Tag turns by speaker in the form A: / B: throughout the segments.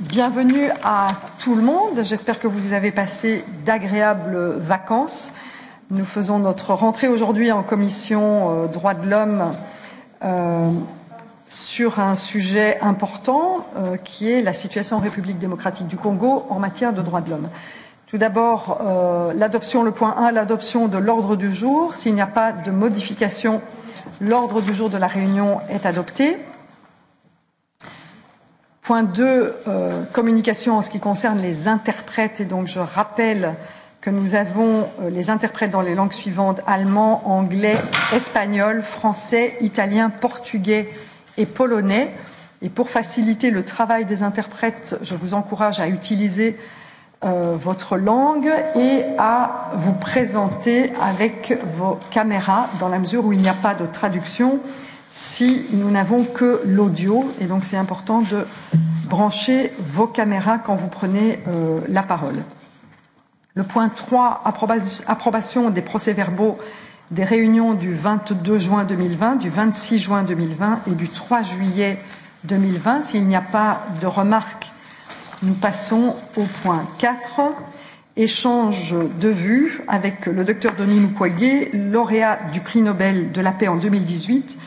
A: Bienvenue à tout le monde. J'espère que vous avez passé d'agréables vacances. Nous faisons notre rentrée aujourd'hui en commission euh, droits de l'homme euh, sur un sujet important euh, qui est la situation en République démocratique du Congo en matière de droits de l'homme. Tout d'abord, euh, l'adoption, le point 1, l'adoption de l'ordre du jour. S'il n'y a pas de modification, l'ordre du jour de la réunion est adopté. Point 2, euh, communication en ce qui concerne les interprètes. Et donc, je rappelle que nous avons euh, les interprètes dans les langues suivantes allemand, anglais, espagnol, français, italien, portugais et polonais. Et pour faciliter le travail des interprètes, je vous encourage à utiliser euh, votre langue et à vous présenter avec vos caméras dans la mesure où il n'y a pas de traduction si nous n'avons que l'audio. Et donc c'est important de brancher vos caméras quand vous prenez euh, la parole. Le point 3, approbation des procès-verbaux des réunions du 22 juin 2020, du 26 juin 2020 et du 3 juillet 2020. S'il n'y a pas de remarques, nous passons au point 4 échange de vues avec le docteur Denis Mukwege, lauréat du prix Nobel de la paix en 2018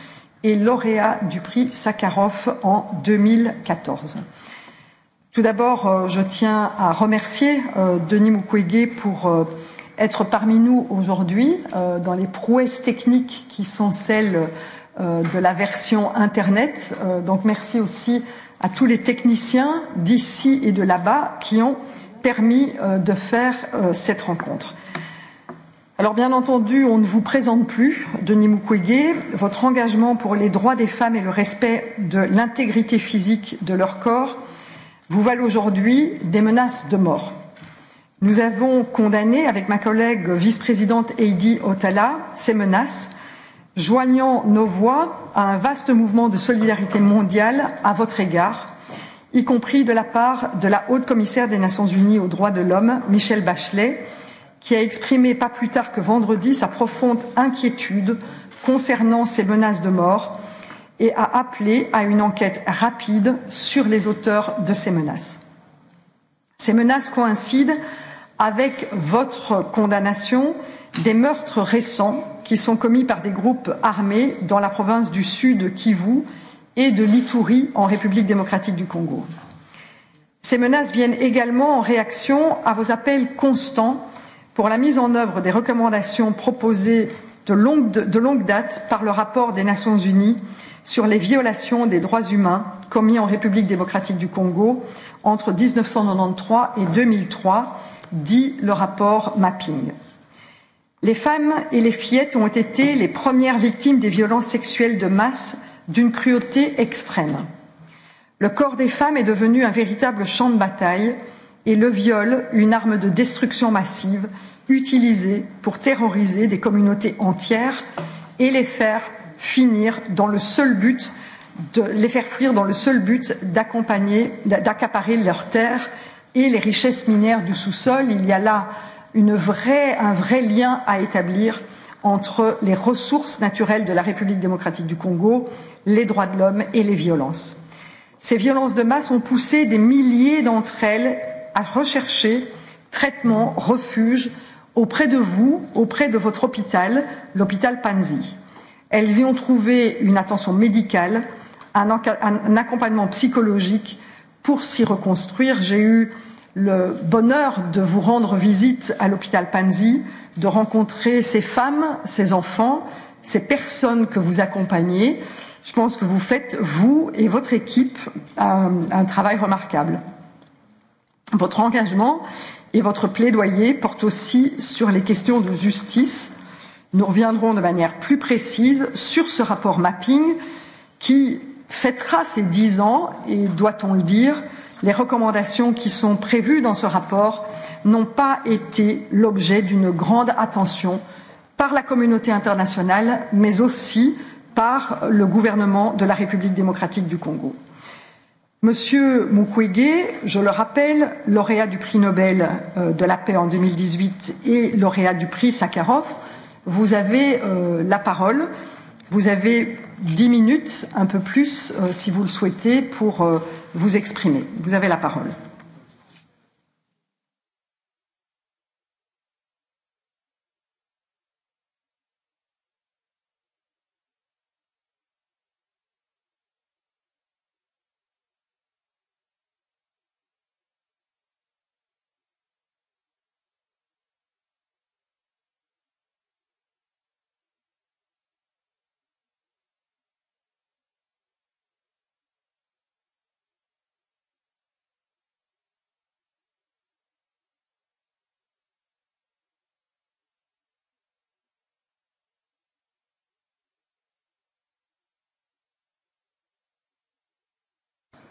A: et lauréat du prix Sakharov en 2014. Tout d'abord, euh, je tiens à remercier euh, Denis Mukwege pour euh, être parmi nous aujourd'hui dans les prouesses techniques qui sont celles de la version Internet. Donc merci aussi à tous les techniciens d'ici et de là-bas qui ont permis de faire cette rencontre. Alors bien entendu, on ne vous présente plus, Denis Mukwege, votre engagement pour les droits des femmes et le respect de l'intégrité physique de leur corps vous valent aujourd'hui des menaces de mort. Nous avons condamné avec ma collègue vice-présidente Heidi Otala, ces menaces, joignant nos voix à un vaste mouvement de solidarité mondiale à votre égard, y compris de la part de la haute commissaire des Nations unies aux droits de l'homme, Michelle Bachelet, qui a exprimé, pas plus tard que vendredi, sa profonde inquiétude concernant ces menaces de mort et a appelé à une enquête rapide sur les auteurs de ces menaces. Ces menaces coïncident avec votre condamnation des meurtres récents qui sont commis par des groupes armés dans la province du Sud Kivu et de l'Itourie en République démocratique du Congo. Ces menaces viennent également en réaction à vos appels constants pour la mise en œuvre des recommandations proposées de longue date par le rapport des nations unies sur les violations des droits humains commis en république démocratique du congo entre 1993 et 2003, dit le rapport mapping. les femmes et les fillettes ont été les premières victimes des violences sexuelles de masse d'une cruauté extrême. le corps des femmes est devenu un véritable champ de bataille et le viol une arme de destruction massive utilisée pour terroriser des communautés entières et les faire finir dans le seul but de les faire fuir dans le seul but d'accompagner, d'accaparer leurs terres et les richesses minières du sous-sol. Il y a là une vraie, un vrai lien à établir entre les ressources naturelles de la République démocratique du Congo, les droits de l'homme et les violences. Ces violences de masse ont poussé des milliers d'entre elles à rechercher traitement, refuge auprès de vous, auprès de votre hôpital, l'hôpital Panzi. Elles y ont trouvé une attention médicale, un, un accompagnement psychologique pour s'y reconstruire. J'ai eu le bonheur de vous rendre visite à l'hôpital Panzi, de rencontrer ces femmes, ces enfants, ces personnes que vous accompagnez. Je pense que vous faites, vous et votre équipe, un, euh, un travail remarquable. Votre engagement et votre plaidoyer portent aussi sur les questions de justice. Nous reviendrons de manière plus précise sur ce rapport mapping qui fêtera ses dix ans et, doit-on le dire, les recommandations qui sont prévues dans ce rapport n'ont pas été l'objet d'une grande attention par la communauté internationale, mais aussi par le gouvernement de la République démocratique du Congo monsieur mukwege je le rappelle lauréat du prix nobel euh, de la paix en deux mille dix huit et lauréat du prix sakharov vous avez euh, la parole vous avez dix minutes un peu plus euh, si vous le souhaitez pour vous exprimer vous avez la parole.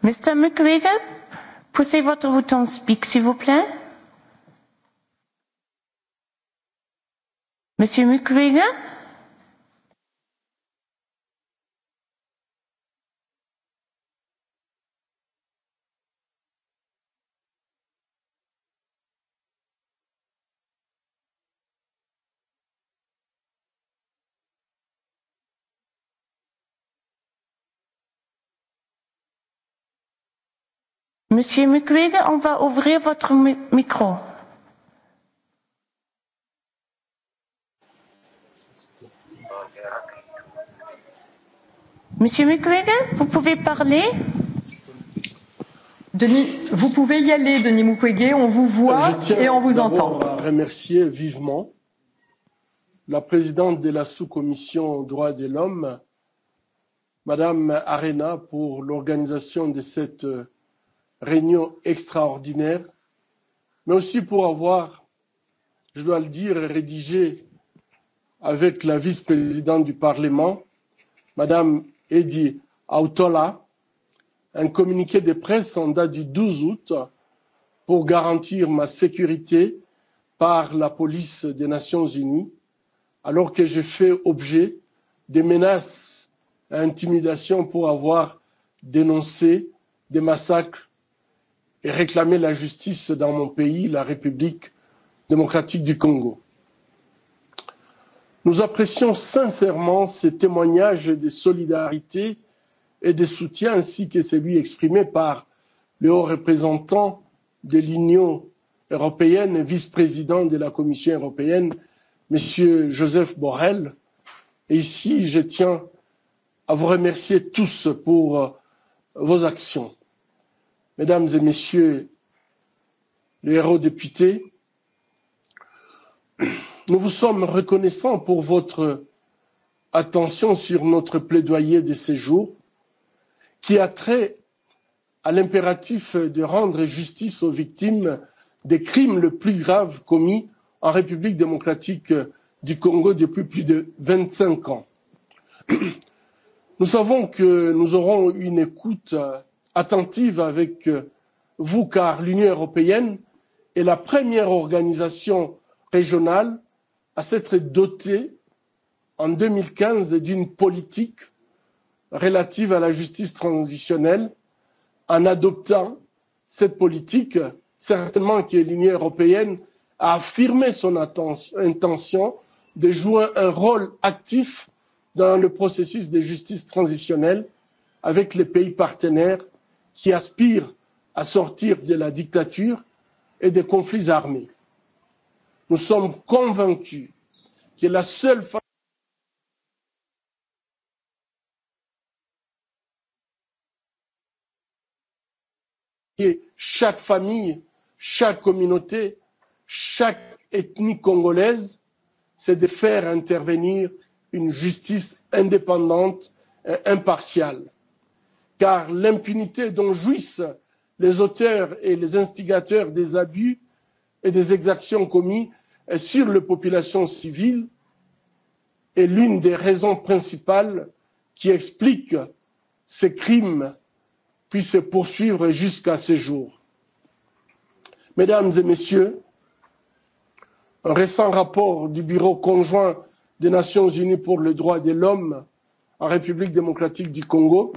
B: Mr. McGregor,
C: poussez votre bouton speak, s'il vous plaît. Monsieur McGregor?
D: Monsieur Mukwege, on va ouvrir votre micro.
B: Monsieur Mukwege, vous pouvez parler
A: Denis, vous pouvez y aller, Denis Mukwege, on vous voit et on vous entend.
E: Je remercier vivement la présidente de la sous-commission droits de l'homme, Madame Arena, pour l'organisation de cette euh, réunion extraordinaire, mais aussi pour avoir, je dois le dire, rédigé avec la vice-présidente du Parlement, Madame Eddie Autola, un communiqué de presse en date du 12 août pour garantir ma sécurité par la police des Nations Unies, alors que j'ai fait objet des menaces et intimidations pour avoir dénoncé des massacres et réclamer la justice dans mon pays, la République démocratique du Congo. Nous apprécions sincèrement ces témoignages de solidarité et de soutien ainsi que celui exprimé par le haut représentant de l'Union européenne et vice-président de la Commission européenne, M. Joseph Borrell. Et ici, je tiens à vous remercier tous pour euh, vos actions mesdames et messieurs les députés nous vous sommes reconnaissants pour votre attention sur notre plaidoyer de ce jour qui a trait à l'impératif de rendre justice aux victimes des crimes les plus graves commis en république démocratique du congo depuis plus de vingt cinq ans. nous savons que nous aurons une écoute attentive avec euh, vous car l'union européenne est la première organisation régionale à s'être dotée en 2015 d'une politique relative à la justice transitionnelle en adoptant cette politique certainement que l'union européenne a affirmé son intention de jouer un rôle actif dans le processus de justice transitionnelle avec les pays partenaires qui aspirent à sortir de la dictature et des conflits armés. Nous sommes convaincus que la seule façon chaque famille, chaque communauté, chaque ethnie congolaise, c'est de faire intervenir une justice indépendante et impartiale car l'impunité dont jouissent les auteurs et les instigateurs des abus et des exactions commis sur les populations civiles est l'une des raisons principales qui explique ces crimes puissent se poursuivre jusqu'à ce jour. Mesdames et messieurs, un récent rapport du Bureau conjoint des Nations unies pour le droits de l'homme en République démocratique du Congo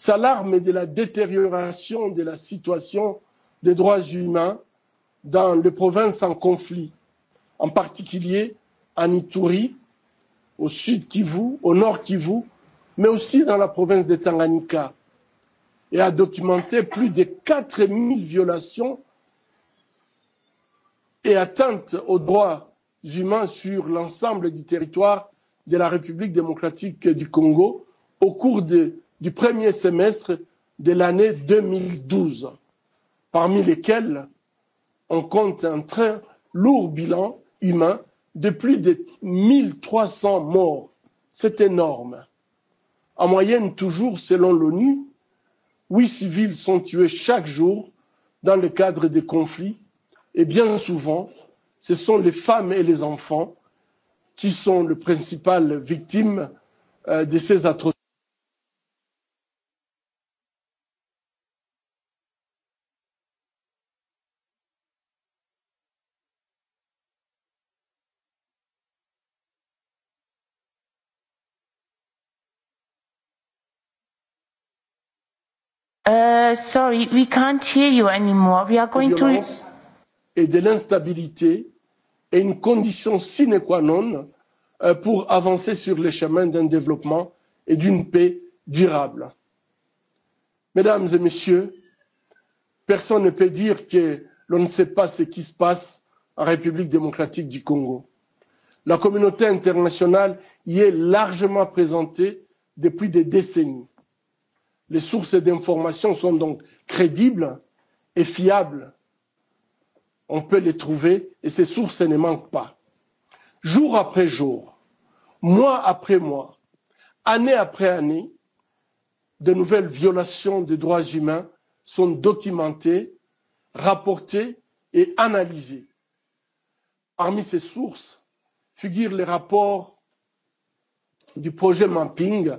E: salarme de la détérioration de la situation des droits humains dans les provinces en conflit, en particulier en Ituri, au sud Kivu, au nord Kivu, mais aussi dans la province de Tanganyika, et a documenté plus de 4000 violations et atteintes aux droits humains sur l'ensemble du territoire de la République démocratique du Congo au cours de du premier semestre de l'année 2012, parmi lesquels on compte un très lourd bilan humain de plus de 1300 morts. C'est énorme. En moyenne, toujours selon l'ONU, huit civils sont tués chaque jour dans le cadre des conflits et bien souvent, ce sont les femmes et les enfants qui sont les principales victimes euh, de ces atrocités.
C: Uh, sorry, we can't hear you anymore. We are going to...
E: Et de l'instabilité est une condition sine qua non euh, pour avancer sur le chemin d'un développement et d'une paix durable. Mesdames et messieurs, personne ne peut dire que l'on ne sait pas ce qui se passe en République démocratique du Congo. La communauté internationale y est largement présentée depuis des décennies. Les sources d'informations sont donc crédibles et fiables. On peut les trouver et ces sources ne manquent pas. Jour après jour, mois après mois, année après année, de nouvelles violations des droits humains sont documentées, rapportées et analysées. Parmi ces sources figurent les rapports du projet Mapping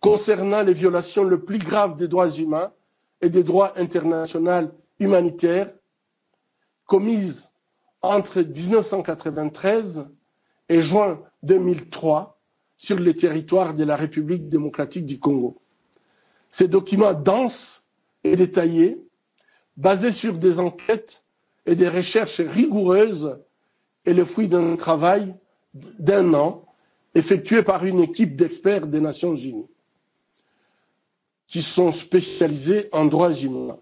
E: concernant les violations les plus graves des droits humains et des droits internationaux humanitaires commises entre 1993 neuf cent quatre vingt treize et juin deux mille trois sur le territoire de la république démocratique du congo. ce document dense et détaillé basé sur des enquêtes et des recherches rigoureuses est le fruit d'un travail d'un an effectué par une équipe d'experts des nations unies qui sont spécialisés en droits humains.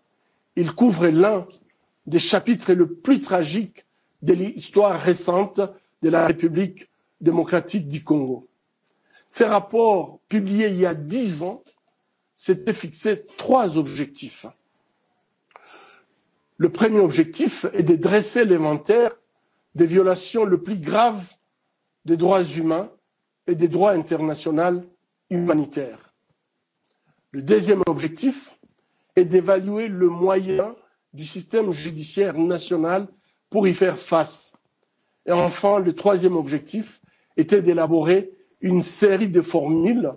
E: Il couvre l'un des chapitres les plus tragiques de l'histoire récente de la République démocratique du Congo. Ces rapports, publiés il y a dix ans, s'étaient fixés trois objectifs. Le premier objectif est de dresser l'inventaire des violations les plus graves des droits humains et des droits internationaux humanitaires. Le deuxième objectif est d'évaluer le moyen du système judiciaire national pour y faire face. Et enfin, le troisième objectif était d'élaborer une série de formules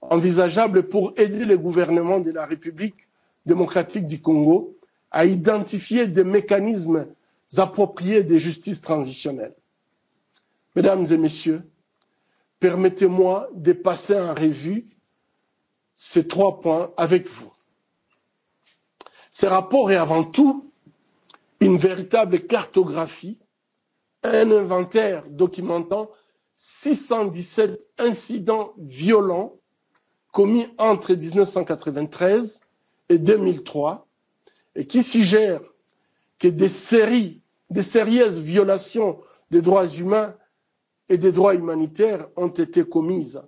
E: envisageables pour aider le gouvernement de la République démocratique du Congo à identifier des mécanismes appropriés de justice transitionnelle. Mesdames et messieurs, permettez-moi de passer en revue ces trois points avec vous. Ce rapport est avant tout une véritable cartographie, un inventaire documentant 617 incidents violents commis entre 1993 et 2003 et qui suggère que des séries, des sérieuses violations des droits humains et des droits humanitaires ont été commises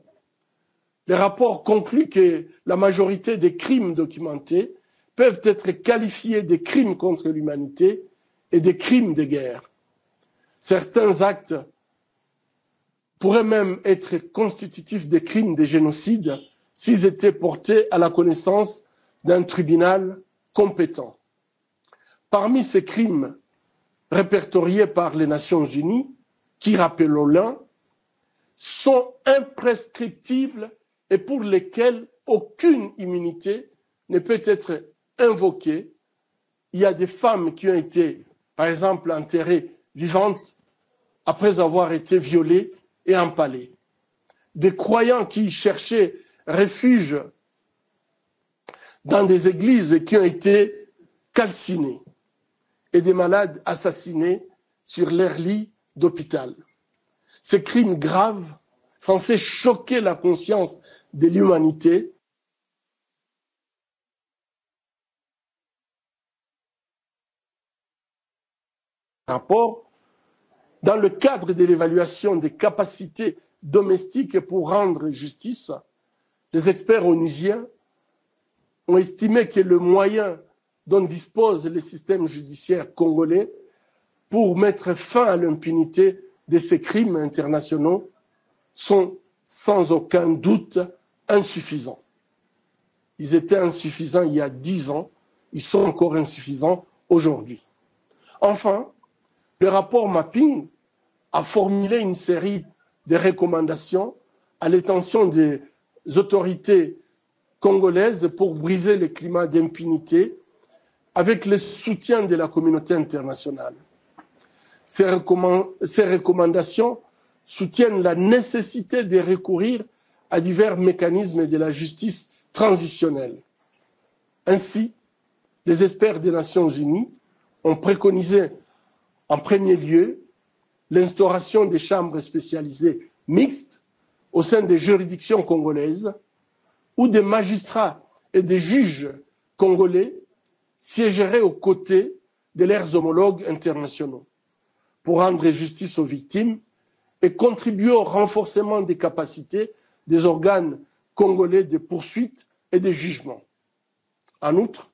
E: Le rapport concluent que la majorité des crimes documentés peuvent être qualifiés de crimes contre l'humanité et de crimes de guerre. Certains actes pourraient même être constitutifs de crimes de génocide s'ils étaient portés à la connaissance d'un tribunal compétent. Parmi ces crimes répertoriés par les Nations Unies, qui, rappellent l'un, sont imprescriptibles et pour lesquels aucune immunité ne peut être invoquée. Il y a des femmes qui ont été, par exemple, enterrées vivantes après avoir été violées et empalées. Des croyants qui cherchaient refuge dans des églises qui ont été calcinées et des malades assassinés sur leur lit d'hôpital. Ces crimes graves, censés choquer la conscience de l'humanité rapport dans le cadre de l'évaluation des capacités domestiques pour rendre justice, les experts onusiens ont estimé que le moyen dont dispose le système judiciaire congolais pour mettre fin à l'impunité de ces crimes internationaux sont sans aucun doute insuffisants. Ils étaient insuffisants il y a dix ans, ils sont encore insuffisants aujourd'hui. Enfin, le rapport Mapping a formulé une série de recommandations à l'intention des autorités congolaises pour briser le climat d'impunité avec le soutien de la communauté internationale. Ces, ces recommandations soutiennent la nécessité de recourir à divers mécanismes de la justice transitionnelle. Ainsi, les experts des Nations Unies ont préconisé en premier lieu l'instauration des chambres spécialisées mixtes au sein des juridictions congolaises où des magistrats et des juges congolais siégeraient aux côtés de leurs homologues internationaux pour rendre justice aux victimes et contribuer au renforcement des capacités des organes congolais de poursuite et de jugement. En outre,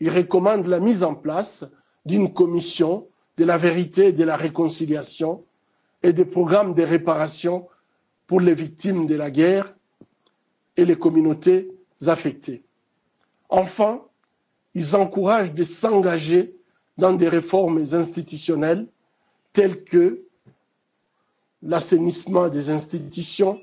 E: il recommande la mise en place d'une commission de la vérité et de la réconciliation et des programmes de réparation pour les victimes de la guerre et les communautés affectées. Enfin, ils encouragent de s'engager dans des réformes institutionnelles telles que l'assainissement des institutions,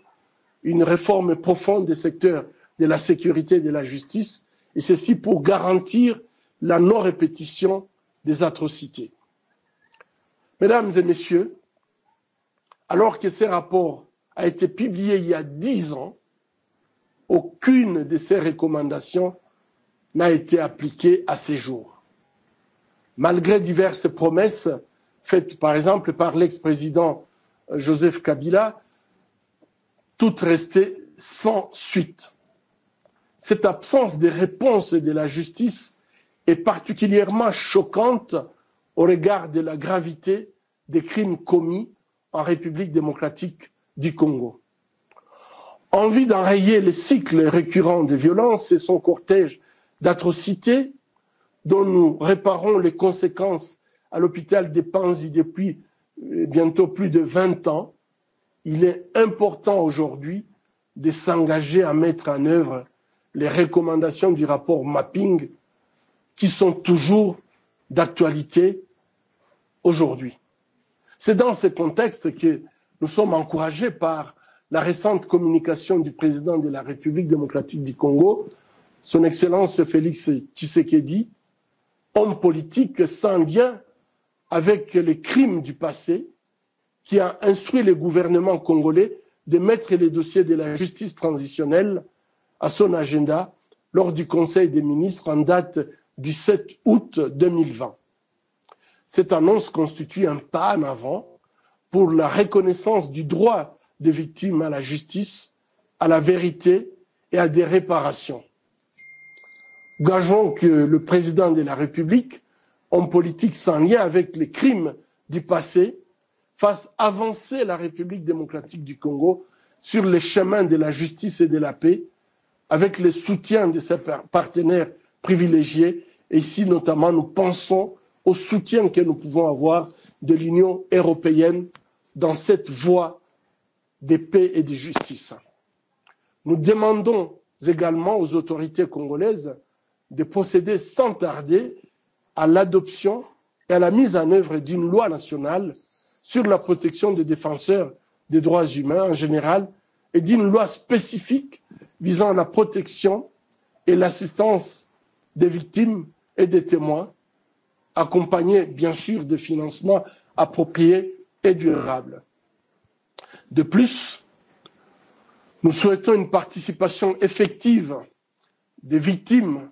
E: une réforme profonde des secteurs de la sécurité et de la justice, et ceci pour garantir la non-répétition des atrocités. Mesdames et messieurs, alors que ce rapport a été publié il y a dix ans, aucune de ces recommandations n'a été appliquée à ces jours. Malgré diverses promesses faites par exemple par l'ex-président euh, Joseph Kabila, Tout restées sans suite. Cette absence de réponse de la justice est particulièrement choquante au regard de la gravité des crimes commis en République démocratique du Congo. Envie d'enrayer le cycle récurrent des violences et son cortège d'atrocités dont nous réparons les conséquences à l'hôpital des Panzi depuis euh, bientôt plus de 20 ans, il est important aujourd'hui de s'engager à mettre en œuvre les recommandations du rapport mapping qui sont toujours d'actualité aujourd'hui. C'est dans ce contexte que nous sommes encouragés par la récente communication du président de la République démocratique du Congo, son Excellence Félix Tshisekedi, homme politique sans lien avec les crimes du passé, qui a instruit le gouvernement congolais de mettre les dossiers de la justice transitionnelle à son agenda lors du Conseil des ministres en date du 7 août 2020. Cette annonce constitue un pas en avant pour la reconnaissance du droit des victimes à la justice, à la vérité et à des réparations. Gageons que le président de la République, en politique sans lien avec les crimes du passé, fasse avancer la République démocratique du Congo sur les chemins de la justice et de la paix, avec le soutien de ses partenaires privilégiés. Et ici, notamment, nous pensons au soutien que nous pouvons avoir de l'Union européenne dans cette voie de paix et de justice. Nous demandons également aux autorités congolaises de procéder sans tarder à l'adoption et à la mise en œuvre d'une loi nationale sur la protection des défenseurs des droits humains en général et d'une loi spécifique visant à la protection et l'assistance des victimes et des témoins, accompagnée bien sûr de financements appropriés et durables. De plus, nous souhaitons une participation effective des victimes,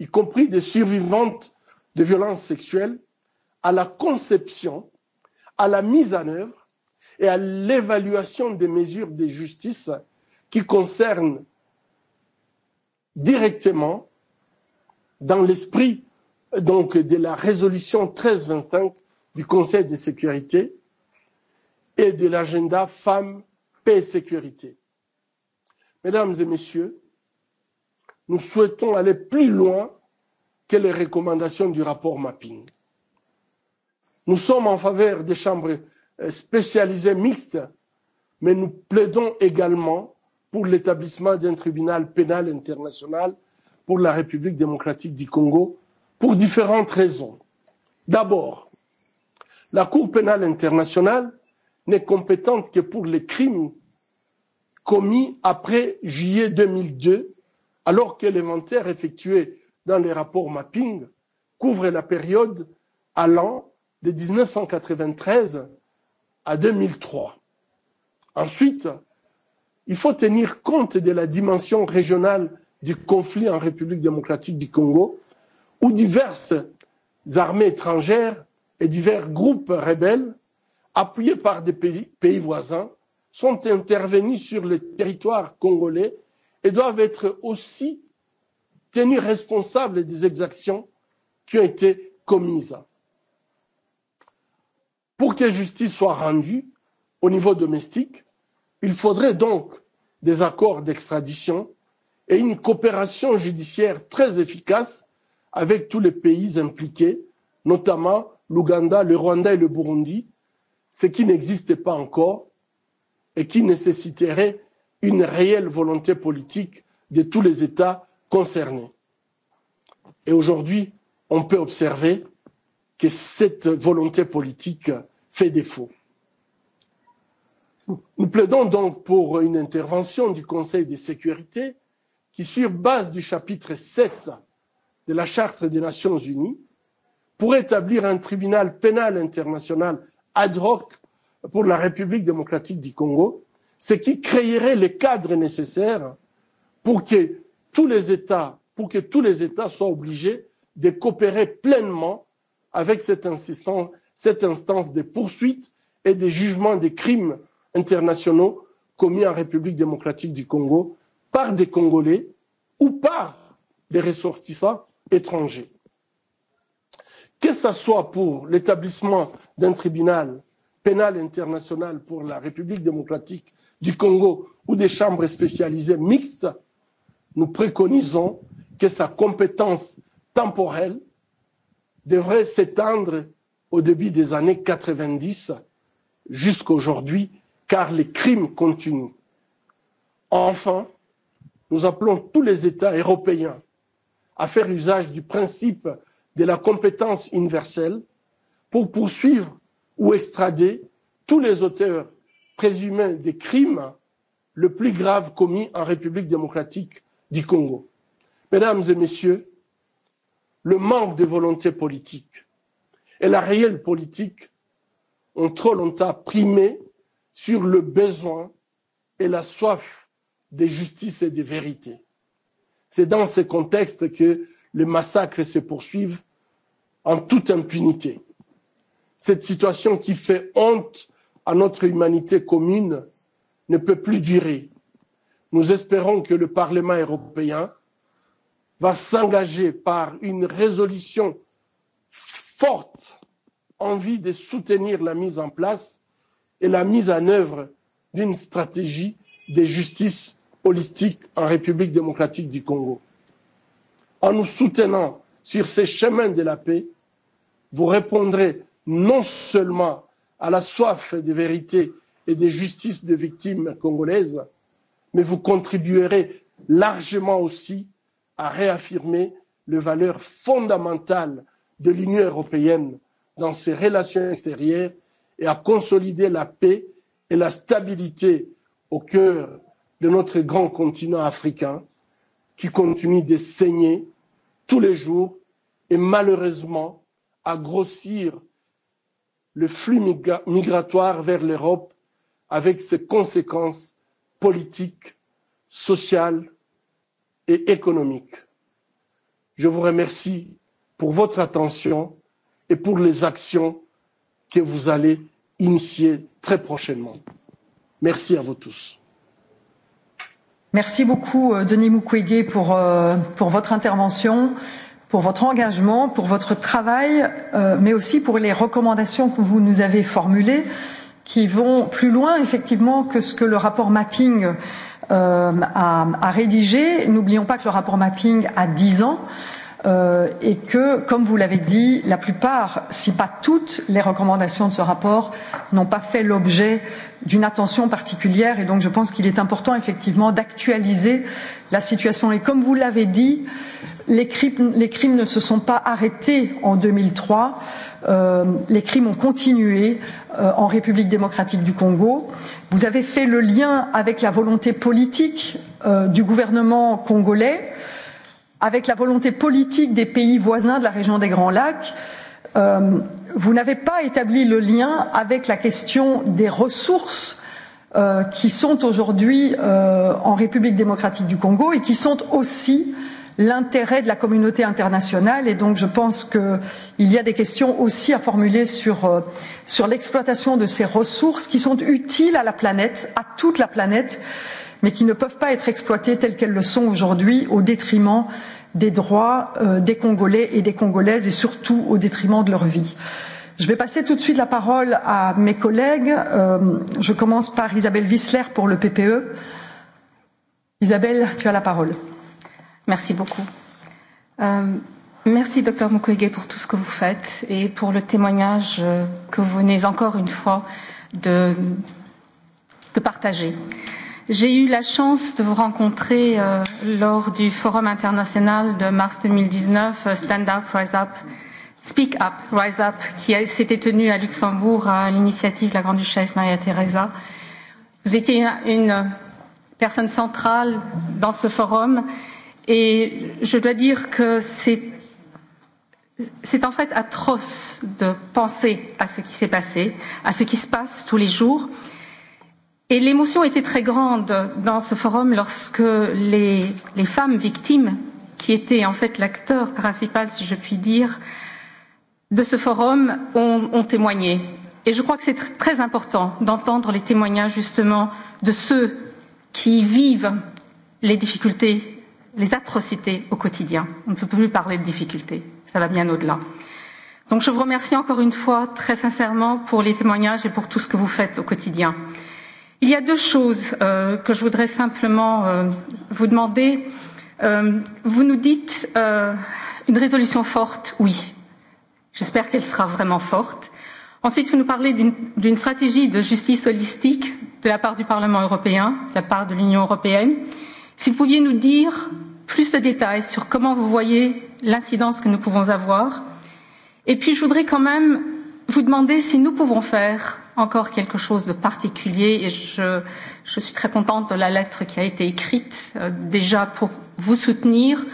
E: y compris des survivantes de violences sexuelles, à la conception à la mise en œuvre et à l'évaluation des mesures de justice qui concernent directement, dans l'esprit donc de la résolution 1325 du Conseil de sécurité et de l'agenda femmes, paix et sécurité. Mesdames et messieurs, nous souhaitons aller plus loin que les recommandations du rapport mapping. Nous sommes en faveur des chambres euh, spécialisées mixtes, mais nous plaidons également pour l'établissement d'un tribunal pénal international pour la République démocratique du Congo pour différentes raisons. D'abord, la Cour pénale internationale n'est compétente que pour les crimes commis après juillet 2002, alors que l'inventaire effectué dans les rapports mapping couvre la période allant de 1993 à 2003. Ensuite, il faut tenir compte de la dimension régionale du conflit en République démocratique du Congo, où diverses armées étrangères et divers groupes rebelles, appuyés par des pays, pays voisins, sont intervenus sur le territoire congolais et doivent être aussi tenus responsables des exactions qui ont été commises. Pour que justice soit rendue au niveau domestique, il faudrait donc des accords d'extradition et une coopération judiciaire très efficace avec tous les pays impliqués, notamment l'Ouganda, le Rwanda et le Burundi, ce qui n'existe pas encore et qui nécessiterait une réelle volonté politique de tous les États concernés. Et aujourd'hui, on peut observer que cette volonté politique fait défaut. Nous plaidons donc pour une intervention du Conseil de sécurité qui, sur base du chapitre 7 de la Charte des Nations Unies, pour établir un tribunal pénal international ad hoc pour la République démocratique du Congo, ce qui créerait les cadres nécessaires pour que tous les États, pour que tous les États soient obligés de coopérer pleinement avec cette, cette instance des poursuites et des jugements des crimes internationaux commis en République démocratique du Congo par des Congolais ou par des ressortissants étrangers. Que ce soit pour l'établissement d'un tribunal pénal international pour la République démocratique du Congo ou des chambres spécialisées mixtes, nous préconisons que sa compétence temporelle devrait s'étendre au début des années 90 aujourd'hui, car les crimes continuent. Enfin, nous appelons tous les États européens à faire usage du principe de la compétence universelle pour poursuivre ou extrader tous les auteurs présumés des crimes le plus grave commis en République démocratique du Congo. Mesdames et messieurs, le manque de volonté politique, Et la réelle politique ont trop longtemps primé sur le besoin et la soif de justice et de vérité. C'est dans ce contexte que les massacres se poursuivent en toute impunité. Cette situation qui fait honte à notre humanité commune ne peut plus durer. Nous espérons que le Parlement européen va s'engager par une résolution forte envie de soutenir la mise en place et la mise en œuvre d'une stratégie de justice holistique en République démocratique du Congo. En nous soutenant sur ces chemins de la paix, vous répondrez non seulement à la soif de vérité et de justice des victimes congolaises, mais vous contribuerez largement aussi à réaffirmer les valeurs fondamentales de l'Union européenne dans ses relations extérieures et à consolider la paix et la stabilité au cœur de notre grand continent africain qui continue de saigner tous les jours et malheureusement à grossir le flux migratoire vers l'Europe avec ses conséquences politiques, sociales et économiques. Je vous remercie pour votre attention et pour les actions que vous allez initier très prochainement. Merci à vous tous.
A: Merci beaucoup, euh, Denis Mukwege, pour, euh, pour votre intervention, pour votre engagement, pour votre travail, euh, mais aussi pour les recommandations que vous nous avez formulées, qui vont plus loin, effectivement, que ce que le rapport mapping euh, a, a rédigé. N'oublions pas que le rapport mapping a 10 ans. Euh, et que, comme vous l'avez dit, la plupart, si pas toutes, les recommandations de ce rapport n'ont pas fait l'objet d'une attention particulière et donc je pense qu'il est important effectivement d'actualiser la situation. Et comme vous l'avez dit, les crimes, les crimes ne se sont pas arrêtés en 2003, euh, les crimes ont continué euh, en République démocratique du Congo. Vous avez fait le lien avec la volonté politique euh, du gouvernement congolais euh, avec la volonté politique des pays voisins de la région des Grands Lacs, euh, vous n'avez pas établi le lien avec la question des ressources euh, qui sont aujourd'hui euh, en République démocratique du Congo et qui sont aussi l'intérêt de la communauté internationale et donc je pense qu'il y a des questions aussi à formuler sur, sur l'exploitation de ces ressources qui sont utiles à la planète, à toute la planète mais qui ne peuvent pas être exploitées telles qu'elles le sont aujourd'hui au détriment des droits euh, des Congolais et des Congolaises et surtout au détriment de leur vie. Je vais passer tout de suite la parole à mes collègues. Euh, je commence par Isabelle Wissler pour le PPE. Isabelle, tu
F: as la parole. Merci beaucoup. Euh, merci, docteur Mukwege, pour tout ce que vous faites et pour le témoignage euh, que vous venez encore une fois de, de partager. J'ai eu la chance de vous rencontrer euh, lors du Forum international de mars 2019, euh, Stand Up, Rise Up, Speak Up, Rise Up, qui s'était tenu à Luxembourg à l'initiative de la Grande-Duchesse Maria Theresa. Vous étiez une personne centrale dans ce forum et je dois dire que c'est c'est en fait atroce de penser à ce qui s'est passé, à ce qui se passe tous les jours l'émotion était très grande dans ce forum lorsque les, les femmes victimes, qui étaient en fait l'acteur principal, si je puis dire, de ce forum ont, ont témoigné. Et je crois que c'est très important d'entendre les témoignages justement de ceux qui vivent les difficultés, les atrocités au quotidien. On ne peut plus parler de difficultés, ça va bien au-delà. Donc je vous remercie encore une fois très sincèrement pour les témoignages et pour tout ce que vous faites au quotidien il y a deux choses euh, que je voudrais simplement euh, vous demander euh, vous nous dites euh, une résolution forte oui j'espère qu'elle sera vraiment forte ensuite vous nous parlez d'une stratégie de justice holistique de la part du parlement européen de la part de l'union européenne si vous pouviez nous dire plus de détails sur comment vous voyez l'incidence que nous pouvons avoir et puis je voudrais quand même vous demander si nous pouvons faire encore quelque chose de particulier et je, je suis très contente de la lettre qui a été écrite euh, déjà pour vous soutenir.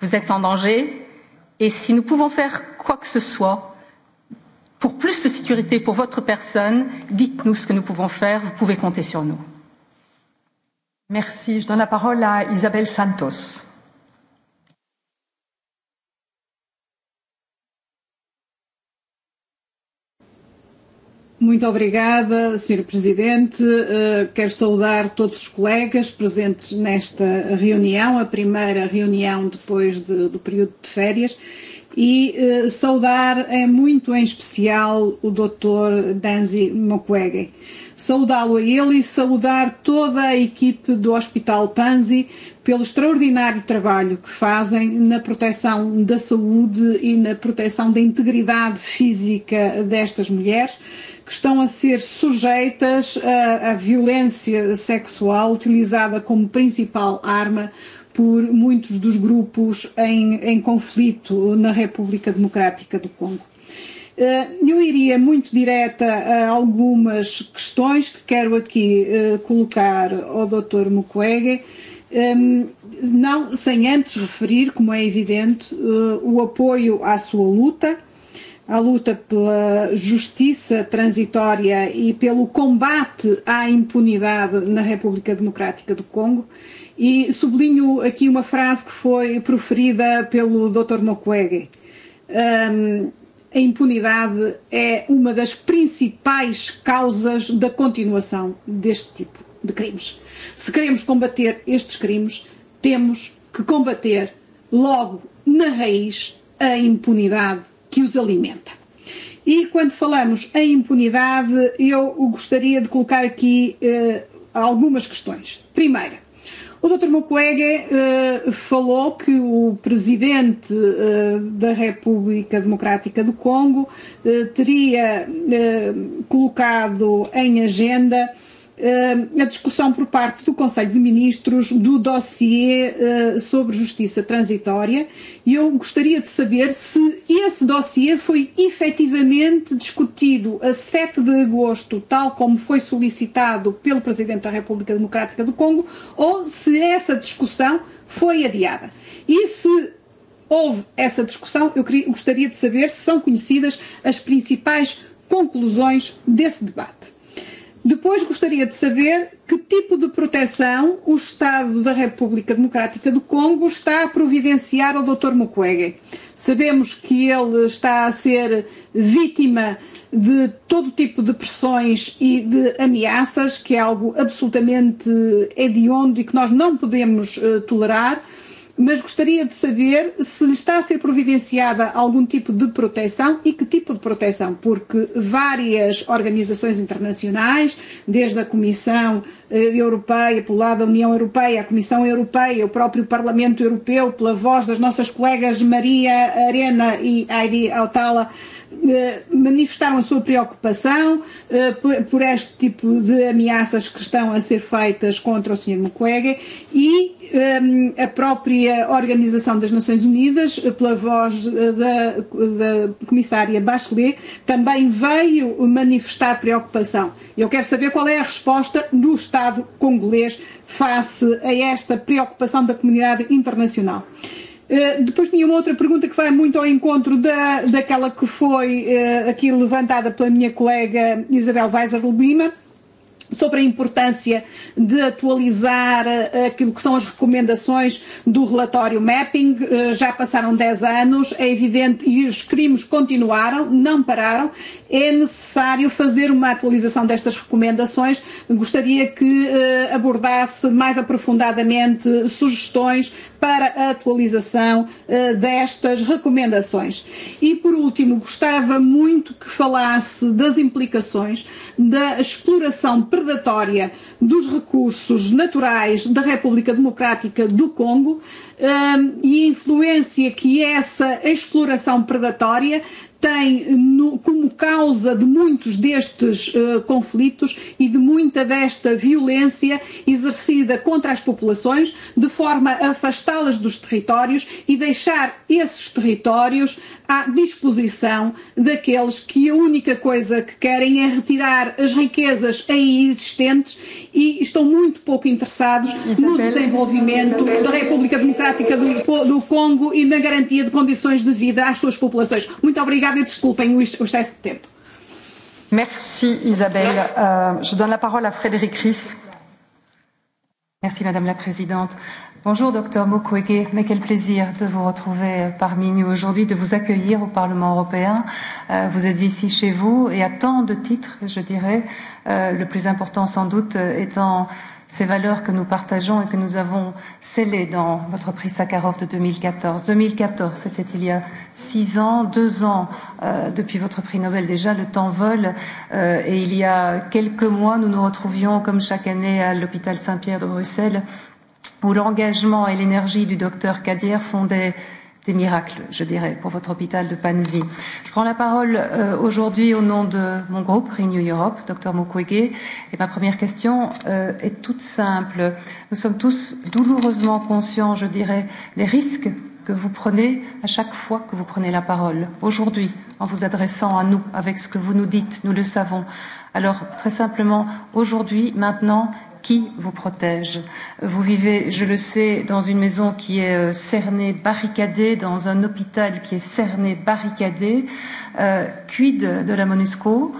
F: Vous êtes en danger et si nous pouvons faire quoi que ce soit pour plus de sécurité pour votre personne, dites-nous ce que nous pouvons faire. Vous pouvez compter sur nous. Merci. Je donne la parole à
A: Isabelle Santos.
G: Muito obrigada, Sr. Presidente. Eh, quero saudar todos os colegas presentes nesta reunião, a primeira reunião depois de, do período de férias, e eh, saudar é muito em especial o Dr. Danzi Mukwege. Saudá-lo a ele e saudar toda a equipe do Hospital Panzi pelo extraordinário trabalho que fazem na proteção da saúde e na proteção da integridade física destas mulheres estão a ser sujeitas à, violência sexual utilizada como principal arma por muitos dos grupos em, em conflito na República Democrática do Congo. Eh, eu iria muito direta a algumas questões que quero aqui eh, colocar ao Dr. Mukwege, ehm, não sem antes referir, como é evidente, eh, o apoio à sua luta a luta pela justiça transitória e pelo combate à impunidade na República Democrática do Congo. E sublinho aqui uma frase que foi proferida pelo Dr. Mokwege. Um, a impunidade é uma das principais causas da continuação deste tipo de crimes. Se queremos combater estes crimes, temos que combater logo na raiz a impunidade que os alimenta. E quando falamos em impunidade, eu gostaria de colocar aqui eh, algumas questões. Primeira, o Dr. Mukwege eh, falou que o presidente eh, da República Democrática do Congo eh, teria eh, colocado em agenda Ehm, a discussão por parte do Conselho de Ministros do dossiê eh, sobre justiça transitória e eu gostaria de saber se esse dossiê foi efetivamente discutido a 7 de agosto, tal como foi solicitado pelo Presidente da República Democrática do Congo, ou se essa discussão foi adiada. E se houve essa discussão, eu gostaria de saber se são conhecidas as principais conclusões desse debate. Depois gostaria de saber que tipo de proteção o Estado da República Democrática do Congo está a providenciar ao Dr. Mukwege. Sabemos que ele está a ser vítima de todo tipo de pressões e de ameaças, que é algo absolutamente hediondo e que nós não podemos uh, tolerar mas gostaria de saber se está a ser providenciada algum tipo de proteção e que tipo de proteção, porque várias organizações internacionais, desde a Comissão eh, Europeia, pelo lado da União Europeia, a Comissão Europeia, o próprio Parlamento Europeu, pela voz das nossas colegas Maria Arena e Heidi Autala, Eh, manifestaram a sua preocupação eh, por este tipo de ameaças que estão a ser feitas contra o Sr. Mukwege e eh, a própria Organização das Nações Unidas, pela voz da, da comissária Bachelet, também veio manifestar preocupação. Eu quero saber qual é a resposta do Estado congolês face a esta preocupação da comunidade internacional. Eh, depois tinha uma outra pergunta que vai muito ao encontro da, daquela que foi eh, aqui levantada pela minha colega Isabel Weiser Lubima sobre a importância de atualizar eh, aquilo que são as recomendações do relatório mapping. Já passaram 10 anos, é evidente, e os crimes continuaram, não pararam é necessário fazer uma atualização destas recomendações. Gostaria que eh, abordasse mais aprofundadamente sugestões para a atualização eh, destas recomendações. E, por último, gostava muito que falasse das implicações da exploração predatória dos recursos naturais da República Democrática do Congo eh, e a influência que essa exploração predatória tem no, como causa de muitos destes uh, conflitos e de muita desta violência exercida contra as populações, de forma a afastá-las dos territórios e deixar esses territórios à disposição daqueles que a única coisa que querem é retirar as riquezas aí existentes e estão muito pouco interessados no desenvolvimento da República Democrática do, do Congo e na garantia de condições de vida às suas populações. Muito
A: obrigada obrigada e desculpem o excesso de tempo. Merci Isabelle. Euh, je donne la parole à Frédéric Ries. Merci Madame la Présidente. Bonjour
H: Docteur Mukwege, mais quel plaisir de vous retrouver parmi nous aujourd'hui, de vous accueillir au Parlement européen. Euh, vous êtes ici chez vous et à tant de titres, je dirais, euh, le plus important sans doute euh, étant ces valeurs que nous partageons et que nous avons scellées dans votre prix Sakharov de 2014. 2014, c'était il y a six ans, deux ans euh, depuis votre prix Nobel déjà, le temps vole. Euh, et il y a quelques mois, nous nous retrouvions, comme chaque année, à l'hôpital Saint-Pierre de Bruxelles, où l'engagement et l'énergie du docteur Kadir fondaient des miracles, je dirais, pour votre hôpital de Panzi. Je prends la parole euh, aujourd'hui au nom de mon groupe Renew Europe, Dr Mukwege, et ma première question euh, est toute simple. Nous sommes tous douloureusement conscients, je dirais, des risques que vous prenez à chaque fois que vous prenez la parole. Aujourd'hui, en vous adressant à nous, avec ce que vous nous dites, nous le savons. Alors, très simplement, aujourd'hui, maintenant, qui vous protège. Vous vivez, je le sais, dans une maison qui est euh, cernée, barricadée, dans un hôpital qui est cerné, barricadé. Euh, quid de la MONUSCO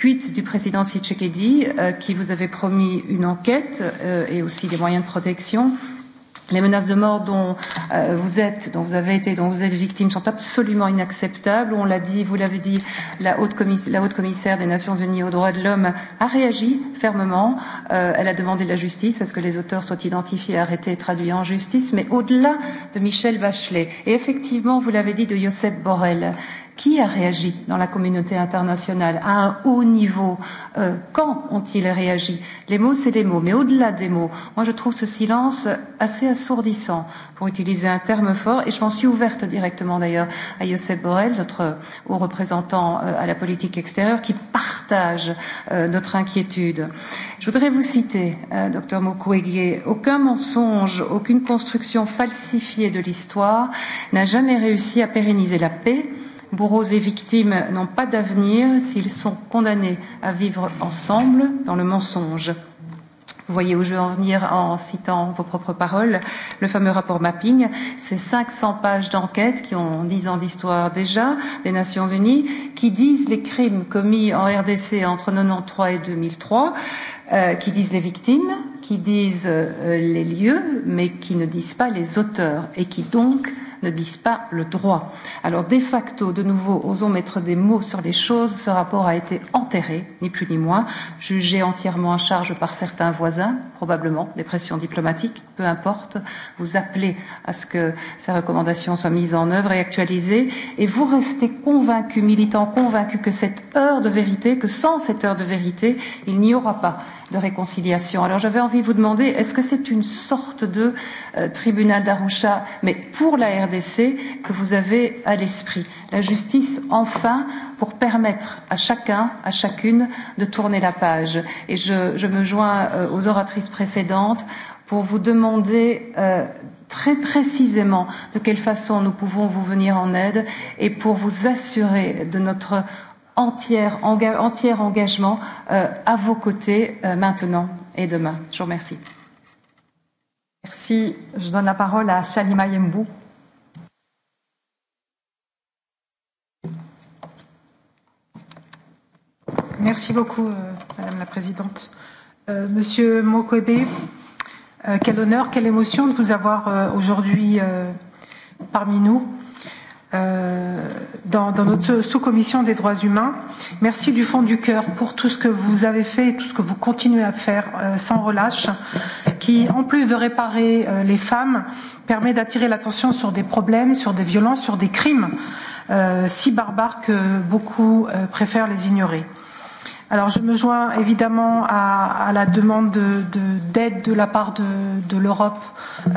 H: Quid du président Tshisekedi, euh, qui vous avait promis une enquête euh, et aussi des moyens de protection Les menaces de mort dont euh, vous êtes, dont vous avez été, dont vous êtes victime sont absolument inacceptables. On l'a dit, vous l'avez dit, la haute, commissaire, la haute commissaire des Nations Unies aux droits de l'homme a réagi fermement. Euh, elle a demandé la justice, à ce que les auteurs soient identifiés, arrêtés et traduits en justice, mais au-delà de Michel Bachelet et effectivement, vous l'avez dit, de Josep Borrell. Qui a réagi dans la communauté internationale à un haut niveau euh, Quand ont-ils réagi Les mots, c'est les mots. Mais au-delà des mots, moi, je trouve ce silence assez assourdissant, pour utiliser un terme fort. Et je m'en suis ouverte directement, d'ailleurs, à Josep Borrell, notre haut représentant euh, à la politique extérieure, qui partage euh, notre inquiétude. Je voudrais vous citer, euh, docteur Mukwege, aucun mensonge, aucune construction falsifiée de l'histoire n'a jamais réussi à pérenniser la paix bourreaux et victimes n'ont pas d'avenir s'ils sont condamnés à vivre ensemble dans le mensonge. Vous voyez où je veux en venir en citant vos propres paroles, le fameux rapport Mapping. ces 500 pages d'enquête qui ont 10 ans d'histoire déjà des Nations Unies, qui disent les crimes commis en RDC entre 93 et 2003, euh, qui disent les victimes, qui disent euh, les lieux, mais qui ne disent pas les auteurs et qui donc ne disent pas le droit. Alors, de facto, de nouveau, osons mettre des mots sur les choses. Ce rapport a été enterré, ni plus ni moins, jugé entièrement en charge par certains voisins, probablement des pressions diplomatiques, peu importe. Vous appelez à ce que ces recommandations soient mises en œuvre et actualisées. Et vous restez convaincus, militants convaincus, que cette heure de vérité, que sans cette heure de vérité, il n'y aura pas de réconciliation. Alors j'avais envie de vous demander, est-ce que c'est une sorte de euh, tribunal d'Arusha, mais pour la RDC, que vous avez à l'esprit La justice, enfin, pour permettre à chacun, à chacune, de tourner la page. Et je, je me joins euh, aux oratrices précédentes pour vous demander euh, très précisément de quelle façon nous pouvons vous venir en aide et pour vous assurer de notre entière, enga entier engagement euh, à vos côtés euh, maintenant et demain. Je vous remercie. Merci. Je donne la
A: parole à Salima Yembou.
B: Merci beaucoup, euh, Madame la Présidente. Euh, Monsieur Mokwebe, euh, quel honneur, quelle émotion de vous avoir euh, aujourd'hui euh, parmi nous. Euh, dans, dans notre sous-commission des droits humains. Merci du fond du cœur pour tout ce que vous avez fait et tout ce que vous continuez à faire euh, sans relâche, qui, en plus de réparer euh, les femmes, permet d'attirer l'attention sur des problèmes, sur des violences, sur des crimes euh, si barbares que beaucoup euh, préfèrent les ignorer. Alors je me joins évidemment à, à la demande d'aide de, de, de la part de, de l'Europe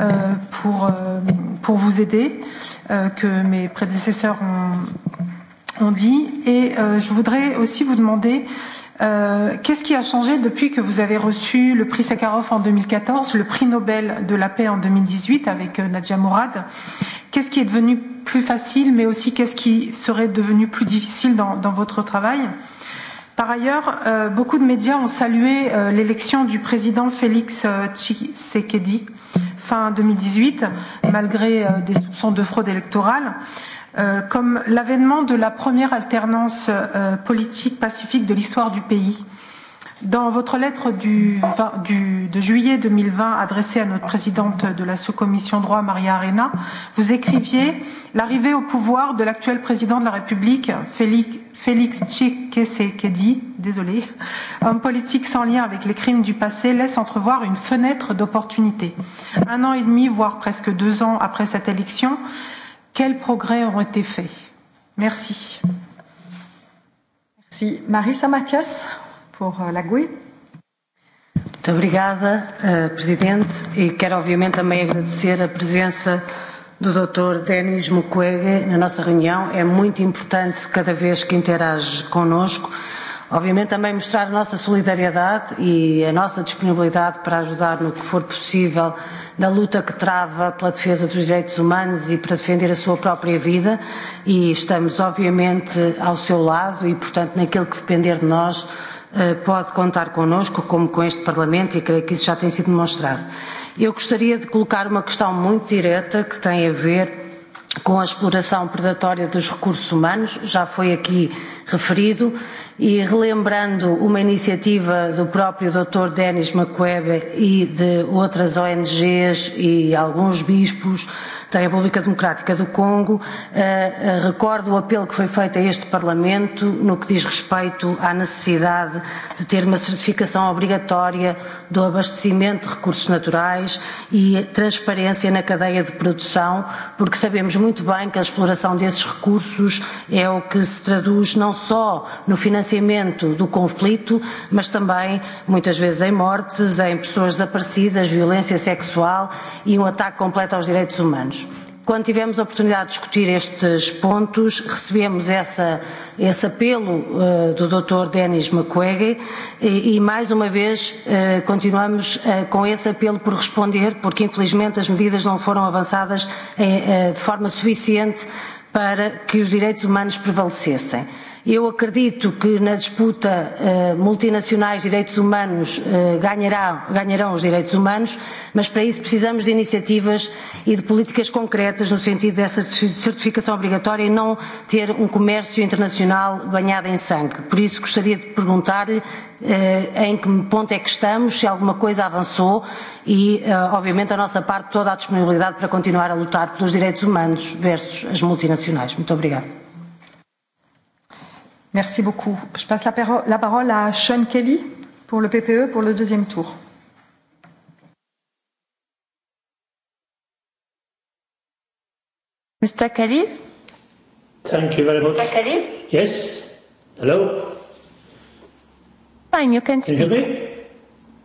B: euh, pour, euh, pour vous aider. Euh, Euh, que mes prédécesseurs ont, ont dit. Et euh, je voudrais aussi vous demander euh, qu'est-ce qui a changé depuis que vous avez reçu le prix Sakharov en 2014, le prix Nobel de la paix en 2018 avec euh, Nadia Mourad Qu'est-ce qui est devenu plus facile, mais aussi qu'est-ce qui serait devenu plus difficile dans, dans votre travail Par ailleurs, euh, beaucoup de médias ont salué euh, l'élection du président Félix Tshisekedi fin 2018, malgré euh, des soupçons de fraude électorale, euh, comme l'avènement de la première alternance euh, politique pacifique de l'histoire du pays. Dans votre lettre du, 20, du, de juillet 2020 adressée à notre présidente de la sous-commission droit, Maria Arena, vous écriviez L'arrivée au pouvoir de l'actuel président de la République, Félix, Félix Tshisekedi, désolé, homme politique sans lien avec les crimes du passé, laisse entrevoir une fenêtre d'opportunité. Un an et demi, voire presque deux ans après cette élection, quels progrès ont été faits Merci. Merci. Marisa Mathias pour euh, la GUI.
I: obrigada, eh, Presidente, e quero obviamente também agradecer a presença do Dr. Denis Mukwege na nossa reunião. É muito importante cada vez que interage connosco, Obviamente também mostrar a nossa solidariedade e a nossa disponibilidade para ajudar no que for possível na luta que trava pela defesa dos direitos humanos e para defender a sua própria vida e estamos obviamente ao seu lado e portanto naquilo que depender de nós eh, pode contar connosco como com este Parlamento e creio que isso já tem sido demonstrado. Eu gostaria de colocar uma questão muito direta que tem a ver com a exploração predatória dos recursos humanos, já foi aqui referido, e relembrando uma iniciativa do próprio Dr. Denis Macuebe e de outras ONGs e alguns bispos da República Democrática do Congo, eh, eh, recordo o apelo que foi feito a este Parlamento no que diz respeito à necessidade de ter uma certificação obrigatória do abastecimento de recursos naturais e transparência na cadeia de produção, porque sabemos muito bem que a exploração desses recursos é o que se traduz não só no financiamento do conflito, mas também muitas vezes em mortes, em pessoas desaparecidas, violência sexual e um ataque completo aos direitos humanos quando tivemos a oportunidade de discutir estes pontos, recebemos essa, esse apelo uh, do Dr. Denis Macuegue e, e, mais uma vez uh, continuamos uh, com esse apelo por responder, porque infelizmente as medidas não foram avançadas de forma suficiente para que os direitos humanos prevalecessem. Eu acredito que na disputa multinacionais direitos humanos ganharão, ganharão os direitos humanos, mas para isso precisamos de iniciativas e de políticas concretas no sentido dessa certificação obrigatória e não ter um comércio internacional banhado em sangue. Por isso gostaria de perguntar-lhe em que ponto é que estamos, se alguma coisa avançou e, obviamente, a nossa parte toda a disponibilidade para continuar a lutar pelos direitos humanos versus as multinacionais. Muito obrigado.
A: Merci beaucoup. Je passe la, la parole à Sean Kelly pour le PPE pour le deuxième tour.
B: Mr. Kelly?
C: Thank you very much. Mr. Kelly? Yes. Hello? Fine, you can speak. Can you hear me?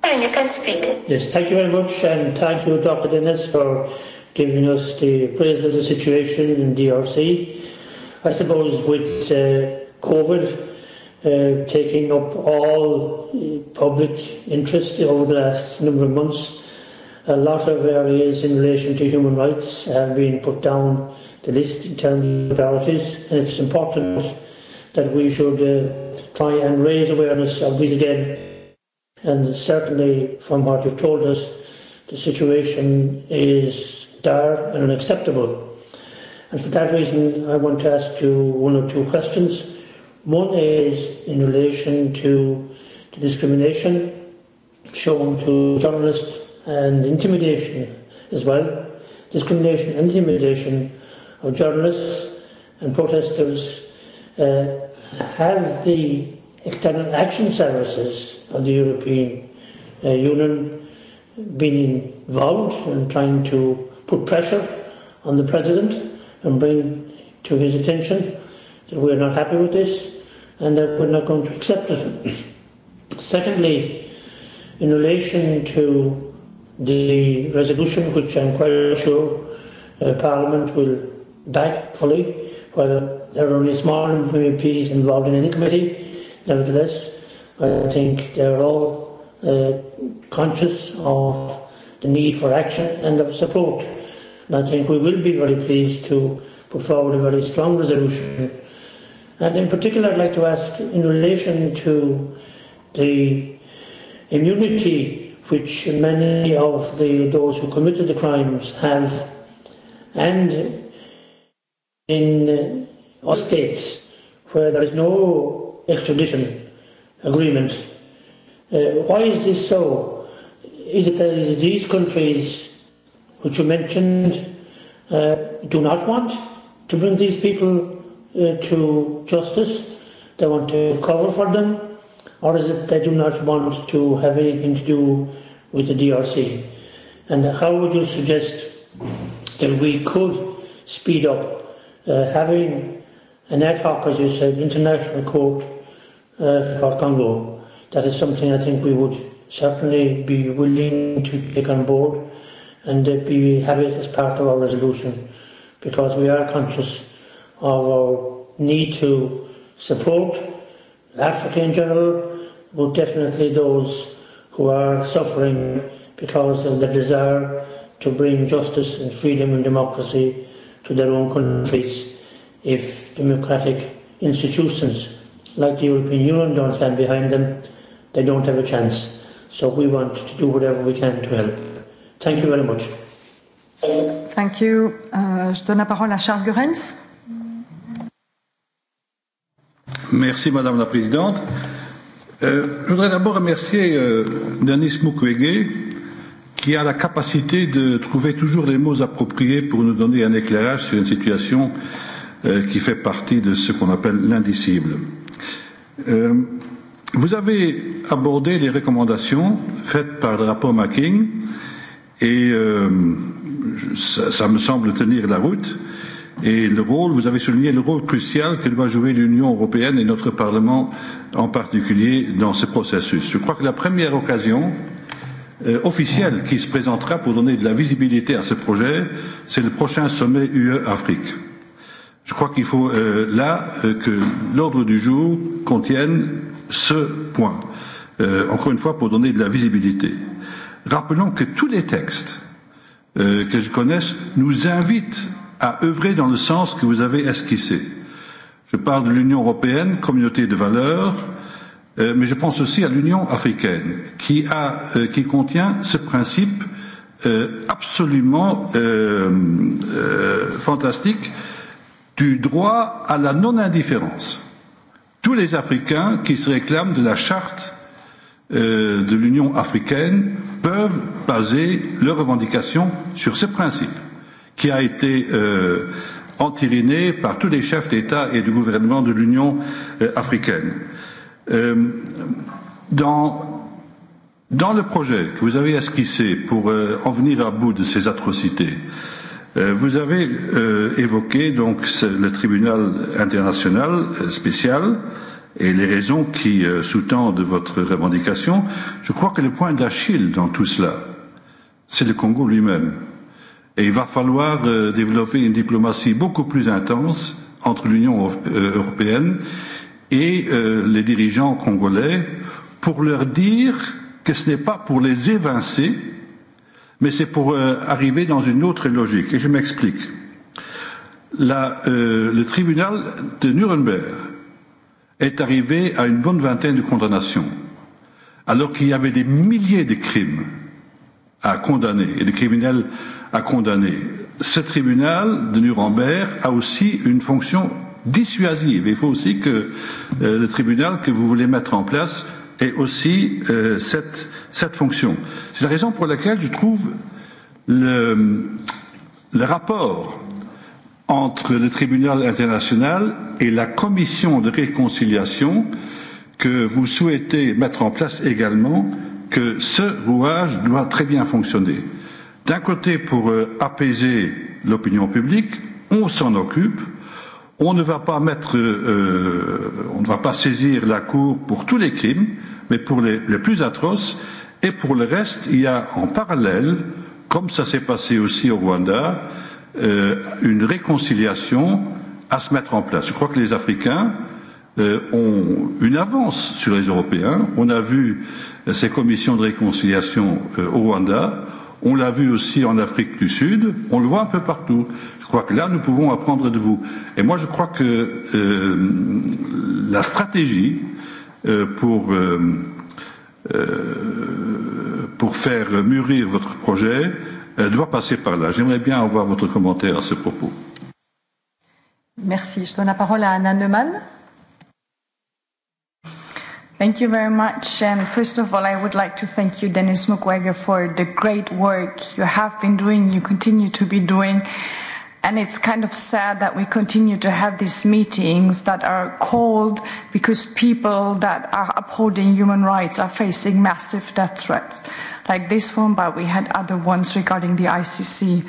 C: Fine, you can speak. Yes, thank you very much, and thank you, Dr. Dennis, for giving us the appraisal of the situation in DRC. I suppose with uh, COVID uh, taking up all public interest over the last number of months. A lot of areas in relation to human rights have been put down the list in terms of priorities, and it's important that we should uh, try and raise awareness of these again. And certainly, from what you've told us, the situation is dire and unacceptable. And for that reason, I want to ask you one or two questions. One is in relation to the discrimination shown to journalists and intimidation as well. Discrimination and intimidation of journalists and protesters uh, have the external action services of the European uh, Union been involved in trying to put pressure on the President and bring to his attention that we are not happy with this and that we're not going to accept it. Secondly, in relation to the resolution, which I'm quite sure uh, Parliament will back fully, whether there are only small number of MEPs involved in any committee, nevertheless, I think they're all uh, conscious of the need for action and of support. And I think we will be very pleased to put forward a very strong resolution And in particular, I'd like to ask in relation to the immunity which many of the, those who committed the crimes have, and in all states where there is no extradition agreement. Uh, why is this so? Is it that is these countries which you mentioned uh, do not want to bring these people Uh, to justice, they want to cover for them, or is it they do not want to have anything to do with the DRC? And how would you suggest that we could speed up uh, having an ad hoc, as you said, international court uh, for Congo? That is something I think we would certainly be willing to take on board and uh, be, have it as part of our resolution because we are conscious of our uh, need to support Africa in general, but definitely those who are suffering because of the desire to bring justice and freedom and democracy to their own countries if democratic institutions like the European Union don't stand behind them, they don't have a chance. So we want to do whatever we can to help. Thank you very much.
A: Thank you. Euh, je donne la parole à Charles Gurens.
J: Merci Madame la Présidente. Euh, je voudrais d'abord remercier euh, Denis Mukwege, qui a la capacité de trouver toujours les mots appropriés pour nous donner un éclairage sur une situation euh, qui fait partie de ce qu'on appelle l'indicible. Euh, vous avez abordé les recommandations faites par le rapport Macking et euh, ça, ça me semble tenir la route et le rôle, vous avez souligné le rôle crucial que doit jouer l'Union européenne et notre Parlement en particulier dans ce processus. Je crois que la première occasion euh, officielle qui se présentera pour donner de la visibilité à ce projet, c'est le prochain sommet UE-Afrique. Je crois qu'il faut euh, là euh, que l'ordre du jour contienne ce point, euh, encore une fois pour donner de la visibilité. Rappelons que tous les textes euh, que je connaisse nous invitent à œuvrer dans le sens que vous avez esquissé. Je parle de l'Union européenne, communauté de valeurs, euh, mais je pense aussi à l'Union africaine, qui, a, euh, qui contient ce principe euh, absolument euh, fantastique du droit à la non-indifférence. Tous les Africains qui se réclament de la charte de l'Union africaine peuvent baser leurs revendications sur ce principe qui a été euh, entériné par tous les chefs d'État et de gouvernement de l'Union euh, africaine. Euh, dans, dans le projet que vous avez esquissé pour euh, en venir à bout de ces atrocités, euh, vous avez euh, évoqué donc le tribunal international euh, spécial et les raisons qui sous-tendent votre revendication. Je crois que le point d'Achille dans tout cela, c'est le Congo lui-même Et il va falloir euh, développer une diplomatie beaucoup plus intense entre l'Union euh, européenne et euh, les dirigeants congolais pour leur dire que ce n'est pas pour les évincer, mais c'est pour arriver dans une autre logique. Et je m'explique. La, le tribunal de Nuremberg est arrivé à une bonne vingtaine de condamnations, alors qu'il y avait des milliers de crimes à condamner et des criminels à condamner. Ce tribunal de Nuremberg a aussi une fonction dissuasive. Il faut aussi que euh, le tribunal que vous voulez mettre en place ait aussi euh, cette, cette fonction. C'est la raison pour laquelle je trouve le, le rapport entre le tribunal international et la commission de réconciliation que vous souhaitez mettre en place également que ce rouage doit très bien fonctionner. D'un côté, pour euh, apaiser l'opinion publique, on s'en occupe. On ne va pas mettre, euh, on ne va pas saisir la Cour pour tous les crimes, mais pour les, les plus atroces. Et pour le reste, il y a en parallèle, comme ça s'est passé aussi au Rwanda, euh, une réconciliation à se mettre en place. Je crois que les Africains euh, ont une avance sur les Européens. On a vu ces commissions de réconciliation euh, au Rwanda. On l'a vu aussi en Afrique du Sud, on le voit un peu partout. Je crois que là, nous pouvons apprendre de vous. Et moi, je crois que euh, la stratégie euh, pour, euh, euh pour faire mûrir votre projet euh, doit passer par là. J'aimerais bien avoir votre commentaire à ce propos.
A: Merci. Je donne la parole à Anna Neumann.
D: Thank you very much. And first of all, I would like to thank you, Dennis Mukwege, for the great work you have been doing, you continue to be doing. And it's kind of sad that we continue to have these meetings that are called because people that are upholding human rights are facing massive death threats, like this one, but we had other ones regarding the ICC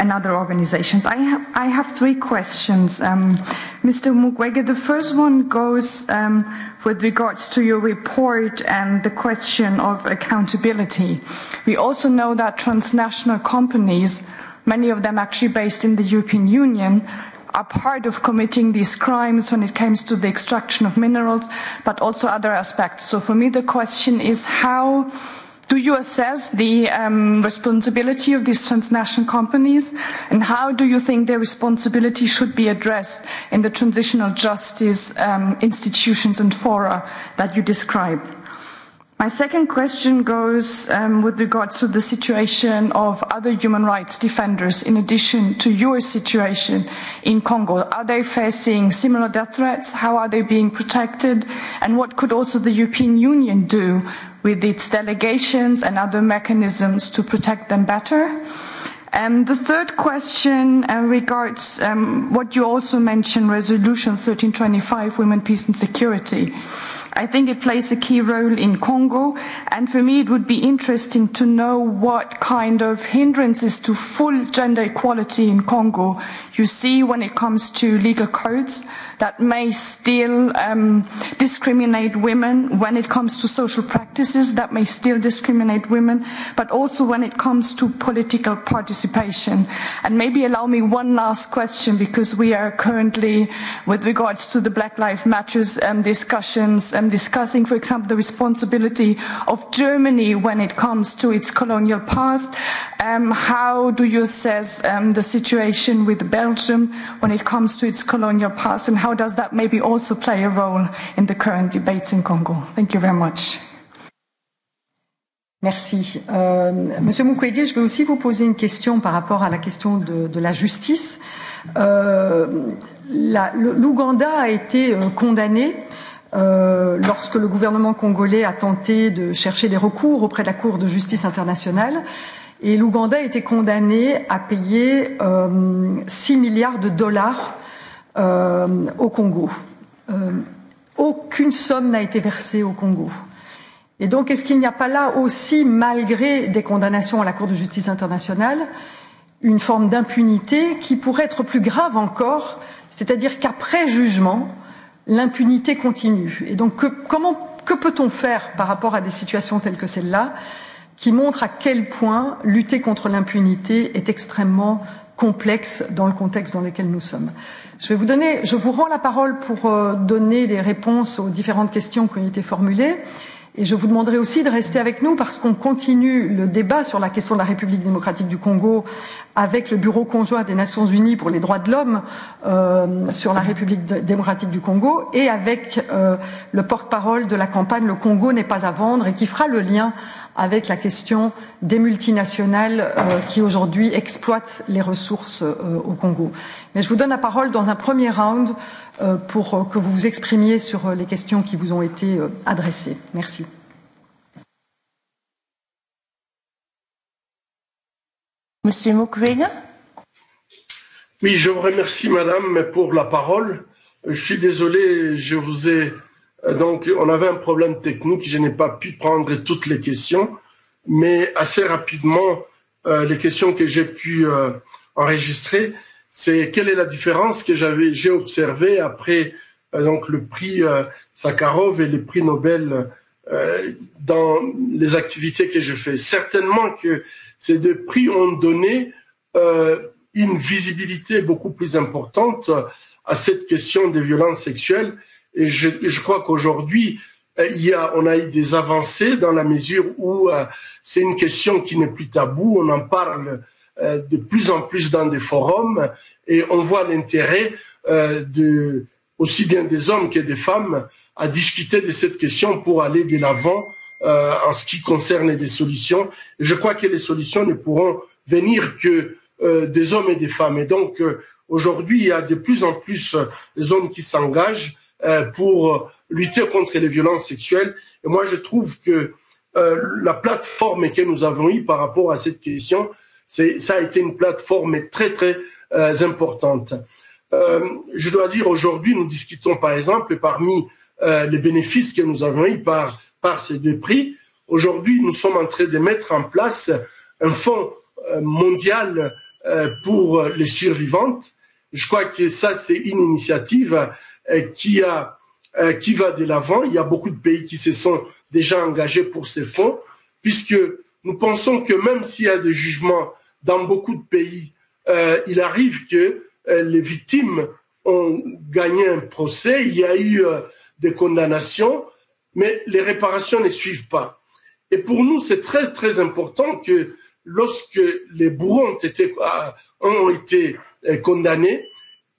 D: and other organizations. I have, I have three questions. Um, Mr. Mukwege, the first one goes... Um, with regards to your report and the question of accountability. We also know that transnational companies, many of them actually based in the European Union, are part of committing these crimes when it comes to the extraction of minerals, but also other aspects. So for me the question is how do you assess the um, responsibility of these transnational companies and how do you think their responsibility should be addressed in the transitional justice um, institutions and fora that you describe? My second question goes um, with regards to the situation of other human rights defenders in addition to your situation in Congo. Are they facing similar death threats? How are they being protected? And what could also the European Union do with its delegations and other mechanisms to protect them better? Um, the third question uh, regards um, what you also mentioned, Resolution 1325, Women, Peace and Security. I think it plays a key role in Congo, and for me it would be interesting to know what kind of hindrances to full gender equality in Congo you see when it comes to legal codes, that may still um, discriminate women when it comes to social practices, that may still discriminate women, but also when it comes to political participation. And maybe allow me one last question because we are currently, with regards to the Black Lives Matters um, discussions, um, discussing, for example, the responsibility of Germany when it comes to its colonial past. Um, how do you assess um, the situation with Belgium when it comes to its colonial past and how how does that maybe also play a
A: role in the current debates in Congo? Thank you very much. Merci. Euh, Monsieur Mukwege, je vais aussi vous poser une question par rapport à la question de, de la justice. Euh, L'Ouganda a été euh, condamné euh, lorsque le gouvernement congolais a tenté de chercher des recours auprès de la Cour de justice internationale. Et l'Ouganda a été condamné à payer euh, 6 milliards de dollars Euh, au Congo. Euh, aucune somme n'a été versée au Congo. Et donc, est-ce qu'il n'y a pas là aussi, malgré des condamnations à la Cour de justice internationale, une forme d'impunité qui pourrait être plus grave encore, c'est-à-dire qu'après jugement, l'impunité continue. Et donc, que, comment, que peut-on faire par rapport à des situations telles que celle-là, qui montrent à quel point lutter contre l'impunité est extrêmement complexe dans le contexte dans lequel nous sommes. Je, vais vous donner, je vous rends la parole pour euh, donner des réponses aux différentes questions qui ont été formulées. Et je vous demanderai aussi de rester avec nous parce qu'on continue le débat sur la question de la République démocratique du Congo avec le Bureau conjoint des Nations Unies pour les droits de l'homme euh, sur la République démocratique du Congo et avec euh, le porte-parole de la campagne Le Congo n'est pas à vendre et qui fera le lien avec la question des multinationales euh, qui aujourd'hui exploitent les ressources euh, au Congo. Mais je vous donne la parole dans un premier round euh, pour que vous vous exprimiez sur les questions qui vous ont été adressées. Merci.
B: Monsieur Mukwege.
E: Oui, je vous remercie, madame, pour la parole. Je suis désolé, je vous ai Donc, on avait un problème technique. Je n'ai pas pu prendre toutes les questions, mais assez rapidement, euh, les questions que j'ai pu euh, enregistrer, c'est quelle est la différence que j'avais j'ai observé après euh, donc le prix euh, Sakharov et le prix Nobel euh, dans les activités que je fais. Certainement que ces deux prix ont donné euh, une visibilité beaucoup plus importante à cette question des violences sexuelles je, je crois qu'aujourd'hui, euh, il y a, on a eu des avancées dans la mesure où euh, c'est une question qui n'est plus tabou, on en parle euh, de plus en plus dans des forums et on voit l'intérêt euh, de aussi bien des hommes que des femmes à discuter de cette question pour aller de l'avant euh, en ce qui concerne les solutions. Et je crois que les solutions ne pourront venir que euh, des hommes et des femmes. Et donc, euh, aujourd'hui, il y a de plus en plus euh, des hommes qui s'engagent Euh, pour euh, lutter contre les violences sexuelles. Et moi, je trouve que euh, la plateforme que nous avons eue par rapport à cette question, c'est, ça a été une plateforme très, très importante. Je dois dire, aujourd'hui, nous discutons, par exemple, parmi les bénéfices que nous avons eus par, par ces deux prix. Aujourd'hui, nous sommes en train de mettre en place un fonds mondial pour les survivantes. Je crois que ça, c'est une initiative Euh, qui, a, euh, qui va de l'avant. Il y a beaucoup de pays qui se sont déjà engagés pour ces fonds, puisque nous pensons que même s'il y a des jugements dans beaucoup de pays, euh, il arrive que euh, les victimes ont gagné un procès, il y a eu euh, des condamnations, mais les réparations ne suivent pas. Et pour nous, c'est très très important que lorsque les bourreaux ont été, euh, ont été condamnés,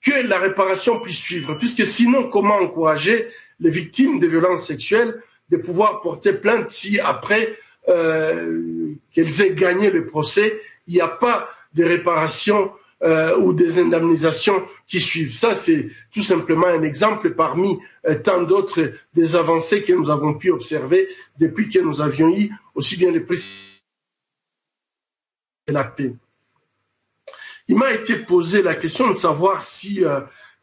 E: que la réparation puisse suivre, puisque sinon, comment encourager les victimes de violences sexuelles de pouvoir porter plainte si après euh, qu'elles aient gagné le procès, il n'y a pas de réparation euh, ou des indemnisations qui suivent. Ça, c'est tout simplement un exemple parmi euh, tant d'autres des avancées que nous avons pu observer depuis que nous avions eu aussi bien les précisions de la paix. Il m'a été posé la question de savoir si euh,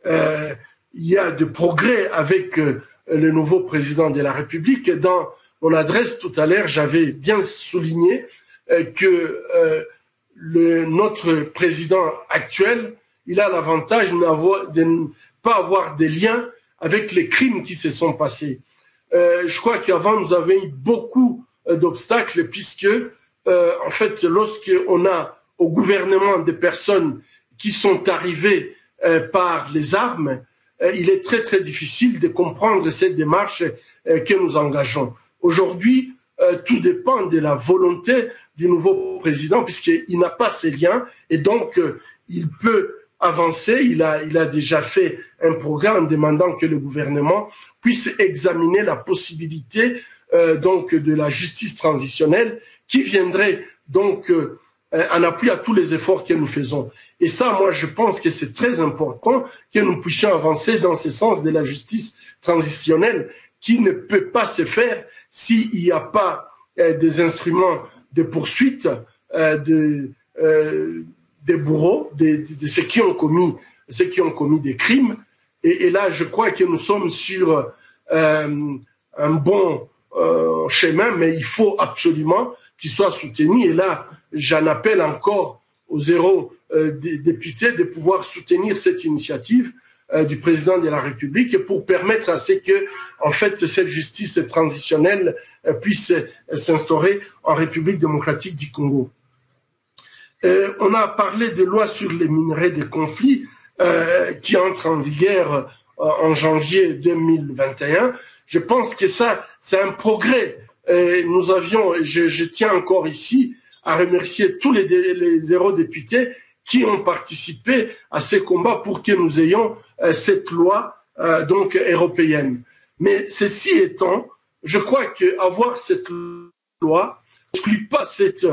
E: euh, il y a de progrès avec euh, le nouveau président de la République. Dans mon adresse tout à l'heure, j'avais bien souligné euh, que euh, le, notre président actuel, il a l'avantage de ne pas avoir des liens avec les crimes qui se sont passés. Euh, je crois qu'avant, nous avions eu beaucoup d'obstacles puisque, en fait, lorsqu'on a au gouvernement des personnes qui sont arrivées euh, par les armes, euh, il est très très difficile de comprendre cette démarche euh, que nous engageons. Aujourd'hui, euh, tout dépend de la volonté du nouveau président, puisqu'il n'a pas ces liens, et donc euh, il peut avancer. Il a, il a déjà fait un programme en demandant que le gouvernement puisse examiner la possibilité euh, donc de la justice transitionnelle qui viendrait donc Euh, en appui à tous les efforts que nous faisons. Et ça, moi, je pense que c'est très important que nous puissions avancer dans ce sens de la justice transitionnelle qui ne peut pas se faire s'il n'y a pas euh, des instruments de poursuite euh, de, euh, des bourreaux, de, de, de, ceux, qui ont commis, ceux qui ont commis des crimes. Et, et là, je crois que nous sommes sur euh, un bon euh, chemin, mais il faut absolument qui soit soutenu. Et là, j'en appelle encore aux zéro euh, des députés de pouvoir soutenir cette initiative euh, du président de la République pour permettre à ce que, en fait, cette justice transitionnelle euh, puisse euh, s'instaurer en République démocratique du Congo. Euh, on a parlé de loi sur les minerais de conflit euh, qui entre en vigueur en janvier 2021. Je pense que ça, c'est un progrès Et nous avions, et je, je, tiens encore ici à remercier tous les, les zéro députés qui ont participé à ces combats pour que nous ayons euh, cette loi euh, donc européenne. Mais ceci étant, je crois qu'avoir cette loi n'exclut pas cette,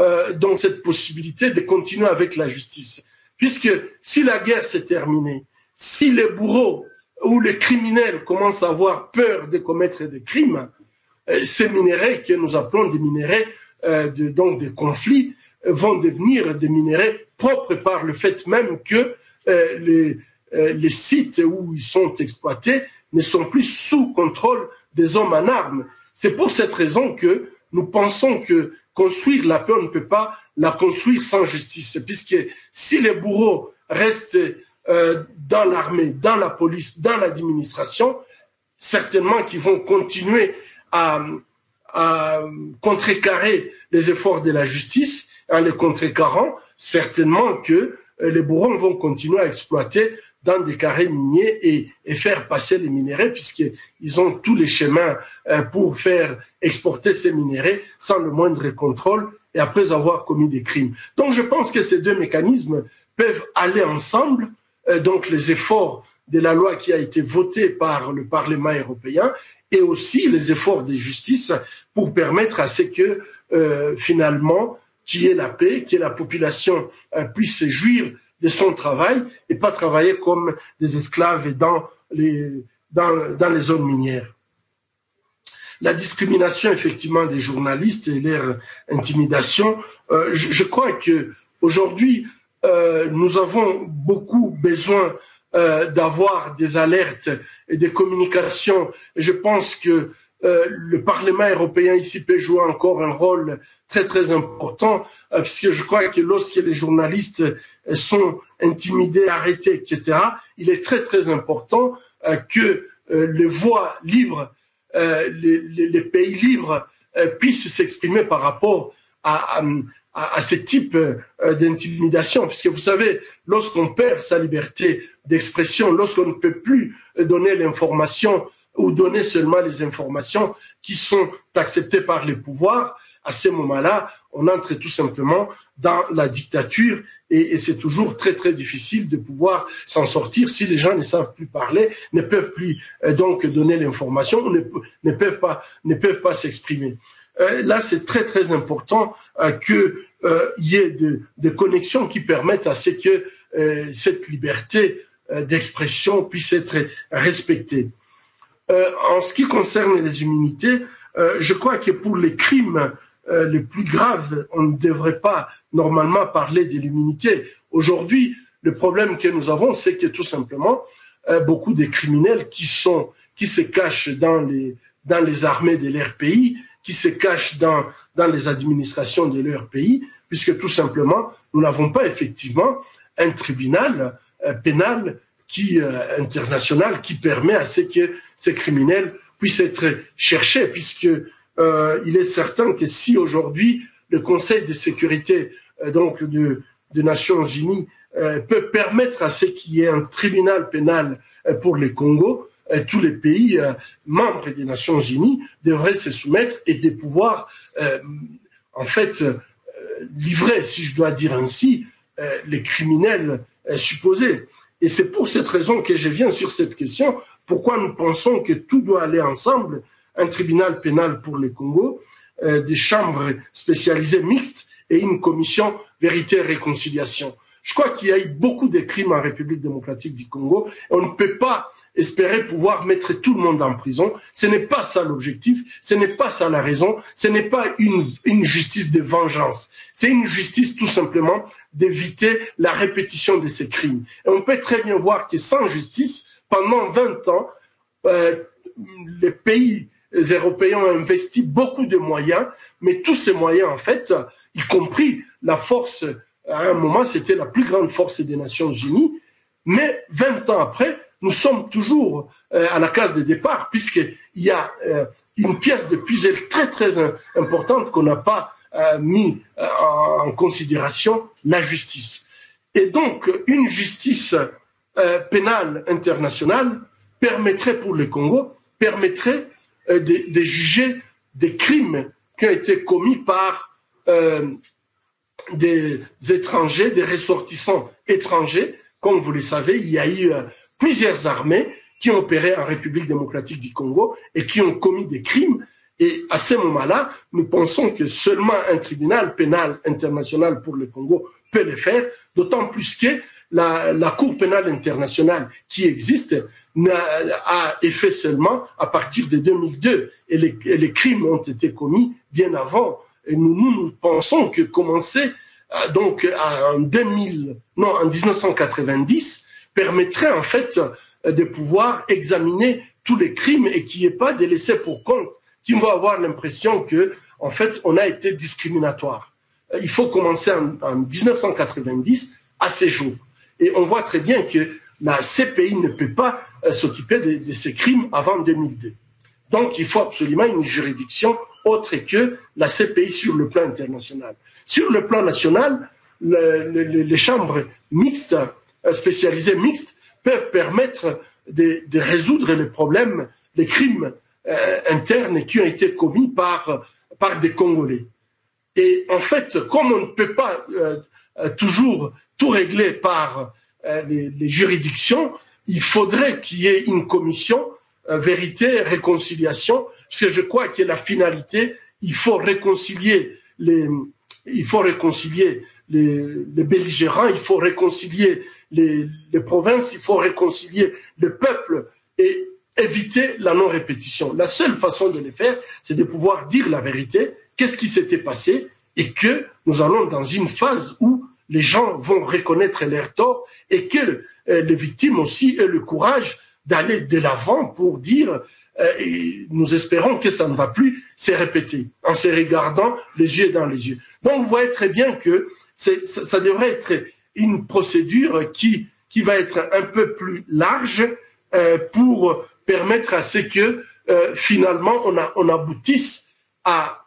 E: euh, donc cette possibilité de continuer avec la justice. Puisque si la guerre s'est terminée, si les bourreaux ou les criminels commencent à avoir peur de commettre des crimes, Euh, ces minéraux que nous appelons des minéraux euh, de, donc des conflits euh, vont devenir des minéraux propres par le fait même que euh, les, euh, les sites où ils sont exploités ne sont plus sous contrôle des hommes en armes. C'est pour cette raison que nous pensons que construire la paix, on ne peut pas la construire sans justice, puisque si les bourreaux restent euh, dans l'armée, dans la police, dans l'administration, certainement qu'ils vont continuer à, à contrecarrer les efforts de la justice, en les contrecarrant, certainement que euh, les bourrons vont continuer à exploiter dans des carrés miniers et, et faire passer les minéraux, puisqu'ils ont tous les chemins euh, pour faire exporter ces minéraux sans le moindre contrôle et après avoir commis des crimes. Donc je pense que ces deux mécanismes peuvent aller ensemble, euh, donc les efforts de la loi qui a été votée par le Parlement européen et aussi les efforts de justice pour permettre à ce que euh, finalement qu'il y ait la paix, que la population euh, puisse jouir de son travail et pas travailler comme des esclaves dans les, dans, dans les zones minières. La discrimination effectivement des journalistes et leur intimidation, euh, je, je crois que aujourd'hui euh, nous avons beaucoup besoin Euh, d'avoir des alertes et des communications. Et je pense que euh, le Parlement européen ici peut jouer encore un rôle très très important, euh, parce je crois que lorsque les journalistes euh, sont intimidés, arrêtés, etc., il est très très important euh, que les voix libres, les, les, les, pays libres puissent s'exprimer par rapport à, à à, à ce type d'intimidation, puisque vous savez, lorsqu'on perd sa liberté d'expression lorsqu'on ne peut plus donner l'information ou donner seulement les informations qui sont acceptées par les pouvoirs, à ce moment-là, on entre tout simplement dans la dictature et, et c'est toujours très très difficile de pouvoir s'en sortir si les gens ne savent plus parler, ne peuvent plus euh, donc donner l'information, ne, ne peuvent pas ne peuvent pas s'exprimer. Euh, là, c'est très très important euh, que il euh, y ait des de connexions qui permettent à ce que euh, cette liberté Euh, d'expression puisse être respectée. Euh, en ce qui concerne les immunités, euh, je crois que pour les crimes euh, les plus graves, on ne devrait pas normalement parler de l'immunité. Aujourd'hui, le problème que nous avons, c'est que tout simplement, euh, beaucoup de criminels qui sont qui se cachent dans les dans les armées de leur pays, qui se cachent dans dans les administrations de leur pays, puisque tout simplement, nous n'avons pas effectivement un tribunal Euh, pénale qui, euh, international qui permet à ce que ces criminels puissent être cherchés, puisque euh, il est certain que si aujourd'hui le Conseil de sécurité euh, donc de, des Nations Unies euh, peut permettre à ce qu'il y ait un tribunal pénal euh, pour le Congo, tous les pays membres des Nations Unies devraient se soumettre et de pouvoir en fait livrer, si je dois dire ainsi, les criminels est supposée. Et c'est pour cette raison que je viens sur cette question. Pourquoi nous pensons que tout doit aller ensemble Un tribunal pénal pour les Congo, euh, des chambres spécialisées mixtes et une commission vérité et réconciliation. Je crois qu'il y a eu beaucoup de crimes en République démocratique du Congo. Et on ne peut pas espérer pouvoir mettre tout le monde en prison. Ce n'est pas ça l'objectif, ce n'est pas ça la raison, ce n'est pas une, une justice de vengeance. C'est une justice tout simplement d'éviter la répétition de ces crimes. Et on peut très bien voir que sans justice, pendant 20 ans, euh, les pays européens ont investi beaucoup de moyens, mais tous ces moyens, en fait, y compris la force, à un moment, c'était la plus grande force des Nations Unies, mais 20 ans après, nous sommes toujours euh, à la case de départ, puisqu'il y a euh, une pièce de puzzle très, très importante qu'on n'a pas Euh, mis euh, en considération la justice. Et donc, une justice euh, pénale internationale permettrait pour le Congo, permettrait de, de juger des crimes qui ont été commis par euh, des étrangers, des ressortissants étrangers. Comme vous le savez, il y a eu plusieurs armées qui ont opéré en République démocratique du Congo et qui ont commis des crimes Et à ce moment-là, nous pensons que seulement un tribunal pénal international pour le Congo peut le faire, d'autant plus que la, la Cour pénale internationale qui existe a, effet seulement à partir de 2002 et les, et les crimes ont été commis bien avant. Et nous, nous, nous pensons que commencer euh, donc à, en 2000, non, en 1990 permettrait en fait euh, de pouvoir examiner tous les crimes et qu'il n'y ait pas de laisser pour compte qui vont avoir l'impression que, en fait, on a été discriminatoire. Euh, il faut commencer en, en 1990 à ces jours. Et on voit très bien que la CPI ne peut pas euh, s'occuper de, de, ces crimes avant 2002. Donc, il faut absolument une juridiction autre que la CPI sur le plan international. Sur le plan national, le, le, les chambres mixtes, euh, spécialisées mixtes, peuvent permettre de, de résoudre les problèmes, les crimes Euh, internes qui ont été commis par, par des Congolais. Et en fait, comme on ne peut pas euh, euh, toujours tout régler par les, les juridictions, il faudrait qu'il y ait une commission vérité, réconciliation, parce que je crois que la finalité, il faut réconcilier les, il faut réconcilier les, les belligérants, il faut réconcilier les, les provinces, il faut réconcilier les peuples Et éviter la non-répétition. La seule façon de le faire, c'est de pouvoir dire la vérité, qu'est-ce qui s'était passé, et que nous allons dans une phase où les gens vont reconnaître leur torts et que euh, les victimes aussi aient le courage d'aller de l'avant pour dire euh, et nous espérons que ça ne va plus se répéter en se regardant les yeux dans les yeux. Donc vous voyez très bien que c'est ça, ça devrait être une procédure qui qui va être un peu plus large euh, pour permettre à ce que euh, finalement on, a, on aboutisse à,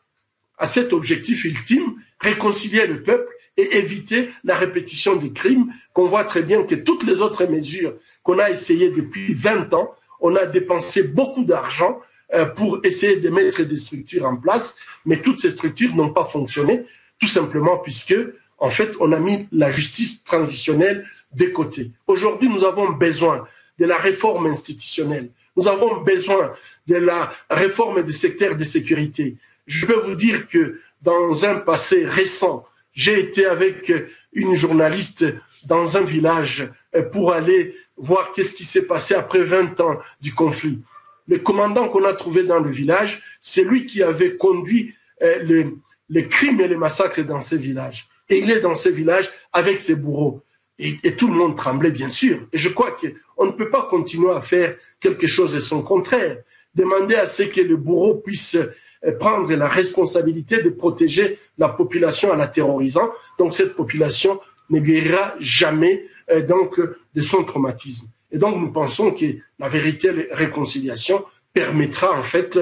E: à cet objectif ultime, réconcilier le peuple et éviter la répétition des crimes qu'on voit très bien que toutes les autres mesures qu'on a essayées depuis 20 ans, on a dépensé beaucoup d'argent euh, pour essayer de mettre des structures en place, mais toutes ces structures n'ont pas fonctionné, tout simplement puisque, en fait, on a mis la justice transitionnelle de côté. Aujourd'hui, nous avons besoin de la réforme institutionnelle. Nous avons besoin de la réforme du secteur de sécurité. Je peux vous dire que dans un passé récent, j'ai été avec une journaliste dans un village euh, pour aller voir qu'est-ce qui s'est passé après 20 ans du conflit. Le commandant qu'on a trouvé dans le village, c'est lui qui avait conduit les, euh, les crimes et les massacres dans ces villages. Et il est dans ce village avec ses bourreaux. Et, et tout le monde tremblait, bien sûr. Et je crois qu'on ne peut pas continuer à faire quelque chose de son contraire. Demander à ce que le bourreau puisse euh, prendre la responsabilité de protéger la population en la terrorisant. Donc cette population ne guérira jamais euh, donc de son traumatisme. Et donc nous pensons que la véritable réconciliation permettra en fait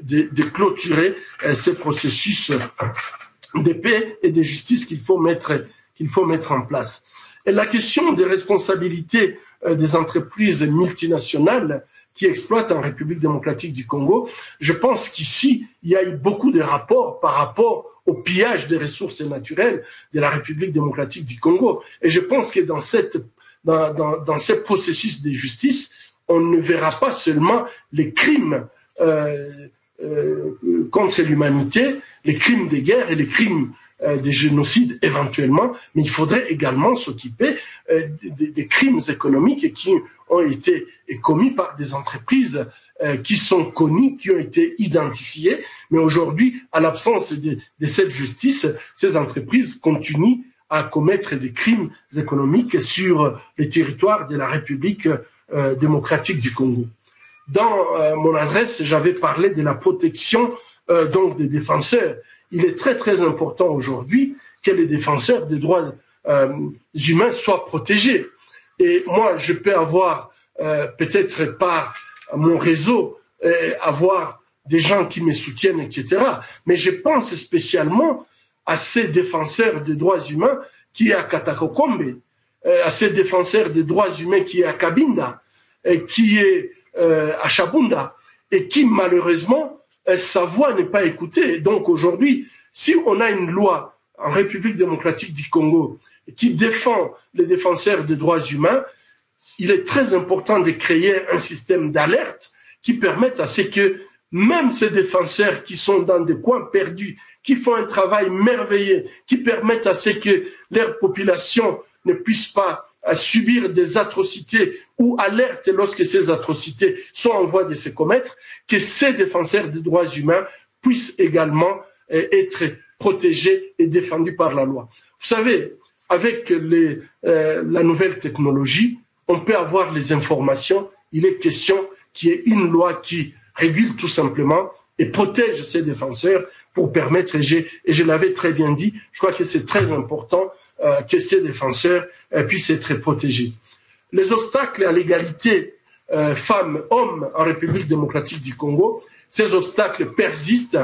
E: de, de clôturer euh, ce processus de paix et de justice qu'il faut mettre qu'il faut mettre en place. Et la question des responsabilités Euh, des entreprises multinationales qui exploitent en République démocratique du Congo. Je pense qu'ici, il y a eu beaucoup de rapports par rapport au pillage des ressources naturelles de la République démocratique du Congo. Et je pense que dans, cette, dans, dans, dans ce processus de justice, on ne verra pas seulement les crimes euh, euh, contre l'humanité, les crimes de guerre et les crimes Euh, des génocides éventuellement, mais il faudrait également s'occuper euh, des, des, crimes économiques qui ont été commis par des entreprises euh, qui sont connues, qui ont été identifiées. Mais aujourd'hui, à l'absence de, de, cette justice, ces entreprises continuent à commettre des crimes économiques sur les territoires de la République démocratique du Congo. Dans mon adresse, j'avais parlé de la protection donc des défenseurs il est très très important aujourd'hui que les défenseurs des droits euh, humains soient protégés. Et moi, je peux avoir, euh, peut-être par mon réseau, euh, avoir des gens qui me soutiennent, etc. Mais je pense spécialement à ces défenseurs des droits humains qui est à Katakokombe, euh, à ces défenseurs des droits humains qui est à Kabinda, et qui est euh, à Chabunda, et qui malheureusement Euh, sa voix n'est pas écoutée. Donc aujourd'hui, si on a une loi en République démocratique du Congo qui défend les défenseurs des droits humains, il est très important de créer un système d'alerte qui permette à ce que même ces défenseurs qui sont dans des coins perdus, qui font un travail merveilleux, qui permettent à ce que leur population ne puisse pas à subir des atrocités ou alerte lorsque ces atrocités sont en voie de se commettre, que ces défenseurs des droits humains puissent également euh, être protégés et défendus par la loi. Vous savez, avec les, euh, la nouvelle technologie, on peut avoir les informations. Il est question qu'il y ait une loi qui régule tout simplement et protège ses défenseurs pour permettre, et, et je l'avais très bien dit, je crois que c'est très important que ces défenseurs puissent être protégés. Les obstacles à l'égalité euh, femmes-hommes en République démocratique du Congo, ces obstacles persistent,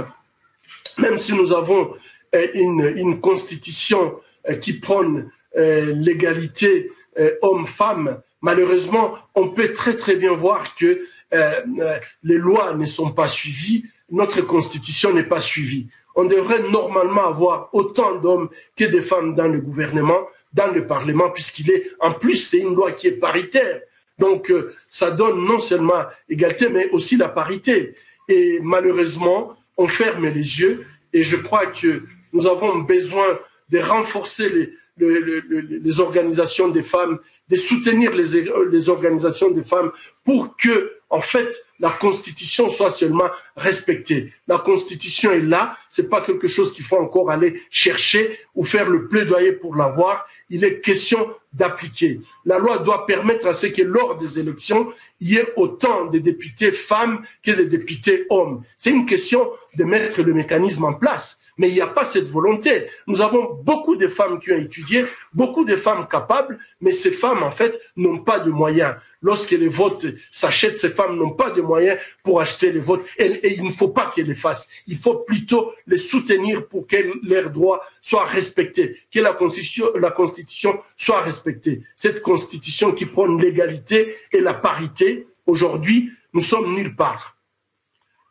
E: même si nous avons euh, une, une constitution euh, qui prône l'égalité hommes-femmes, malheureusement, on peut très très bien voir que les lois ne sont pas suivies, notre constitution n'est pas suivie on devrait normalement avoir autant d'hommes que de femmes dans le gouvernement, dans le Parlement, puisqu'il est, en plus, c'est une loi qui est paritaire. Donc, euh, ça donne non seulement égalité, mais aussi la parité. Et malheureusement, on ferme les yeux et je crois que nous avons besoin de renforcer les, les, les, les organisations des femmes, de soutenir les, les organisations des femmes pour que en fait, la Constitution soit seulement respectée. La Constitution est là, c'est pas quelque chose qu'il faut encore aller chercher ou faire le plaidoyer pour l'avoir. Il est question d'appliquer. La loi doit permettre à ce que lors des élections, il y ait autant de députés femmes que de députés hommes. C'est une question de mettre le mécanisme en place. Mais il n'y a pas cette volonté. Nous avons beaucoup de femmes qui ont étudié, beaucoup de femmes capables, mais ces femmes, en fait, n'ont pas de moyens. Lorsque les votes s'achètent, ces femmes n'ont pas de moyens pour acheter les votes. Et, et il ne faut pas qu'elles les fassent. Il faut plutôt les soutenir pour que leurs droits soient respectés, que la Constitution, la Constitution soit respectée. Cette Constitution qui prône l'égalité et la parité, aujourd'hui, nous sommes nulle part.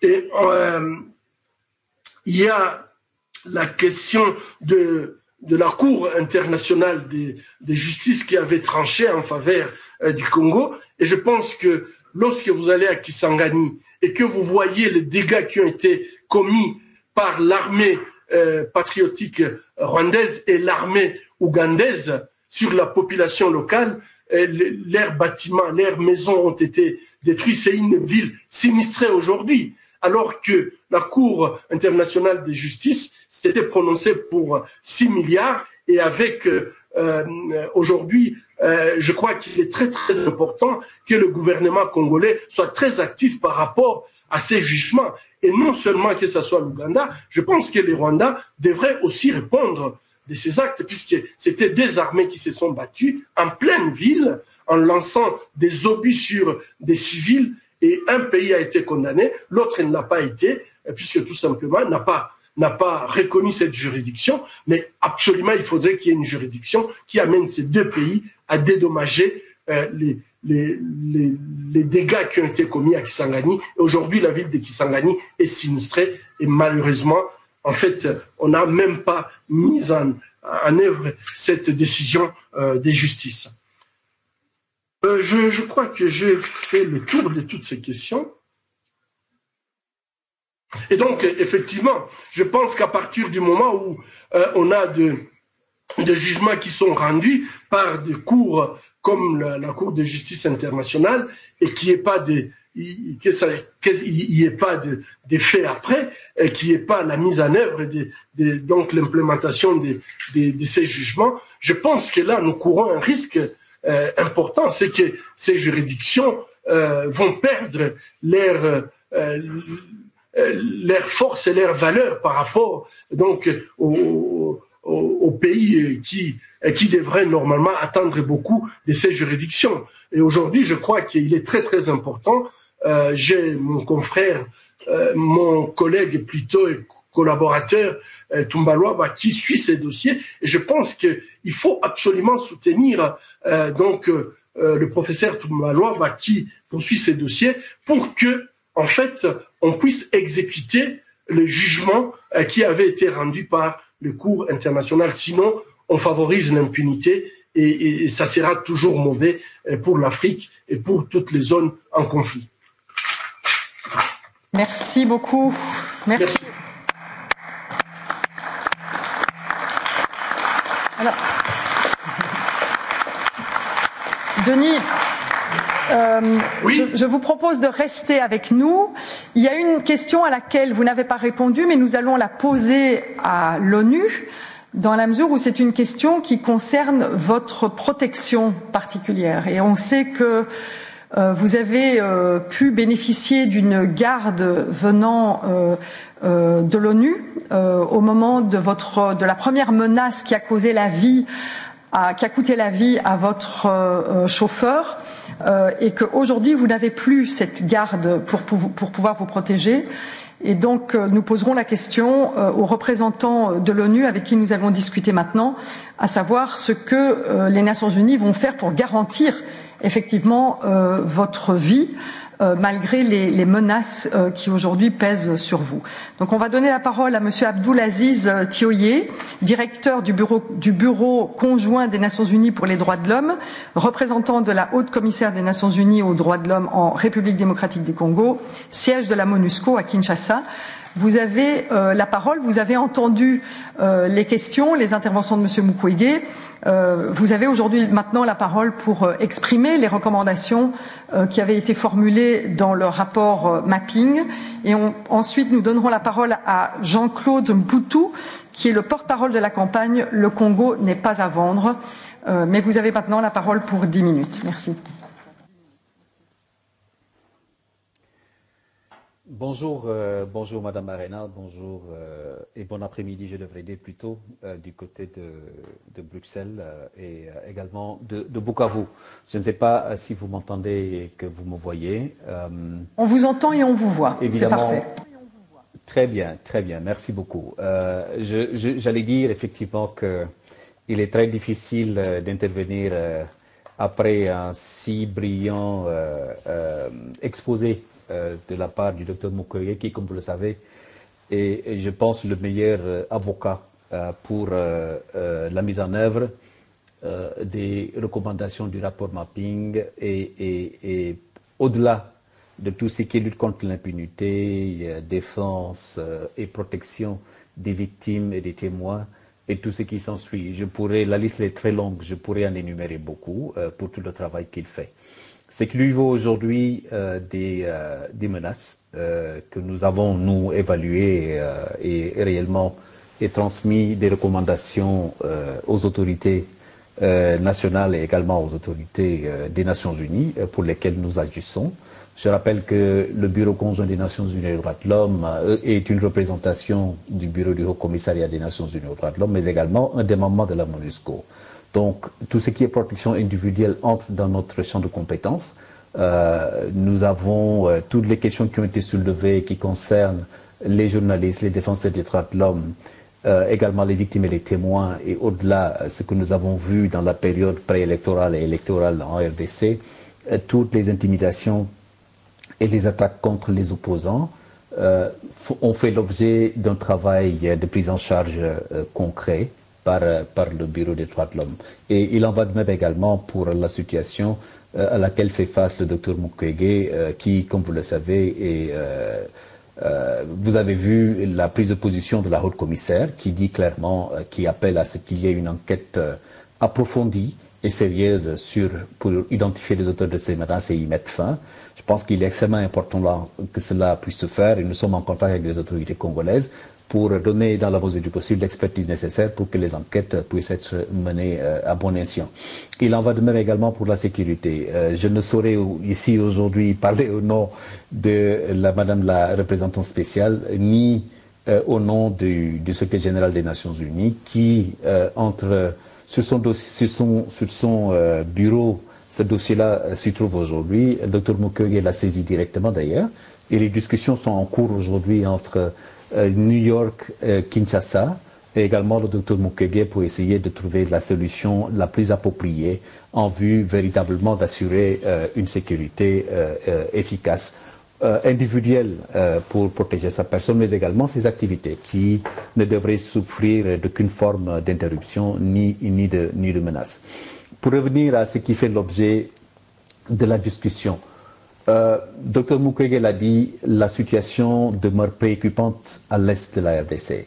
E: Et euh, il y a la question de, de la Cour internationale de, de, justice qui avait tranché en faveur euh, du Congo. Et je pense que lorsque vous allez à Kisangani et que vous voyez les dégâts qui ont été commis par l'armée euh, patriotique rwandaise et l'armée ougandaise sur la population locale, euh, leurs bâtiments, leurs maisons ont été détruits. C'est une ville sinistrée aujourd'hui, alors que la Cour internationale de justice s'était prononcé pour 6 milliards et avec euh, euh, aujourd'hui, euh, je crois qu'il est très très important que le gouvernement congolais soit très actif par rapport à ces jugements. Et non seulement que ce soit l'Ouganda, je pense que les Rwandais devraient aussi répondre de ces actes, puisque c'était des armées qui se sont battues en pleine ville, en lançant des obus sur des civils, et un pays a été condamné, l'autre ne l'a pas été, puisque tout simplement n'a pas n'a pas reconnu cette juridiction, mais absolument il faudrait qu'il y ait une juridiction qui amène ces deux pays à dédommager euh, les, les, les, les, dégâts qui ont été commis à Kisangani. Aujourd'hui, la ville de Kisangani est sinistrée et malheureusement, en fait, on n'a même pas mis en, en œuvre cette décision euh, des justice. Euh, je, je crois que j'ai fait le tour de toutes ces questions. Et donc, effectivement, je pense qu'à partir du moment où euh, on a de, de jugements qui sont rendus par des cours comme la, la Cour de justice internationale et qu'il n'y ait pas de qu'il n'y ait pas de, de faits après, euh, qu'il n'y ait pas la mise en œuvre, de, de, donc l'implémentation de, de, de ces jugements, je pense que là, nous courons un risque euh, important, c'est que ces juridictions euh, vont perdre leur, euh, Euh, leur force et leur valeur par rapport donc aux, au, au pays qui, qui devrait normalement attendre beaucoup de ces juridictions. Et aujourd'hui, je crois qu'il est très très important. Euh, J'ai mon confrère, euh, mon collègue plutôt et collaborateur euh, Tumbaloaba qui suit ces dossiers. Et je pense qu'il faut absolument soutenir euh, donc euh, le professeur Tumbaloaba qui poursuit ces dossiers pour que en fait on puisse exécuter le jugement euh, qui avait été rendu par le cours international. Sinon, on favorise l'impunité et, et, et, ça sera toujours mauvais euh, pour l'Afrique et pour toutes les zones en conflit.
A: Merci beaucoup. Merci. Merci. Alors, Denis. Euh, je, vous propose de rester avec nous. Il y a une question à laquelle vous n'avez pas répondu, mais nous allons la poser à l'ONU dans la mesure où c'est une question qui concerne votre protection particulière. Et on sait que euh, vous avez euh, pu bénéficier d'une garde venant euh, de l'ONU au moment de, votre, de la première menace qui a causé la vie, à, qui a coûté la vie à votre euh, chauffeur. Euh, et qu'aujourd'hui vous n'avez plus cette garde pour, pour, pour pouvoir vous protéger. Et donc, euh, nous poserons la question euh, aux représentants de l'ONU avec qui nous avons discuté maintenant, à savoir ce que les Nations Unies vont faire pour garantir effectivement votre vie Euh, malgré les, les menaces euh, qui aujourd'hui pèsent sur vous. Donc on va donner la parole à monsieur Abdulaziz euh, Thioyer, directeur du bureau du bureau conjoint des Nations Unies pour les droits de l'homme, représentant de la haute commissaire des Nations Unies aux droits de l'homme en République démocratique du Congo, siège de la MONUSCO à Kinshasa. Vous avez euh, la parole, vous avez entendu euh, les questions, les interventions de Monsieur Mukwege. Euh, vous avez aujourd'hui maintenant la parole pour euh, exprimer les recommandations euh, qui avaient été formulées dans le rapport euh, mapping. Et on, ensuite, nous donnerons la parole à Jean-Claude Mboutou, qui est le porte-parole de la campagne Le Congo n'est pas à vendre. mais vous avez maintenant la parole pour dix minutes. Merci.
K: Bonjour, euh, bonjour Madame Arena, bonjour euh, et bon après-midi, je devrais dire plutôt, euh, du côté de, de Bruxelles euh, et euh, également de, de Bukavu. Je ne sais pas euh, si vous m'entendez et que vous me voyez.
A: on vous entend et on vous voit, c'est parfait.
K: Très bien, très bien, merci beaucoup. J'allais je, je, dire effectivement qu'il est très difficile d'intervenir après un si brillant exposé Euh, de la part du docteur Mukwege, qui, comme vous le savez, est, je pense, le meilleur euh, avocat euh, pour la mise en œuvre des recommandations du rapport mapping et, et, et au-delà de tout ce qui est lutte contre l'impunité, défense et protection des victimes et des témoins et tout ce qui s'ensuit. Je pourrais, la liste est très longue, je pourrais en énumérer beaucoup pour tout le travail qu'il fait c'est que' lui vaut aujourd'hui euh, des, euh, des, menaces euh, que nous avons, nous, évaluées et, euh, et, réellement et transmis des recommandations euh, aux autorités euh, nationales et également aux autorités des Nations Unies pour lesquelles nous agissons. Je rappelle que le Bureau conjoint des Nations Unies aux droits de l'homme est une représentation du Bureau du Haut Commissariat des Nations Unies aux droits de l'homme, mais également un des membres de la MONUSCO. Donc, tout ce qui est protection individuelle entre dans notre champ de compétences. Euh, nous avons euh, toutes les questions qui ont été soulevées qui concernent les journalistes, les défenseurs des droits de l'homme, euh, également les victimes et les témoins, et au-delà, euh, ce que nous avons vu dans la période préélectorale et électorale en RDC, euh, toutes les intimidations et les attaques contre les opposants euh, ont fait l'objet d'un travail de prise en charge concret par, par le Bureau des droits de l'homme. Et il en va de même également pour la situation euh, à laquelle fait face le docteur Mukwege, euh, qui, comme vous le savez, est... Euh, euh, vous avez vu la prise de position de la haute commissaire qui dit clairement, euh, qui appelle à ce qu'il y ait une enquête approfondie et sérieuse sur, pour identifier les auteurs de ces menaces et y mettre fin. Je pense qu'il est extrêmement important là, que cela puisse se faire et nous sommes en contact avec les autorités congolaises pour donner dans la mesure du possible l'expertise nécessaire pour que les enquêtes puissent être menées euh, à bon escient. Il en va de même également pour la sécurité. Euh, je ne saurais ici aujourd'hui parler au nom de la Madame la représentante spéciale, ni euh, au nom du, du secrétaire général des Nations Unies, qui entre sur son, sur son, sur son bureau, ce dossier-là s'y trouve aujourd'hui. docteur Mukwege l'a saisi directement d'ailleurs. Et les discussions sont en cours aujourd'hui entre Euh, New York, euh, Kinshasa, et également le docteur Mukwege pour essayer de trouver la solution la plus appropriée en vue véritablement d'assurer euh, une sécurité efficace individuelle pour protéger sa personne, mais également ses activités, qui ne devraient souffrir d'aucune forme d'interruption ni, ni, de, ni de menace. Pour revenir à ce qui fait l'objet de la discussion, Euh, docteur Mukwege l'a dit, la situation demeure préoccupante à l'est de la RDC.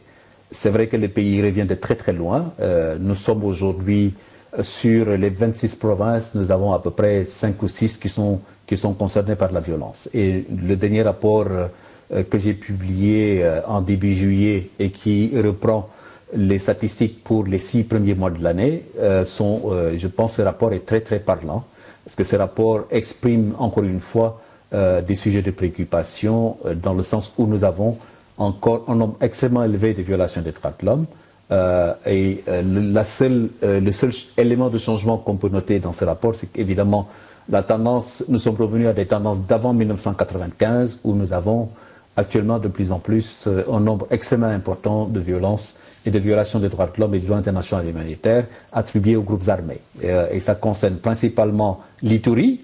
K: C'est vrai que le pays revient de très très loin. Euh, nous sommes aujourd'hui sur les 26 provinces, nous avons à peu près 5 ou 6 qui sont, qui sont concernés par la violence. Et le dernier rapport euh, que j'ai publié euh, en début juillet et qui reprend les statistiques pour les 6 premiers mois de l'année, sont, je pense, ce rapport est très très parlant. Parce que ce rapport exprime encore une fois euh, des sujets de préoccupation euh, dans le sens où nous avons encore un nombre extrêmement élevé de violations des droits de l'homme. Euh, et euh, le, la seule, euh, le seul élément de changement qu'on peut noter dans ce rapport, c'est qu'évidemment, la tendance, nous sommes revenus à des tendances d'avant 1995 où nous avons actuellement de plus en plus euh, un nombre extrêmement important de violences et de violations des droits de l'homme et du droit international humanitaire attribuées aux groupes armés. Euh, et ça concerne principalement l'Ituri.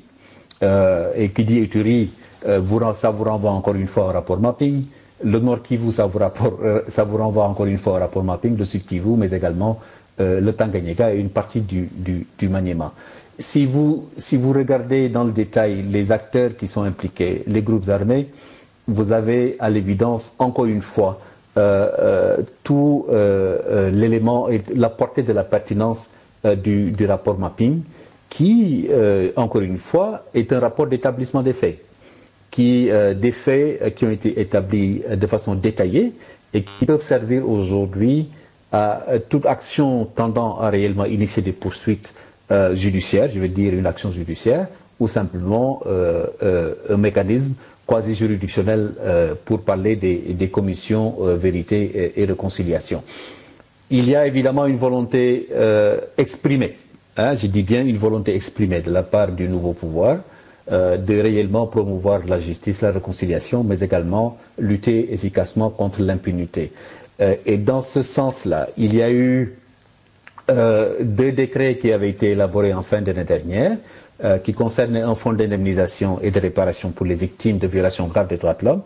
K: Euh, et qui dit euh, ça vous renvoie encore une fois au rapport mapping. Le Nord Kivu, ça vous, rapport, euh, ça vous renvoie encore une fois au rapport mapping, le Sud Kivu, mais également euh, le Tanganyika et une partie du, du, du Maniema. Si vous, si vous regardez dans le détail les acteurs qui sont impliqués, les groupes armés, vous avez à l'évidence, encore une fois, Euh, euh, tout euh, euh, l'élément et la portée de la pertinence du, du rapport mapping qui, euh, encore une fois, est un rapport d'établissement des faits, qui, euh, des faits qui ont été établis de façon détaillée et qui peuvent servir aujourd'hui à toute action tendant à réellement initier des poursuites euh, judiciaires, je veux dire une action judiciaire, ou simplement euh, euh, un mécanisme quasi-juridictionnel euh, pour parler des, des commissions euh, vérité et, euh, et, réconciliation. Il y a évidemment une volonté euh, exprimée, hein, je dis bien une volonté exprimée de la part du nouveau pouvoir euh, de réellement promouvoir la justice, la réconciliation, mais également lutter efficacement contre l'impunité. Euh, et dans ce sens-là, il y a eu euh, deux décrets qui avaient été élaborés en fin d'année dernière, Euh, qui concerne un fonds d'indemnisation et de réparation pour les victimes de violations graves des droits de l'homme,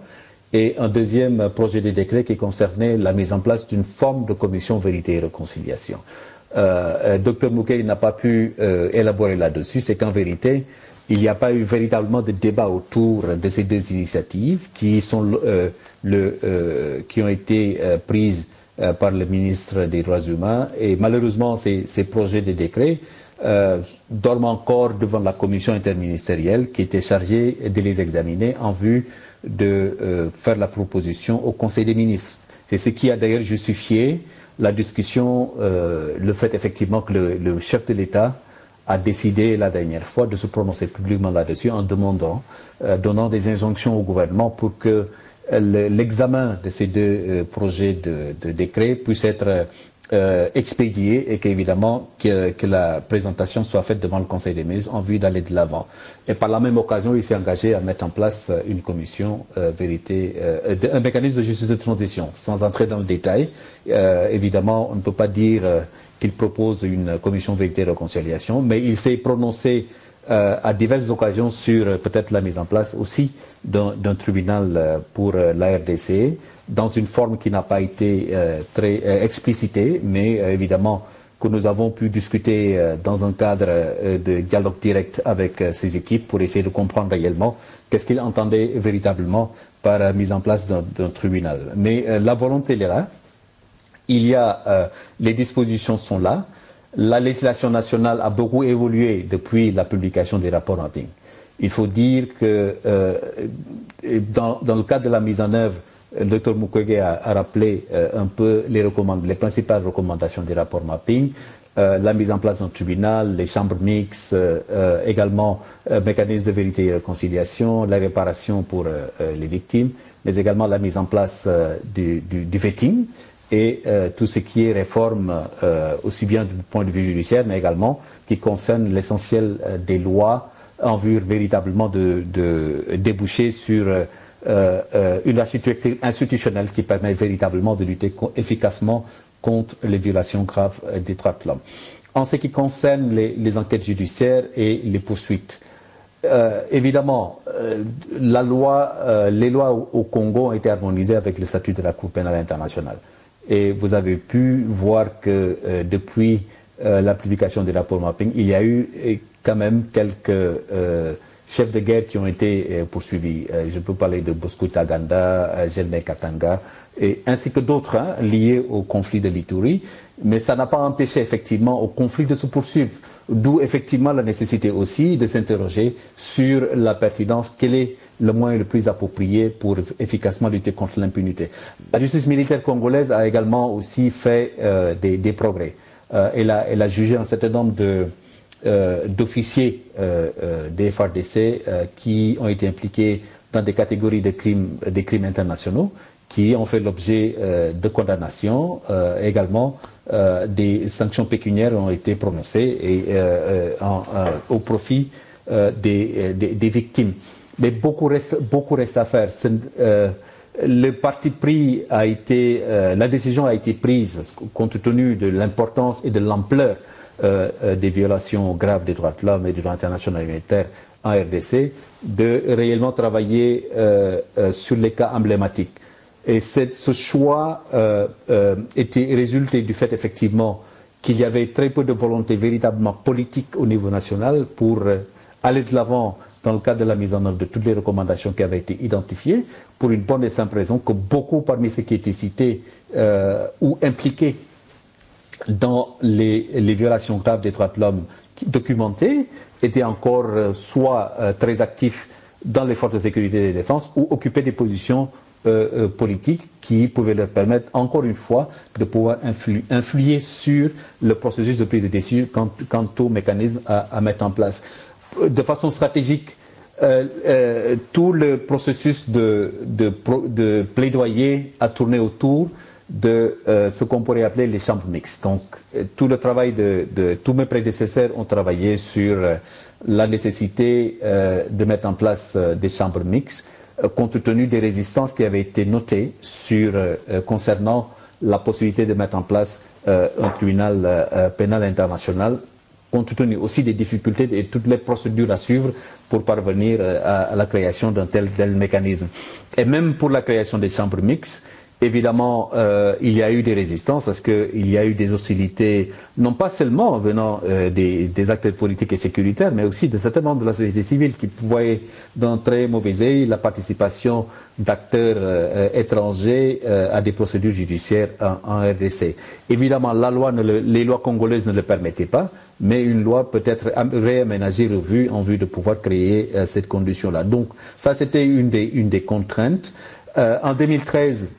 K: et un deuxième projet de décret qui concernait la mise en place d'une forme de commission vérité et réconciliation. Euh, euh docteur n'a pas pu euh, élaborer là-dessus, c'est qu'en vérité, il n'y a pas eu véritablement de débat autour de ces deux initiatives qui, sont, euh, le, euh, qui ont été euh, prises euh, par le ministre des Droits humains. Et malheureusement, ces, ces projets de décret euh, dorment encore devant la commission interministérielle qui était chargée de les examiner en vue de euh, faire la proposition au Conseil des ministres. C'est ce qui a d'ailleurs justifié la discussion, euh, le fait effectivement que le, le chef de l'État a décidé la dernière fois de se prononcer publiquement là-dessus en demandant, euh, donnant des injonctions au gouvernement pour que euh, l'examen de ces deux euh, projets de, de décret puisse être euh, euh, expédié et qu'évidemment que, que, la présentation soit faite devant le Conseil des ministres en vue d'aller de l'avant. Et par la même occasion, il s'est engagé à mettre en place euh, une commission euh, vérité, euh, un mécanisme de justice de transition. Sans entrer dans le détail, euh, évidemment, on ne peut pas dire euh, qu'il propose une commission vérité et réconciliation, mais il s'est prononcé euh, à diverses occasions sur peut-être la mise en place aussi d'un tribunal pour la RDC dans une forme qui n'a pas été euh, très euh, explicitée, mais euh, évidemment que nous avons pu discuter euh, dans un cadre euh, de dialogue direct avec euh, ces équipes pour essayer de comprendre réellement qu'est-ce qu'ils entendaient véritablement par la mise en place d'un tribunal. Mais la volonté est là, il y a, les dispositions sont là, la législation nationale a beaucoup évolué depuis la publication des rapports en ligne. Il faut dire que dans, dans le cadre de la mise en œuvre Le docteur Mukwege a, a rappelé euh, un peu les, les principales recommandations du rapport mapping. Euh, la mise en place d'un tribunal, les chambres mixtes, euh, euh, également euh, mécanisme de vérité et réconciliation, la réparation pour euh, les victimes, mais également la mise en place du, du, du vetting et tout ce qui est réforme aussi bien du point de vue judiciaire, mais également qui concerne l'essentiel des lois en vue véritablement de, de déboucher sur Euh, euh, une architecture institutionnelle qui permet véritablement de lutter efficacement contre les violations graves euh, des droits de l'homme. En ce qui concerne les, les enquêtes judiciaires et les poursuites, euh, évidemment, euh, la loi, euh, les lois au, au Congo ont été harmonisées avec le statut de la Cour pénale internationale. Et vous avez pu voir que euh, depuis euh, la publication de rapport mapping, il y a eu euh, quand même quelques euh, chefs de guerre qui ont été euh, poursuivis. Euh, je peux parler de Bosco Taganda, euh, Gelne Katanga, et, ainsi que d'autres hein, liés au conflit de l'Ituri. Mais ça n'a pas empêché effectivement au conflit de se poursuivre, d'où effectivement la nécessité aussi de s'interroger sur la pertinence, quel est le moyen le plus approprié pour efficacement lutter contre l'impunité. La justice militaire congolaise a également aussi fait euh, des, des progrès. Euh, elle, a, elle a jugé un certain nombre de Euh, d'officiers euh, euh des FARDC euh, qui ont été impliqués dans des catégories de crimes, des crimes internationaux qui ont fait l'objet euh, de condamnations. Euh, également, euh, des sanctions pécuniaires ont été prononcées et, euh, en, au profit des, des, des, victimes. Mais beaucoup reste, beaucoup reste à faire. le parti pris a été, la décision a été prise compte tenu de l'importance et de l'ampleur Euh, euh, des violations graves des droits de l'homme et du droit international humanitaire en RDC, de réellement travailler euh, euh, sur les cas emblématiques. Et ce choix euh, était, résulté du fait effectivement qu'il y avait très peu de volonté véritablement politique au niveau national pour aller de l'avant dans le cadre de la mise en œuvre de toutes les recommandations qui avaient été identifiées, pour une bonne et simple raison que beaucoup parmi ceux qui étaient cités euh, ou impliqués dans les, les violations graves des droits de l'homme documentées étaient encore euh, soit euh, très actifs dans les forces de sécurité et de défense ou occupaient des positions euh, euh, politiques qui pouvaient leur permettre, encore une fois, de pouvoir influ influer sur le processus de prise de décision quant, quant aux mécanisme à, à mettre en place. De façon stratégique, euh, euh, tout le processus de, de, de plaidoyer a tourné autour euh, de euh, ce qu'on pourrait appeler les chambres mixtes. Donc, euh, tout le travail de, de, tous mes prédécesseurs ont travaillé sur euh, la nécessité euh, de mettre en place euh, des chambres mixtes, euh, compte tenu des résistances qui avaient été notées sur, concernant la possibilité de mettre en place euh, un tribunal pénal international, compte tenu aussi des difficultés et toutes les procédures à suivre pour parvenir à, à la création d'un tel, tel mécanisme. Et même pour la création des chambres mixtes, Évidemment, euh, il y a eu des résistances parce qu'il y a eu des hostilités, non pas seulement venant euh, des, des acteurs politiques et sécuritaires, mais aussi de certains membres de la société civile qui voyaient d'un très mauvais œil la participation d'acteurs euh, étrangers euh, à des procédures judiciaires en, en RDC. Évidemment, la loi ne le, les lois congolaises ne le permettaient pas, mais une loi peut être réaménagée, revue en vue de pouvoir créer euh, cette condition-là. Donc, ça, c'était une des, une des contraintes. Euh, en 2013,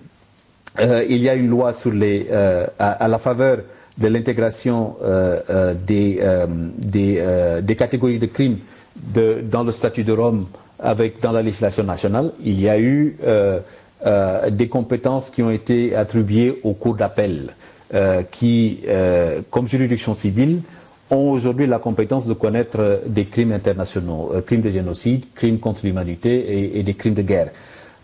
K: euh, il y a une loi sur les euh, à, à la faveur de l'intégration euh, euh, des euh, des euh, des catégories de crimes de dans le statut de Rome avec dans la législation nationale, il y a eu euh, euh, des compétences qui ont été attribuées aux cours d'appel qui comme juridiction civile ont aujourd'hui la compétence de connaître des crimes internationaux, crimes de génocide, crimes contre l'humanité et, et des crimes de guerre.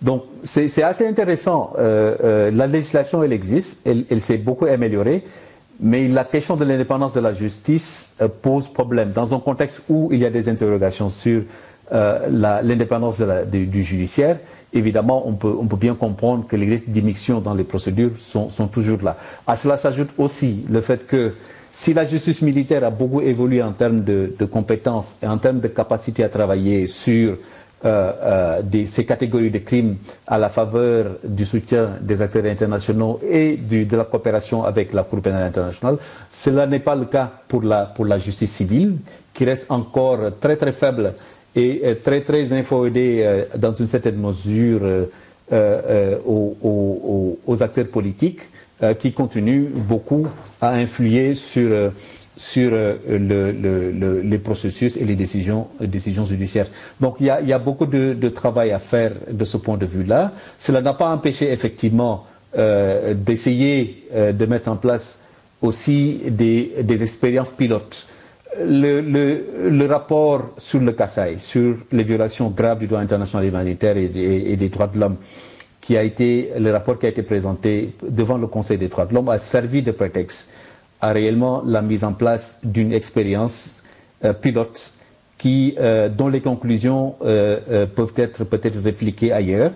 K: Donc, c'est assez intéressant. Euh, euh, la législation, elle existe, elle, elle s'est beaucoup améliorée, mais la question de l'indépendance de la justice euh, pose problème dans un contexte où il y a des interrogations sur euh, l'indépendance du judiciaire. Évidemment, on peut, on peut bien comprendre que les risques d'immixion dans les procédures sont, sont toujours là. À cela s'ajoute aussi le fait que si la justice militaire a beaucoup évolué en termes de, de compétences et en termes de capacité à travailler sur euh, euh de ces catégories de crimes à la faveur du soutien des acteurs internationaux et du, de la coopération avec la Cour pénale internationale. Cela n'est pas le cas pour la, pour la justice civile, qui reste encore très très faible et euh, très très euh, dans une certaine mesure euh, euh, aux, euh, aux, aux, acteurs politiques euh, qui continuent beaucoup à influer sur sur euh, le, le, le, les processus et les décisions, décisions judiciaires. Donc il y a, il y a beaucoup de, de, travail à faire de ce point de vue-là. Cela n'a pas empêché effectivement euh, d'essayer euh, de mettre en place aussi des, des expériences pilotes. Le, le, le rapport sur le Kassai, sur les violations graves du droit international humanitaire et, et, et des droits de l'homme, qui a été le rapport qui a été présenté devant le Conseil des droits de l'homme a servi de prétexte à réellement la mise en place d'une expérience euh, pilote qui, euh, dont les conclusions euh, euh, peuvent être peut-être répliquées ailleurs.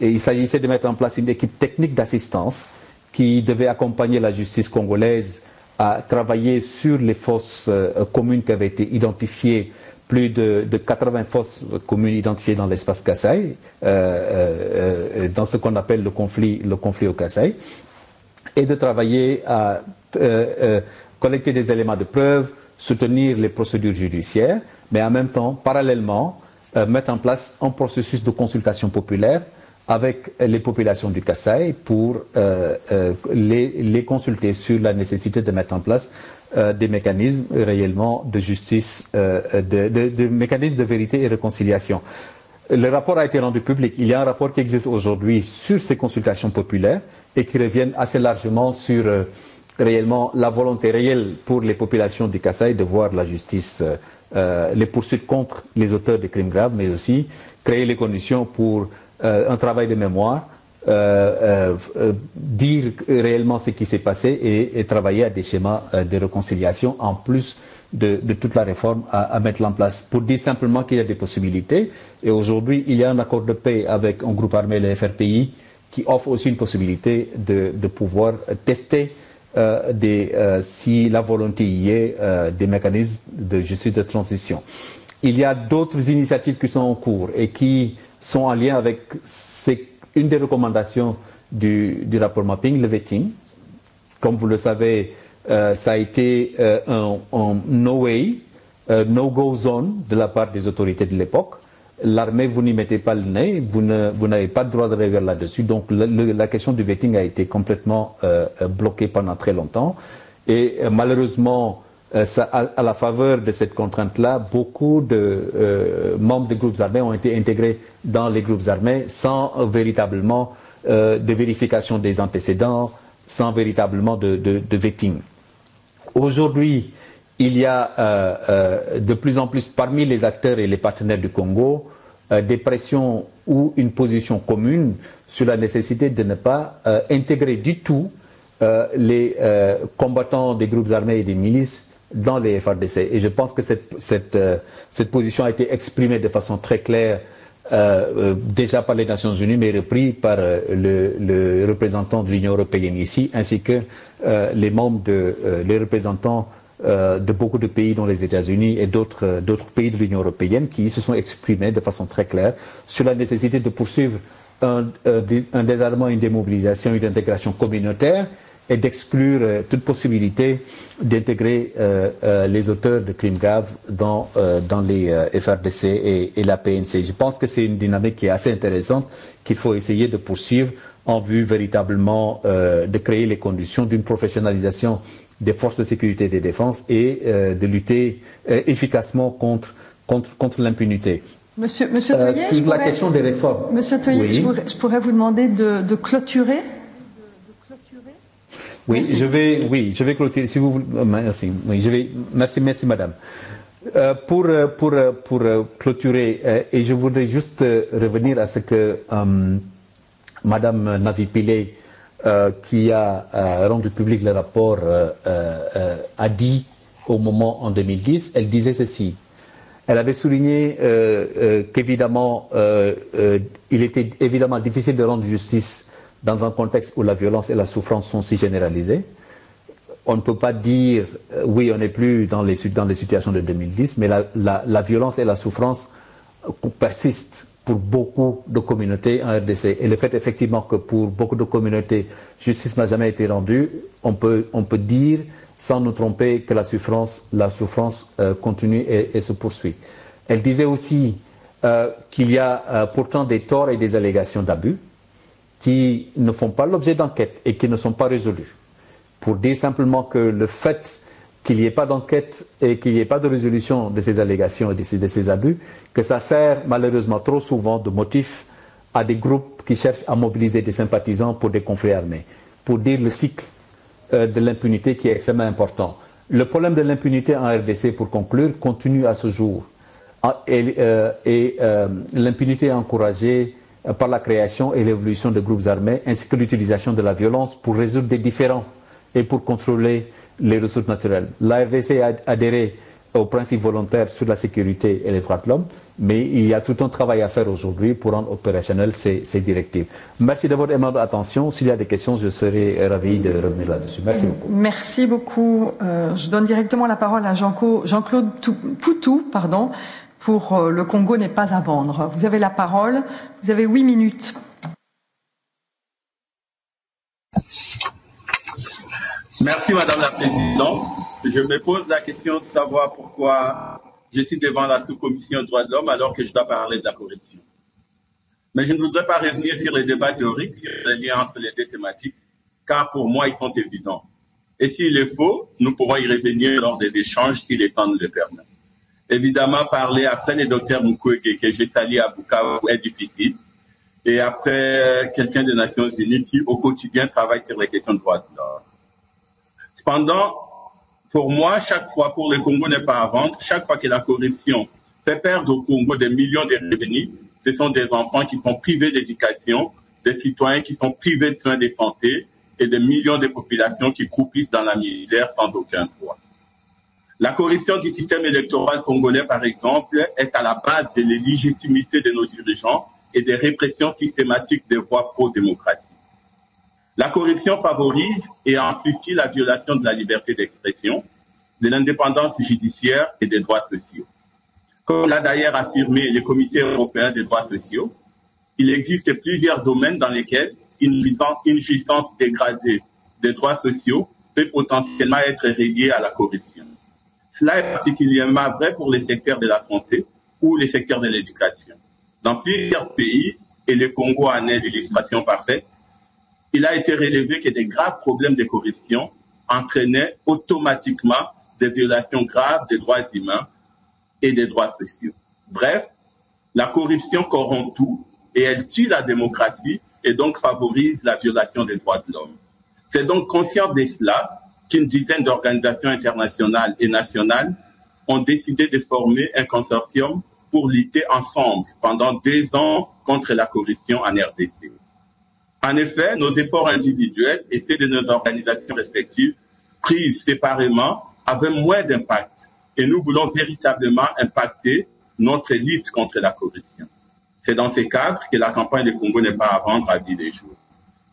K: Et il s'agissait de mettre en place une équipe technique d'assistance qui devait accompagner la justice congolaise à travailler sur les fosses euh, communes qui avaient été identifiées, plus de, de 80 fosses communes identifiées dans l'espace Kassai, euh, euh, euh, dans ce qu'on appelle le conflit, le conflit au Kassai, et de travailler à Euh, euh, collecter des éléments de preuve, soutenir les procédures judiciaires, mais en même temps, parallèlement, euh, mettre en place un processus de consultation populaire avec les populations du Kassai pour euh, euh, les, les consulter sur la nécessité de mettre en place euh, des mécanismes réellement de justice, euh, de, de, de mécanismes de vérité et réconciliation. Le rapport a été rendu public. Il y a un rapport qui existe aujourd'hui sur ces consultations populaires et qui reviennent assez largement sur euh, réellement la volonté réelle pour les populations du Kassai de voir la justice, euh, euh, les poursuites contre les auteurs de crimes graves, mais aussi créer les conditions pour euh, un travail de mémoire, euh, euh, euh dire réellement ce qui s'est passé et, et, travailler à des schémas euh, de réconciliation en plus de, de toute la réforme à, à mettre en place. Pour dire simplement qu'il y a des possibilités, et aujourd'hui il y a un accord de paix avec un groupe armé, le FRPI, qui offre aussi une possibilité de, de pouvoir tester euh, des, euh, si la volonté y est, euh, des mécanismes de justice de transition. Il y a d'autres initiatives qui sont en cours et qui sont en lien avec ces, une des recommandations du, du rapport mapping, le vetting. Comme vous le savez, euh, ça a été euh, un, un no way, euh, no go zone de la part des autorités de l'époque l'armée, vous n'y mettez pas le nez, vous n'avez pas le droit de revenir là-dessus. Donc le, le, la question du vetting a été complètement euh, bloquée pendant très longtemps. Et euh, malheureusement, euh, ça, à, à, la faveur de cette contrainte-là, beaucoup de euh, membres des groupes armés ont été intégrés dans les groupes armés sans véritablement euh, de vérification des antécédents, sans véritablement de, de, de vetting. Aujourd'hui, il y a euh, euh, de plus en plus parmi les acteurs et les partenaires du Congo euh, des pressions ou une position commune sur la nécessité de ne pas euh, intégrer du tout euh, les euh, combattants des groupes armés et des milices dans les FRDC. Et je pense que cette, cette, euh, cette position a été exprimée de façon très claire euh, euh, déjà par les Nations Unies, mais repris par euh, le, le représentant de l'Union européenne ici, ainsi que euh, les membres de euh, les représentants euh, Euh, de beaucoup de pays, dont les États-Unis et euh, d'autres pays de l'Union européenne, qui se sont exprimés de façon très claire sur la nécessité de poursuivre un, euh, un désarmement, une démobilisation, une intégration communautaire et d'exclure toute possibilité d'intégrer les auteurs de crimes graves dans, dans les FRDC et, et la PNC. Je pense que c'est une dynamique qui est assez intéressante, qu'il faut essayer de poursuivre en vue véritablement de créer les conditions d'une professionnalisation des forces de sécurité et de défense et euh, de lutter euh, efficacement contre, contre, contre l'impunité. Monsieur, Monsieur euh, Toyer, sur la pourrais, question des réformes. Monsieur Toyer, oui. je, pourrais,
A: je, pourrais, vous demander de, de clôturer.
K: Oui, merci. je vais, oui, je vais clôturer. Si vous, euh, merci, oui, je vais, merci, merci, madame. Euh, pour, euh, pour, pour clôturer, euh, et je voudrais juste revenir à ce que euh, Madame Navi Pillay Euh, qui a euh, rendu public le rapport euh, a dit au moment en 2010, elle disait ceci. Elle avait souligné qu'évidemment, il était évidemment difficile de rendre justice dans un contexte où la violence et la souffrance sont si généralisées. On ne peut pas dire, oui, on n'est plus dans les, dans les situations de 2010, mais la, la, la violence et la souffrance persistent pour beaucoup de communautés en RDC. Et le fait effectivement que pour beaucoup de communautés, justice n'a jamais été rendue, on peut, on peut dire sans nous tromper que la souffrance, la souffrance euh, continue et, et se poursuit. Elle disait aussi euh, qu'il y a euh, pourtant des torts et des allégations d'abus qui ne font pas l'objet d'enquête et qui ne sont pas résolus. Pour dire simplement que le fait qu'il n'y ait pas d'enquête et qu'il n'y ait pas de résolution de ces allégations et de ces, de ces, abus, que ça sert malheureusement trop souvent de motif à des groupes qui cherchent à mobiliser des sympathisants pour des conflits armés, pour dire le cycle euh, de l'impunité qui est extrêmement important. Le problème de l'impunité en RDC, pour conclure, continue à ce jour. Ah, et, euh, et euh, l'impunité est encouragée euh, par la création et l'évolution de groupes armés, ainsi que l'utilisation de la violence pour résoudre des différends et pour contrôler les ressources naturelles. RDC a adhéré au principe volontaire sur la sécurité et les droits de l'homme, mais il y a tout un travail à faire aujourd'hui pour rendre opérationnel ces, ces, directives. Merci de votre aimable attention. S'il y a des questions, je serai ravi de revenir là-dessus. Merci beaucoup.
A: Merci beaucoup. Euh, je donne directement la parole à Jean-Claude Jean Poutou pardon, pour euh, Le Congo n'est pas à vendre. Vous avez la parole. Vous avez huit minutes.
L: Merci, Madame la Présidente. Je me pose la question de savoir pourquoi je suis devant la sous-commission droits de l'homme alors que je dois parler de la corruption. Mais je ne voudrais pas revenir sur les débats théoriques, sur les liens entre les deux thématiques, car pour moi, ils sont évidents. Et s'il est faux, nous pourrons y revenir lors des échanges si les temps nous le permettent. Évidemment, parler après le docteur Mukwege, que j'ai salué à Bukavu, est difficile. Et après quelqu'un des Nations Unies qui, au quotidien, travaille sur les questions de droits de l'homme. Cependant, pour moi, chaque fois pour le Congo n'est pas à vendre, chaque fois que la corruption fait perdre au Congo des millions de revenus, ce sont des enfants qui sont privés d'éducation, des citoyens qui sont privés de soins de santé et des millions de populations qui croupissent dans la misère sans aucun droit. La corruption du système électoral congolais, par exemple, est à la base de l'illégitimité de nos dirigeants et des répressions systématiques des voix pro-démocratiques. La corruption favorise et amplifie la violation de la liberté d'expression, de l'indépendance judiciaire et des droits sociaux. Comme l'a d'ailleurs affirmé le Comité européen des droits sociaux, il existe plusieurs domaines dans lesquels une jouissance, dégradée des droits sociaux peut potentiellement être reliée à la corruption. Cela est particulièrement vrai pour les secteurs de la santé ou les secteurs de l'éducation. Dans plusieurs pays, et le Congo en est l'illustration parfaite, il a été relevé que des graves problèmes de corruption entraînaient automatiquement des violations graves des droits humains et des droits sociaux. Bref, la corruption corrompt tout et elle tue la démocratie et donc favorise la violation des droits de l'homme. C'est donc conscient de cela qu'une dizaine d'organisations internationales et nationales ont décidé de former un consortium pour lutter ensemble pendant deux ans contre la corruption en RDC. En effet, nos efforts individuels et ceux de nos organisations respectives, pris séparément, avaient moins d'impact et nous voulons véritablement impacter notre lutte contre la corruption. C'est dans ces cadres que la campagne de Congo n'est pas à vendre à vie des jours.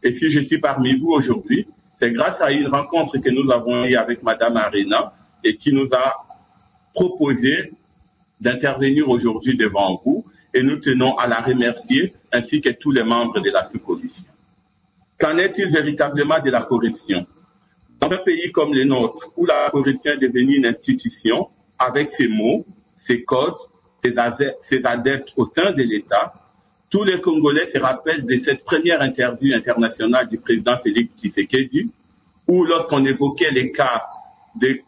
L: Et si je suis parmi vous aujourd'hui, c'est grâce à une rencontre que nous avons eue avec Madame Arena et qui nous a proposé d'intervenir aujourd'hui devant vous et nous tenons à la remercier ainsi que tous les membres de la sous-commission. Qu'en est-il véritablement de la corruption Dans un pays comme le nôtre, où la corruption est devenue une institution, avec ses mots, ses codes, ses, ses adeptes au sein de l'État, tous les Congolais se rappellent de cette première interview internationale du président Félix Tshisekedi, où lorsqu'on évoquait les cas de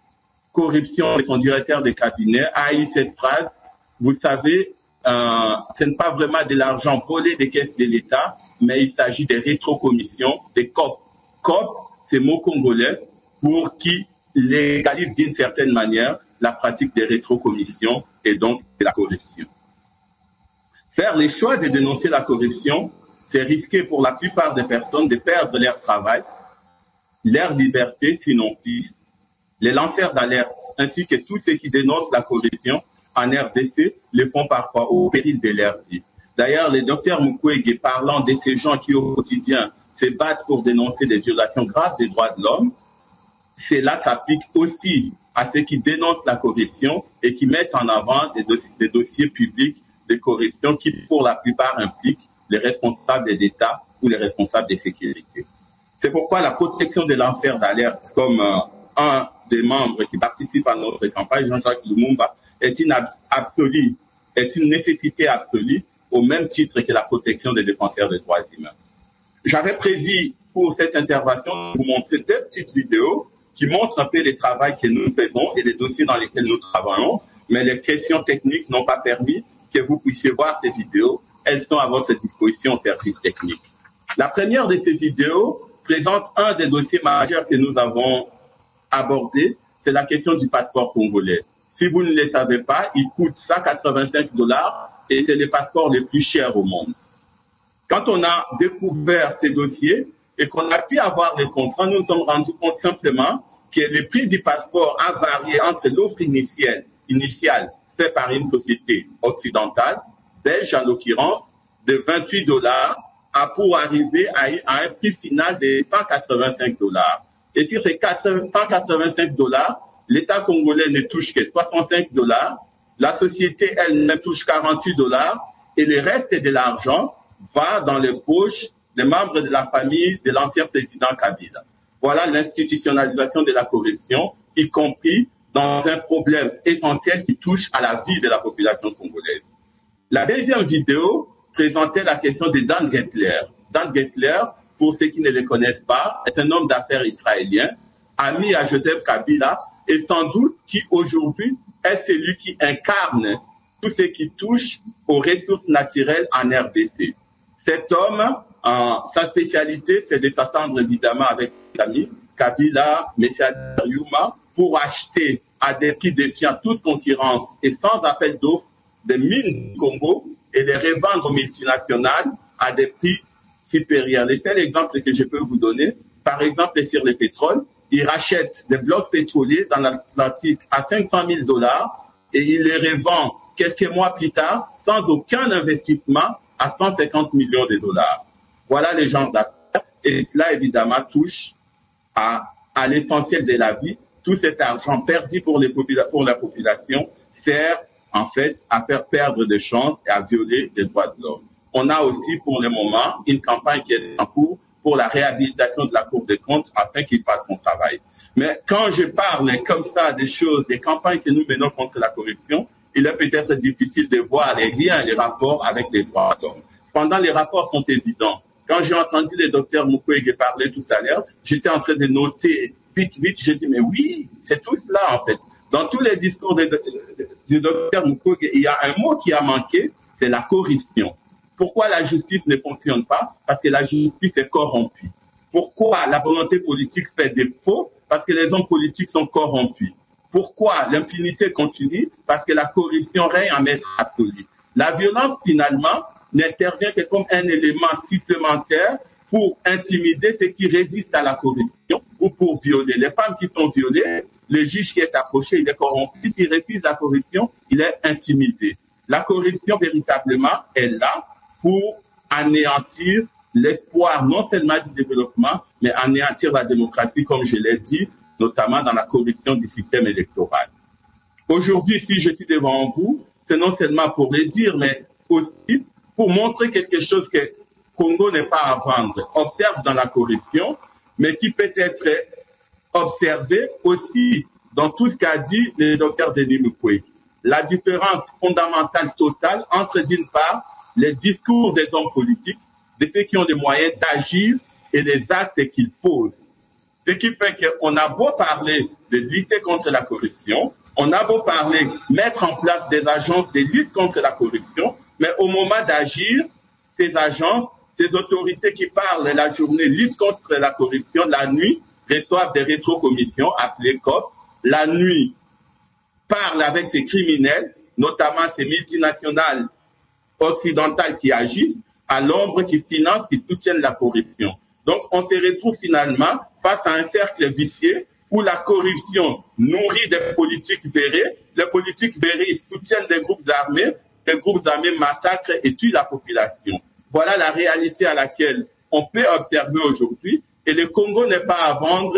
L: corruption de son directeur de cabinet, a eu cette phrase, vous savez, Euh, ce n'est pas vraiment de l'argent volé des caisses de l'État, mais il s'agit des rétrocommissions, des COP. COP, c'est mot congolais pour qui légalise d'une certaine manière la pratique des rétrocommissions et donc de la corruption. Faire les choix de dénoncer la corruption, c'est risquer pour la plupart des personnes de perdre leur travail, leur liberté sinon plus. Les lanceurs d'alerte ainsi que tous ceux qui dénoncent la corruption en RDC le font parfois au péril de leur vie. D'ailleurs, le docteur Mukwege, parlant de ces gens qui au quotidien se battent pour dénoncer des violations graves des droits de l'homme, cela s'applique aussi à ceux qui dénoncent la corruption et qui mettent en avant des, dossi des dossiers publics de corruption qui, pour la plupart, impliquent les responsables des États ou les responsables de sécurité. C'est pourquoi la protection de l'enfer d'alerte, comme euh, un des membres qui participe à notre campagne, Jean-Jacques Lumumba, est une absolue, est une nécessité absolue au même titre que la protection des défenseurs des droits humains. J'avais prévu pour cette intervention de vous montrer deux petites vidéos qui montrent un peu les travaux que nous faisons et les dossiers dans lesquels nous travaillons, mais les questions techniques n'ont pas permis que vous puissiez voir ces vidéos. Elles sont à votre disposition au service technique. La première de ces vidéos présente un des dossiers majeurs que nous avons abordé, c'est la question du passeport congolais. Si vous ne le savez pas, il coûte 185 dollars et c'est le passeport le plus cher au monde. Quand on a découvert ces dossiers et qu'on a pu avoir les contrats, nous nous sommes rendus compte simplement que le prix du passeport a varié entre l'offre initiale, initiale faite par une société occidentale, belge en l'occurrence, de 28 dollars à pour arriver à, un prix final de 185 dollars. Et sur ces 185 dollars, l'État congolais ne touche que 65 dollars, la société elle-même touche 48 dollars, et le reste de l'argent va dans les poches des membres de la famille de l'ancien président Kabila. Voilà l'institutionnalisation de la corruption, y compris dans un problème essentiel qui touche à la vie de la population congolaise. La deuxième vidéo présentait la question de Dan Gettler. Dan Gettler, pour ceux qui ne le connaissent pas, est un homme d'affaires israélien, ami à Joseph Kabila, et sans doute qui aujourd'hui est celui qui incarne tout ce qui touche aux ressources naturelles en RDC. Cet homme, euh, sa spécialité, c'est de s'attendre évidemment avec ses amis, Kabila, Messiah Yuma, pour acheter à des prix défiant toute concurrence et sans appel d'offres des mines du Congo et les revendre aux multinationales à des prix supérieurs. Le seul exemple que je peux vous donner, par exemple sur le pétrole, il rachète des blocs pétroliers dans l'Atlantique à 500 000 dollars et il les revend quelques mois plus tard sans aucun investissement à 150 millions de dollars. Voilà les gens d'affaires et cela évidemment touche à, à l'essentiel de la vie. Tout cet argent perdu pour, les pour la population sert en fait à faire perdre des chances et à violer les droits de l'homme. On a aussi pour le moment une campagne qui est en cours pour la réhabilitation de la Cour des comptes afin qu'il fasse son travail. Mais quand je parle comme ça des choses, des campagnes que nous menons contre la corruption, il est peut-être difficile de voir les liens, les rapports avec les droits d'homme. Cependant, les rapports sont évidents. Quand j'ai entendu le docteur Mukwege parler tout à l'heure, j'étais en train de noter vite, vite, j'ai dit, mais oui, c'est tout cela en fait. Dans tous les discours du docteur Mukwege, il y a un mot qui a manqué, c'est la corruption. Pourquoi la justice ne fonctionne pas Parce que la justice est corrompue. Pourquoi la volonté politique fait défaut Parce que les hommes politiques sont corrompus. Pourquoi l'impunité continue Parce que la corruption règne en maître absolu. La violence, finalement, n'intervient que comme un élément supplémentaire pour intimider ceux qui résistent à la corruption ou pour violer. Les femmes qui sont violées, le juge qui est approché, il est corrompu. S'il refuse la corruption, il est intimidé. La corruption, véritablement, est là pour anéantir l'espoir non seulement du développement, mais anéantir la démocratie, comme je l'ai dit, notamment dans la corruption du système électoral. Aujourd'hui, si je suis devant vous, c'est non seulement pour le dire, mais aussi pour montrer quelque chose que Congo n'est pas à vendre, observe dans la corruption, mais qui peut être observé aussi dans tout ce qu'a dit le docteur Denis Mukwege. La différence fondamentale totale entre, d'une part, les discours des hommes politiques, de ceux qui ont les moyens d'agir et les actes qu'ils posent. Ce qui fait qu'on a beau parler de lutter contre la corruption, on a beau parler, mettre en place des agences de lutte contre la corruption, mais au moment d'agir, ces agents ces autorités qui parlent la journée lutte contre la corruption, la nuit, reçoivent des rétrocommissions appelées COP, la nuit, parlent avec ces criminels, notamment ces multinationales occidentales qui agissent à l'ombre, qui finance qui soutiennent la corruption. Donc, on se retrouve finalement face à un cercle vicieux où la corruption nourrit des politiques verrées, les politiques verrées soutiennent des groupes armés, des groupes armés massacrent et tuent la population. Voilà la réalité à laquelle on peut observer aujourd'hui et le Congo n'est pas à vendre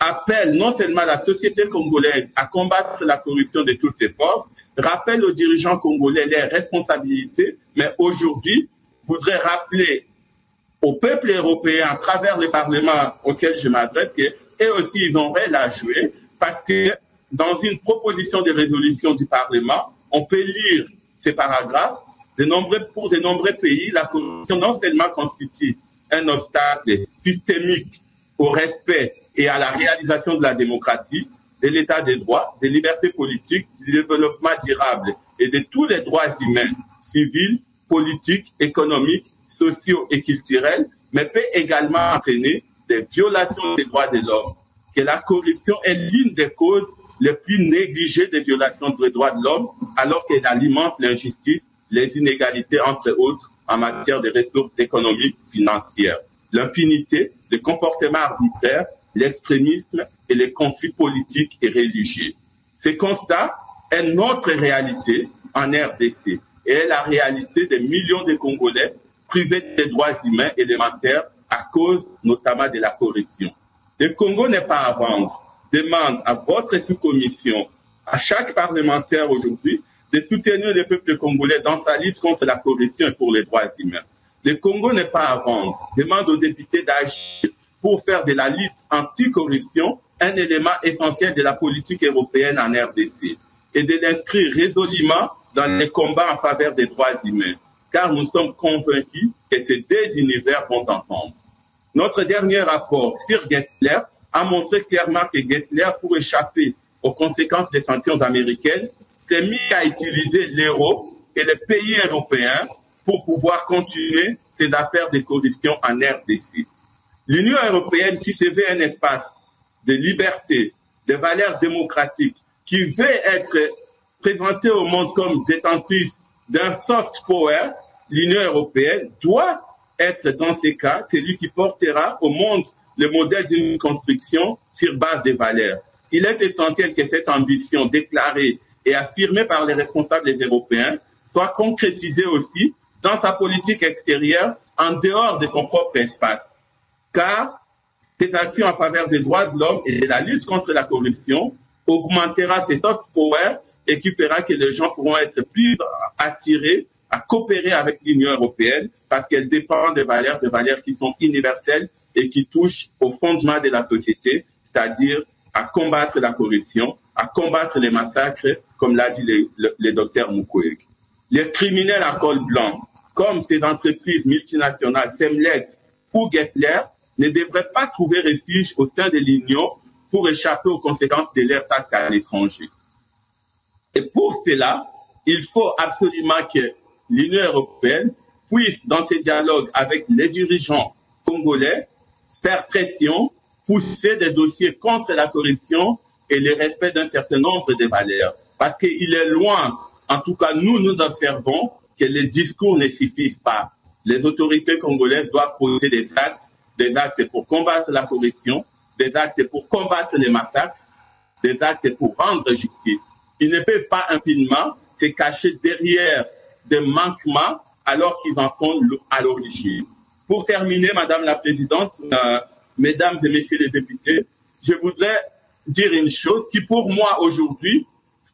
L: appelle non seulement la société congolaise à combattre la corruption de toutes ses forces, rappelle aux dirigeants congolais les responsabilités, mais aujourd'hui voudrait rappeler au peuple européen à travers les parlements auxquels je m'adresse que et aussi ils ont rôle à jouer parce que dans une proposition de résolution du Parlement, on peut lire ces paragraphes. De nombreux, pour de nombreux pays, la corruption non seulement constitue un obstacle systémique au respect et à la réalisation de la démocratie, de l'état des droits, des libertés politiques, du développement durable et de tous les droits humains, civils, politiques, économiques, sociaux et culturels, mais peut également entraîner des violations des droits de l'homme, que la corruption est l'une des causes les plus négligées des violations des droits de l'homme, alors qu'elle alimente l'injustice, les inégalités, entre autres, en matière de ressources économiques, financières. L'impunité, le comportement arbitraire l'extrémisme et les conflits politiques et religieux. Ce constat est notre réalité en RDC et est la réalité des millions de Congolais privés des droits humains élémentaires à cause notamment de la corruption. Le Congo n'est pas à vendre. Demande à votre sous-commission, à chaque parlementaire aujourd'hui, de soutenir le peuple congolais dans sa lutte contre la corruption et pour les droits humains. Le Congo n'est pas à vendre. Demande aux députés d'agir pour faire de la lutte corruption un élément essentiel de la politique européenne en RDC et de l'inscrire résolument dans les combats en faveur des droits humains, car nous sommes convaincus que ces deux univers vont ensemble. Notre dernier rapport sur Gettler a montré clairement que Gettler, pour échapper aux conséquences des sanctions américaines, s'est mis à utiliser l'euro et les pays européens pour pouvoir continuer ses affaires de corruption en RDC. L'Union européenne qui se veut un espace de liberté, de valeurs démocratiques, qui veut être présentée au monde comme détentrice d'un soft power, l'Union européenne doit être dans ces cas celui qui portera au monde le modèle d'une construction sur base des valeurs. Il est essentiel que cette ambition déclarée et affirmée par les responsables européens soit concrétisée aussi dans sa politique extérieure en dehors de son propre espace car cette action en faveur des droits de l'homme et de la lutte contre la corruption augmentera ses soft power et qui fera que les gens pourront être plus attirés à coopérer avec l'Union européenne parce qu'elle dépend des valeurs, des valeurs qui sont universelles et qui touchent au fondement de la société, c'est-à-dire à combattre la corruption, à combattre les massacres, comme l'a dit le, le, le docteur Mukwege. Les criminels à col blanc, comme ces entreprises multinationales Semlex ou Gettler, ne devraient pas trouver refuge au sein de l'Union pour échapper aux conséquences de leurs actes à l'étranger. Et pour cela, il faut absolument que l'Union européenne puisse, dans ses dialogues avec les dirigeants congolais, faire pression, pousser des dossiers contre la corruption et le respect d'un certain nombre de valeurs. Parce qu'il est loin, en tout cas nous, nous observons que les discours ne suffisent pas. Les autorités congolaises doivent poser des actes des actes pour combattre la corruption, des actes pour combattre les massacres, des actes pour rendre justice. Ils ne peuvent pas impunément se cacher derrière des manquements alors qu'ils en font à l'origine. Pour terminer, Madame la Présidente, euh, Mesdames et Messieurs les députés, je voudrais dire une chose qui, pour moi, aujourd'hui,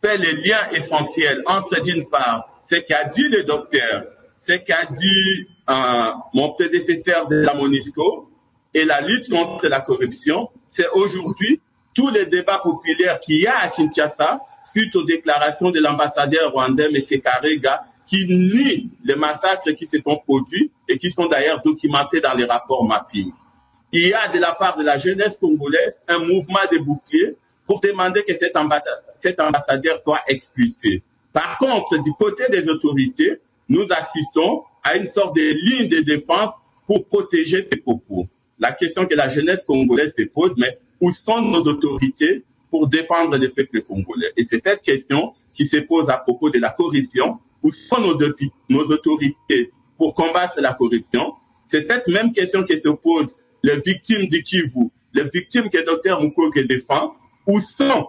L: fait le lien essentiel entre, d'une part, ce qu'a dit le docteur, ce qu'a dit euh, mon prédécesseur de la MONISCO, et la lutte contre la corruption, c'est aujourd'hui tous les débats populaires qu'il y a à Kinshasa suite aux déclarations de l'ambassadeur rwandais M. Karega qui nie les massacres qui se sont produits et qui sont d'ailleurs documentés dans les rapports mapping. Il y a de la part de la jeunesse congolaise un mouvement de boucliers pour demander que cet, cet ambassadeur soit expulsé. Par contre, du côté des autorités, nous assistons à une sorte de ligne de défense pour protéger ces propos la question que la jeunesse congolaise se pose, mais où sont nos autorités pour défendre le peuple congolais Et c'est cette question qui se pose à propos de la corruption. Où sont nos, nos autorités pour combattre la corruption C'est cette même question que se pose les victimes du Kivu, les victimes que Dr Mukwege défend. Où sont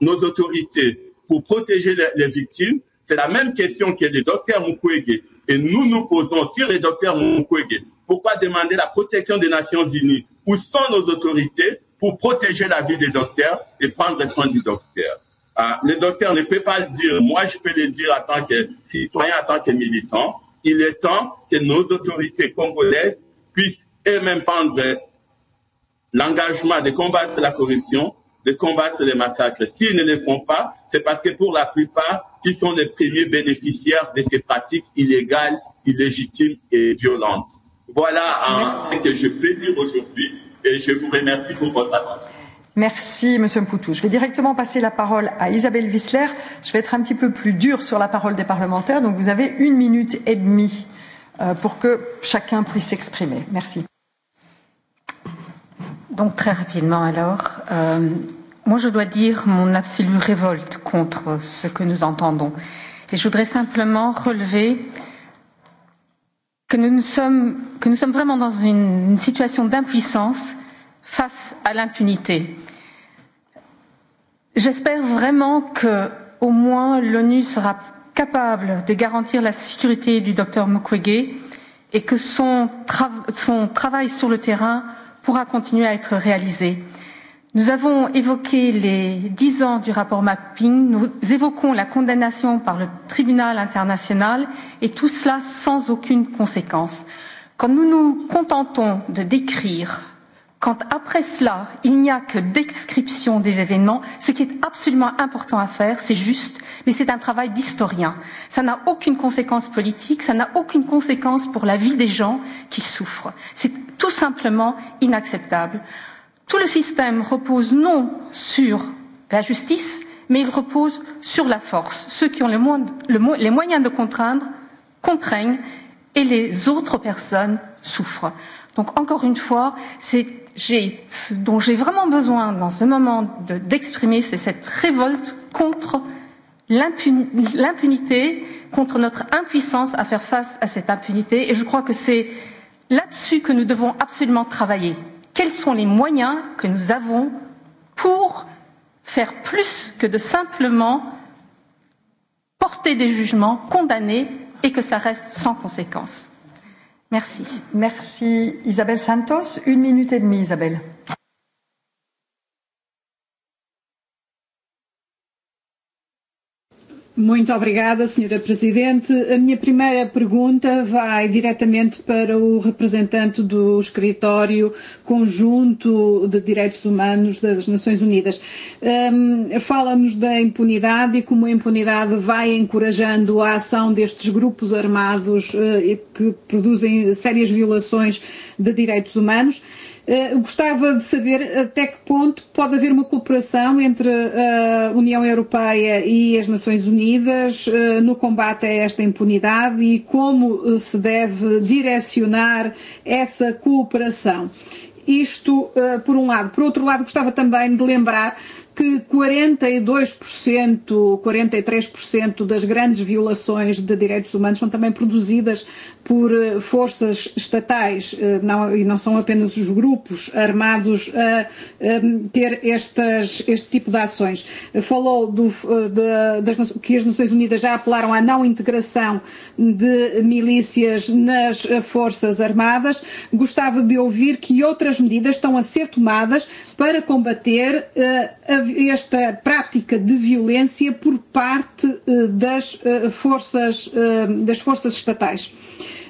L: nos autorités pour protéger les, les victimes C'est la même question que le Dr Mukwege Et nous nous posons, si le docteur Mukwege, pourquoi demander la protection des Nations Unies Où sont nos autorités pour protéger la vie des docteurs et prendre soin du docteur ah, Le docteur ne peut pas le dire, moi je peux le dire en tant que citoyen, en tant que militant. Il est temps que nos autorités congolaises puissent elles-mêmes prendre l'engagement de combattre la corruption de combattre les massacres. S'ils ne le font pas, c'est parce que pour la plupart, ils sont les premiers bénéficiaires de ces pratiques illégales, illégitimes et violentes. Voilà hein, ce que je peux dire aujourd'hui et je vous remercie pour votre attention.
A: Merci, Monsieur Mpoutou. Je vais directement passer la parole à Isabelle Wissler. Je vais être un petit peu plus dure sur la parole des parlementaires, donc vous avez une minute et demie euh, pour que chacun puisse s'exprimer. Merci.
F: Donc très rapidement alors, euh, moi je dois dire mon absolue révolte contre ce que nous entendons. Et je voudrais simplement relever que nous, nous sommes, que nous sommes vraiment dans une, une situation d'impuissance face à l'impunité. J'espère vraiment que au moins l'ONU sera capable de garantir la sécurité du docteur Mukwege et que son, tra son travail sur le terrain pourra continuer à être réalisé. Nous avons évoqué les dix ans du rapport Mapping, nous évoquons la condamnation par le tribunal international et tout cela sans aucune conséquence. Quand nous nous contentons de décrire quand après cela il n'y a que description des événements ce qui est absolument important à faire c'est juste mais c'est un travail d'historien ça n'a aucune conséquence politique ça n'a aucune conséquence pour la vie des gens qui souffrent c'est tout simplement inacceptable tout le système repose non sur la justice mais il repose sur la force ceux qui ont le le mo les moyens de contraindre contraignent et les autres personnes souffrent donc encore une fois c'est dont j'ai vraiment besoin dans ce moment d'exprimer, c'est cette révolte contre l'impunité, contre notre impuissance à faire face à cette impunité. Et je crois que c'est là-dessus que nous devons absolument travailler. Quels sont les moyens que nous avons pour faire plus que de simplement porter des jugements, condamner et que ça reste sans conséquence. Merci. Merci Isabel Santos.
A: Une minute et demie, Isabelle. Muito obrigada, Sra. Presidente. A minha
G: primeira pergunta vai diretamente para o representante do Escritório Conjunto de Direitos Humanos das Nações Unidas. Um, Fala-nos da impunidade e como a impunidade vai encorajando a ação destes grupos armados uh, que produzem sérias violações de direitos humanos. Eh, gostava de saber até que ponto pode haver uma cooperação entre a eh, União Europeia e as Nações Unidas eh, no combate a esta impunidade e como se deve direcionar essa cooperação. Isto por um lado. Por outro lado, gostava também de lembrar que 42%, 43% e e das grandes violações de direitos humanos são também produzidas por eh, forças estatais eh, não, e não são apenas os grupos armados a, a ehm, ter estas, este tipo de ações. Falou do, eh, de, das, que as Nações Unidas já apelaram à não integração de milícias nas forças armadas. Gostava de ouvir que outras medidas estão a ser tomadas para combater a esta prática de violência por parte eh, das eh, forças eh, das forças estatais.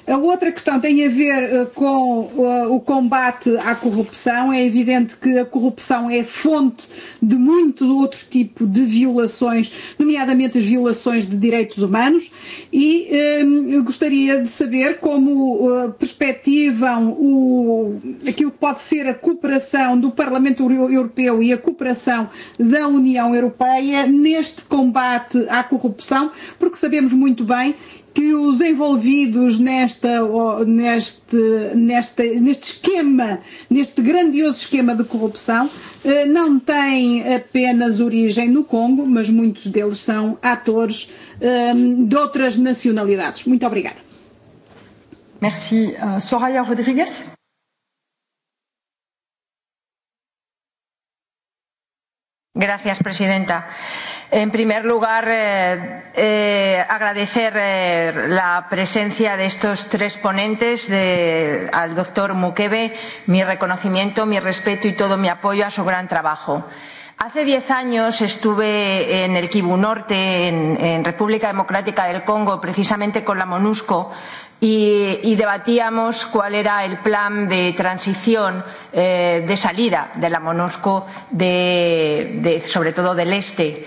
G: A outra questão tem a ver eh, com eh, o combate à corrupção. É evidente que a corrupção é fonte de muito outro tipo de violações, nomeadamente as violações de direitos humanos, e eh, eu gostaria de saber como perspectivam o, aquilo que pode ser a cooperação do Parlamento Europeu e a cooperação da União Europeia neste combate à corrupção, porque sabemos muito bem que os envolvidos nesta, neste, nesta, neste esquema, neste grandioso esquema de corrupção, eh, não têm apenas origem no Congo, mas muitos deles são atores eh, de outras nacionalidades.
A: Muito obrigada. Merci. Euh, Soraya Rodrigues.
M: Gracias, presidenta. En primer lugar, eh, eh, agradecer eh, la presencia de estos tres ponentes, de, al doctor Mukebe, mi reconocimiento, mi respeto y todo mi apoyo a su gran trabajo. Hace diez años estuve en el Kibu Norte, en, en República Democrática del Congo, precisamente con la MONUSCO, y, y debatíamos cuál era el plan de transición eh, de salida de la MONUSCO, de, de, sobre todo del este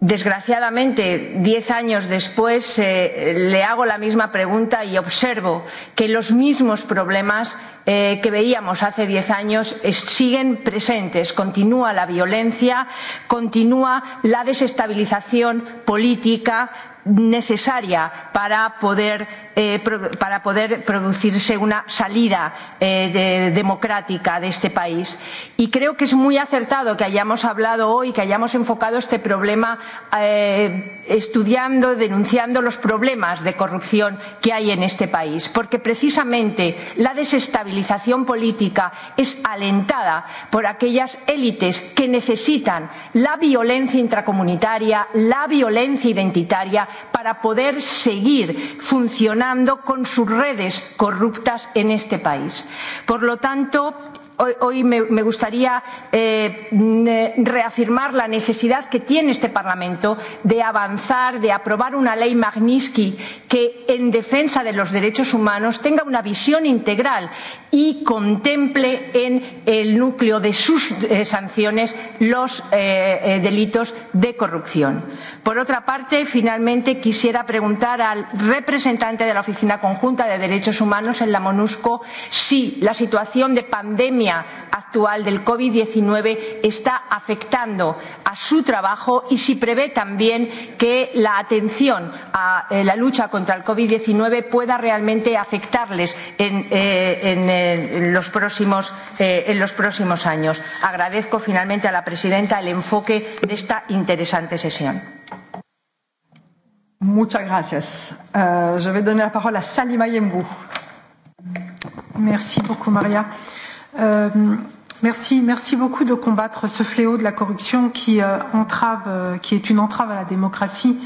M: Desgraciadamente, diez años después eh, le hago la misma pregunta y observo que los mismos problemas eh, que veíamos hace diez años siguen presentes. Continúa la violencia, continúa la desestabilización política, necesaria para poder, eh, para poder producirse una salida eh, democrática de este país. Y creo que es muy acertado que hayamos hablado hoy, que hayamos enfocado este problema eh, estudiando, denunciando los problemas de corrupción que hay en este país. Porque precisamente la desestabilización política es alentada por aquellas élites que necesitan la violencia intracomunitaria, la violencia identitaria para poder seguir funcionando con sus redes corruptas en este país. Por lo tanto, hoy me gustaría eh, reafirmar la necesidad que tiene este Parlamento de avanzar, de aprobar una ley Magnitsky que, en defensa de los derechos humanos, tenga una visión integral y contemple en el núcleo de sus eh, sanciones los eh, delitos de corrupción. Por otra parte, finalmente quisiera preguntar al representante de la Oficina Conjunta de Derechos Humanos en la MONUSCO si la situación de pandemia actual del COVID-19 está afectando a su trabajo y si prevé también que la atención a eh, la lucha contra el COVID-19 pueda realmente afectarles en, eh, en, eh, en los próximos años. Agradezco finalmente a la presidenta el enfoque de esta
A: interesante sesión. Muchas gracias. Euh, je vais
B: donner la parole à Salima Yembou. Merci beaucoup, Maria. Euh, merci, merci beaucoup de combattre ce fléau de la corruption qui euh, entrave, euh, qui est une entrave à la démocratie,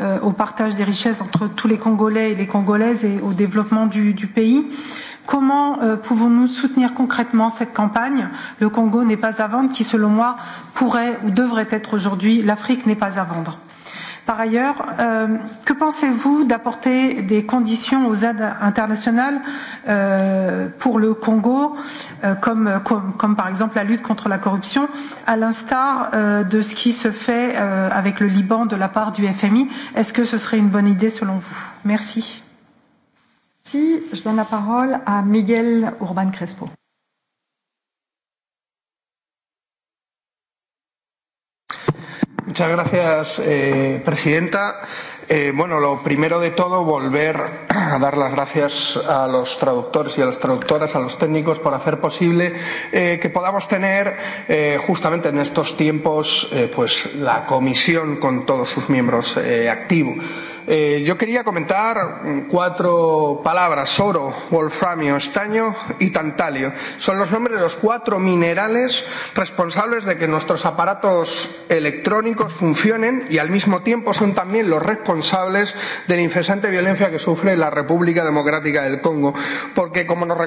B: euh, au partage des richesses entre tous les Congolais et les Congolaises et au développement du, du pays. Comment pouvons-nous soutenir concrètement cette campagne Le Congo n'est pas à vendre, qui selon moi pourrait ou devrait être aujourd'hui. L'Afrique n'est pas à vendre. Par ailleurs, euh, que pensez-vous d'apporter des conditions aux aides internationales euh, pour le Congo, euh, comme, comme, comme par exemple la lutte contre la corruption, à l'instar euh, de ce qui se fait euh, avec le Liban de la part du FMI Est-ce que ce serait une bonne idée selon vous Merci. Si, je donne la parole à Miguel Urban Crespo.
N: Muchas gracias, eh, presidenta. Eh, bueno, lo primero de todo, volver a dar las gracias a los traductores y a las traductoras, a los técnicos, por hacer posible eh, que podamos tener eh, justamente en estos tiempos eh, pues la comisión con todos sus miembros eh, activos. Eh, yo quería comentar cuatro palabras, oro, wolframio, estaño y tantalio. Son los nombres de los cuatro minerales responsables de que nuestros aparatos electrónicos funcionen y al mismo tiempo son también los responsables de la incesante violencia que sufre la República Democrática del Congo. Porque como nos,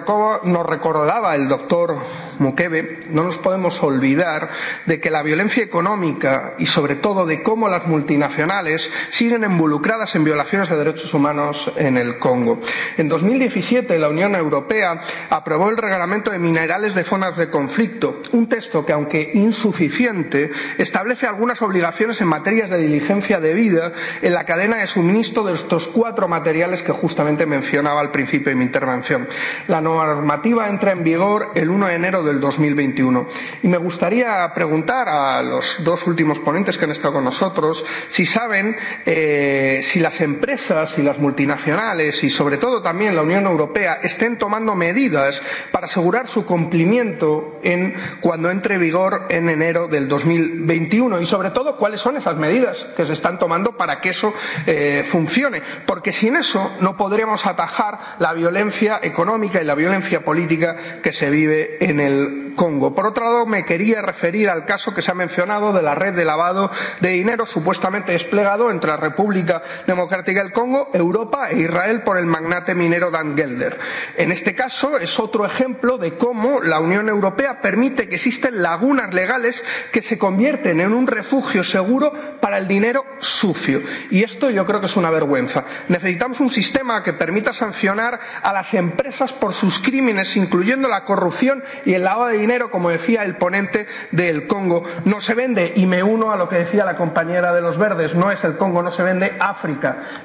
N: nos recordaba el doctor Mukebe, no nos podemos olvidar de que la violencia económica y sobre todo de cómo las multinacionales siguen involucradas basadas en violaciones de derechos humanos en el Congo. En 2017 la Unión Europea aprobó el Reglamento de Minerales de Zonas de Conflicto, un texto que aunque insuficiente establece algunas obligaciones en materias de diligencia debida en la cadena de suministro de estos cuatro materiales que justamente mencionaba al principio de mi intervención. La normativa entra en vigor el 1 de enero del 2021 y me gustaría preguntar a los dos últimos ponentes que han estado con nosotros si saben eh, si si las empresas y las multinacionales y sobre todo también la Unión Europea estén tomando medidas para asegurar su cumplimiento en cuando entre vigor en enero del 2021 y sobre todo cuáles son esas medidas que se están tomando para que eso eh, funcione porque sin eso no podremos atajar la violencia económica y la violencia política que se vive en el Congo. Por otro lado, me quería referir al caso que se ha mencionado de la red de lavado de dinero supuestamente desplegado entre la República Democrática del Congo, Europa e Israel por el magnate minero Dan Gelder. En este caso es otro ejemplo de cómo la Unión Europea permite que existen lagunas legales que se convierten en un refugio seguro para el dinero sucio. Y esto yo creo que es una vergüenza. Necesitamos un sistema que permita sancionar a las empresas por sus crímenes, incluyendo la corrupción y el lavado de dinero, como decía el ponente del Congo. No se vende, y me uno a lo que decía la compañera de los verdes, no es el Congo, no se vende África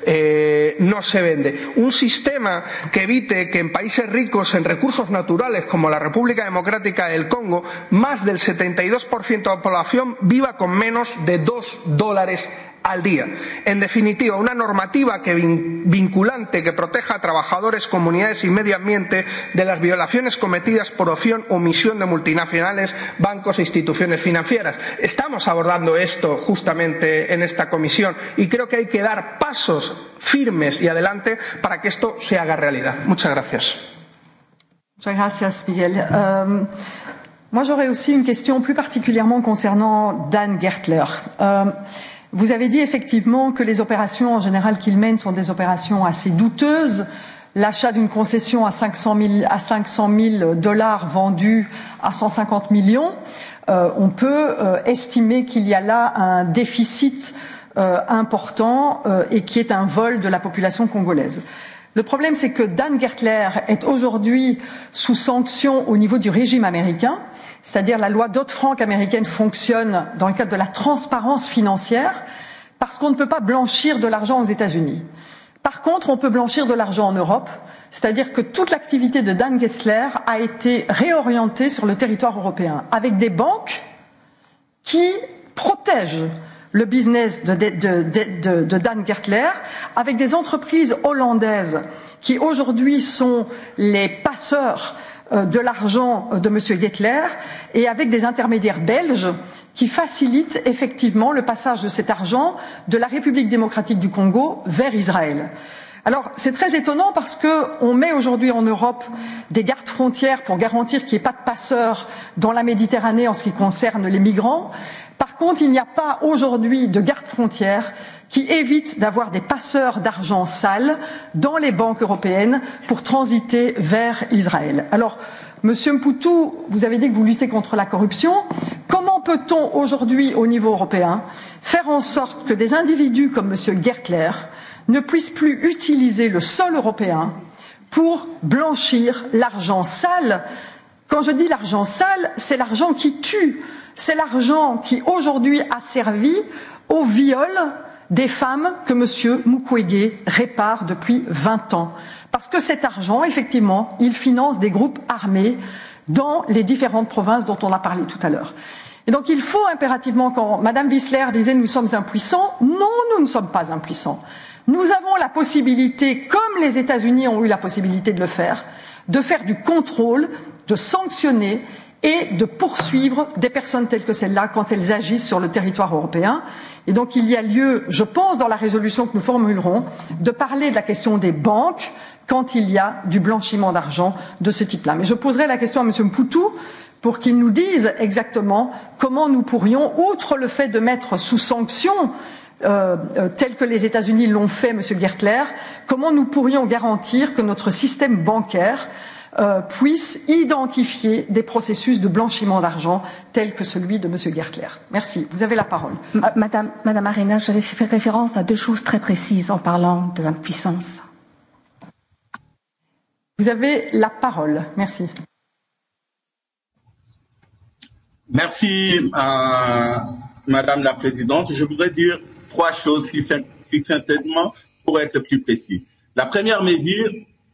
N: Eh, no se vende. Un sistema que evite que en países ricos en recursos naturales como la República Democrática del Congo, más del 72% de la población viva con menos de 2 dólares al día. En definitiva, una normativa que vinculante que proteja a trabajadores, comunidades y medio ambiente de las violaciones cometidas por opción o omisión de multinacionales, bancos e instituciones financieras. Estamos abordando esto justamente en esta comisión y creo que hay que dar pasos firmes y adelante para que esto se haga realidad. Muchas gracias.
A: Muchas gracias, Miguel. Um... Moi, j'aurais aussi une question plus particulièrement concernant Dan Gertler. Euh, Vous avez dit effectivement que les opérations en général qu'ils mènent sont des opérations assez douteuses. L'achat d'une concession à 500 000, à 500 000 dollars vendue à 150 millions, euh, on peut euh, estimer qu'il y a là un déficit euh, important euh, et qui est un vol de la population congolaise. Le problème, c'est que Dan Gertler est aujourd'hui sous sanction au niveau du régime américain c'est-à-dire la loi Dodd-Frank américaine fonctionne dans le cadre de la transparence financière parce qu'on ne peut pas blanchir de l'argent aux États-Unis. Par contre, on peut blanchir de l'argent en Europe, c'est-à-dire que toute l'activité de Dan Gessler a été réorientée sur le territoire européen avec des banques qui protègent le business de, de, de, de, de Dan Gertler avec des entreprises hollandaises qui aujourd'hui sont les passeurs Euh, de l'argent de M. Gettler et avec des intermédiaires belges qui facilitent effectivement le passage de cet argent de la République démocratique du Congo vers Israël. Alors c'est très étonnant parce qu'on met aujourd'hui en Europe des gardes frontières pour garantir qu'il n'y ait pas de passeurs dans la Méditerranée en ce qui concerne les migrants. Par contre, il n'y a pas aujourd'hui de gardes frontières qui évite d'avoir des passeurs d'argent sale dans les banques européennes pour transiter vers Israël. Alors, Monsieur Mpoutou, vous avez dit que vous luttez contre la corruption. Comment peut-on aujourd'hui, au niveau européen, faire en sorte que des individus comme Monsieur Gertler ne puissent plus utiliser le sol européen pour blanchir l'argent sale Quand je dis l'argent sale, c'est l'argent qui tue, c'est l'argent qui aujourd'hui a servi au viol des femmes que M. Mukwege répare depuis 20 ans. Parce que cet argent, effectivement, il finance des groupes armés dans les différentes provinces dont on a parlé tout à l'heure. Et donc il faut impérativement, quand Mme Wissler disait nous sommes impuissants, non, nous ne sommes pas impuissants. Nous avons la possibilité, comme les États-Unis ont eu la possibilité de le faire, de faire du contrôle, de sanctionner et de poursuivre des personnes telles que celles-là quand elles agissent sur le territoire européen. Et donc il y a lieu, je pense, dans la résolution que nous formulerons, de parler de la question des banques quand il y a du blanchiment d'argent de ce type-là. Mais je poserai la question à M. Poutou pour qu'il nous dise exactement comment nous pourrions, outre le fait de mettre sous sanction euh, euh tel que les États-Unis l'ont fait, Monsieur Gertler, comment nous pourrions garantir que notre système bancaire Euh, puisse identifier des processus de blanchiment d'argent tels que celui de M. Gertler. Merci. Vous avez la parole.
F: Madame, Madame Arena, j'avais fait référence à deux choses très précises en parlant de l'impuissance. Vous
A: avez la parole.
F: Merci.
L: Merci, euh, Madame la Présidente. Je voudrais dire trois choses succinctement pour être plus précis. La première mesure,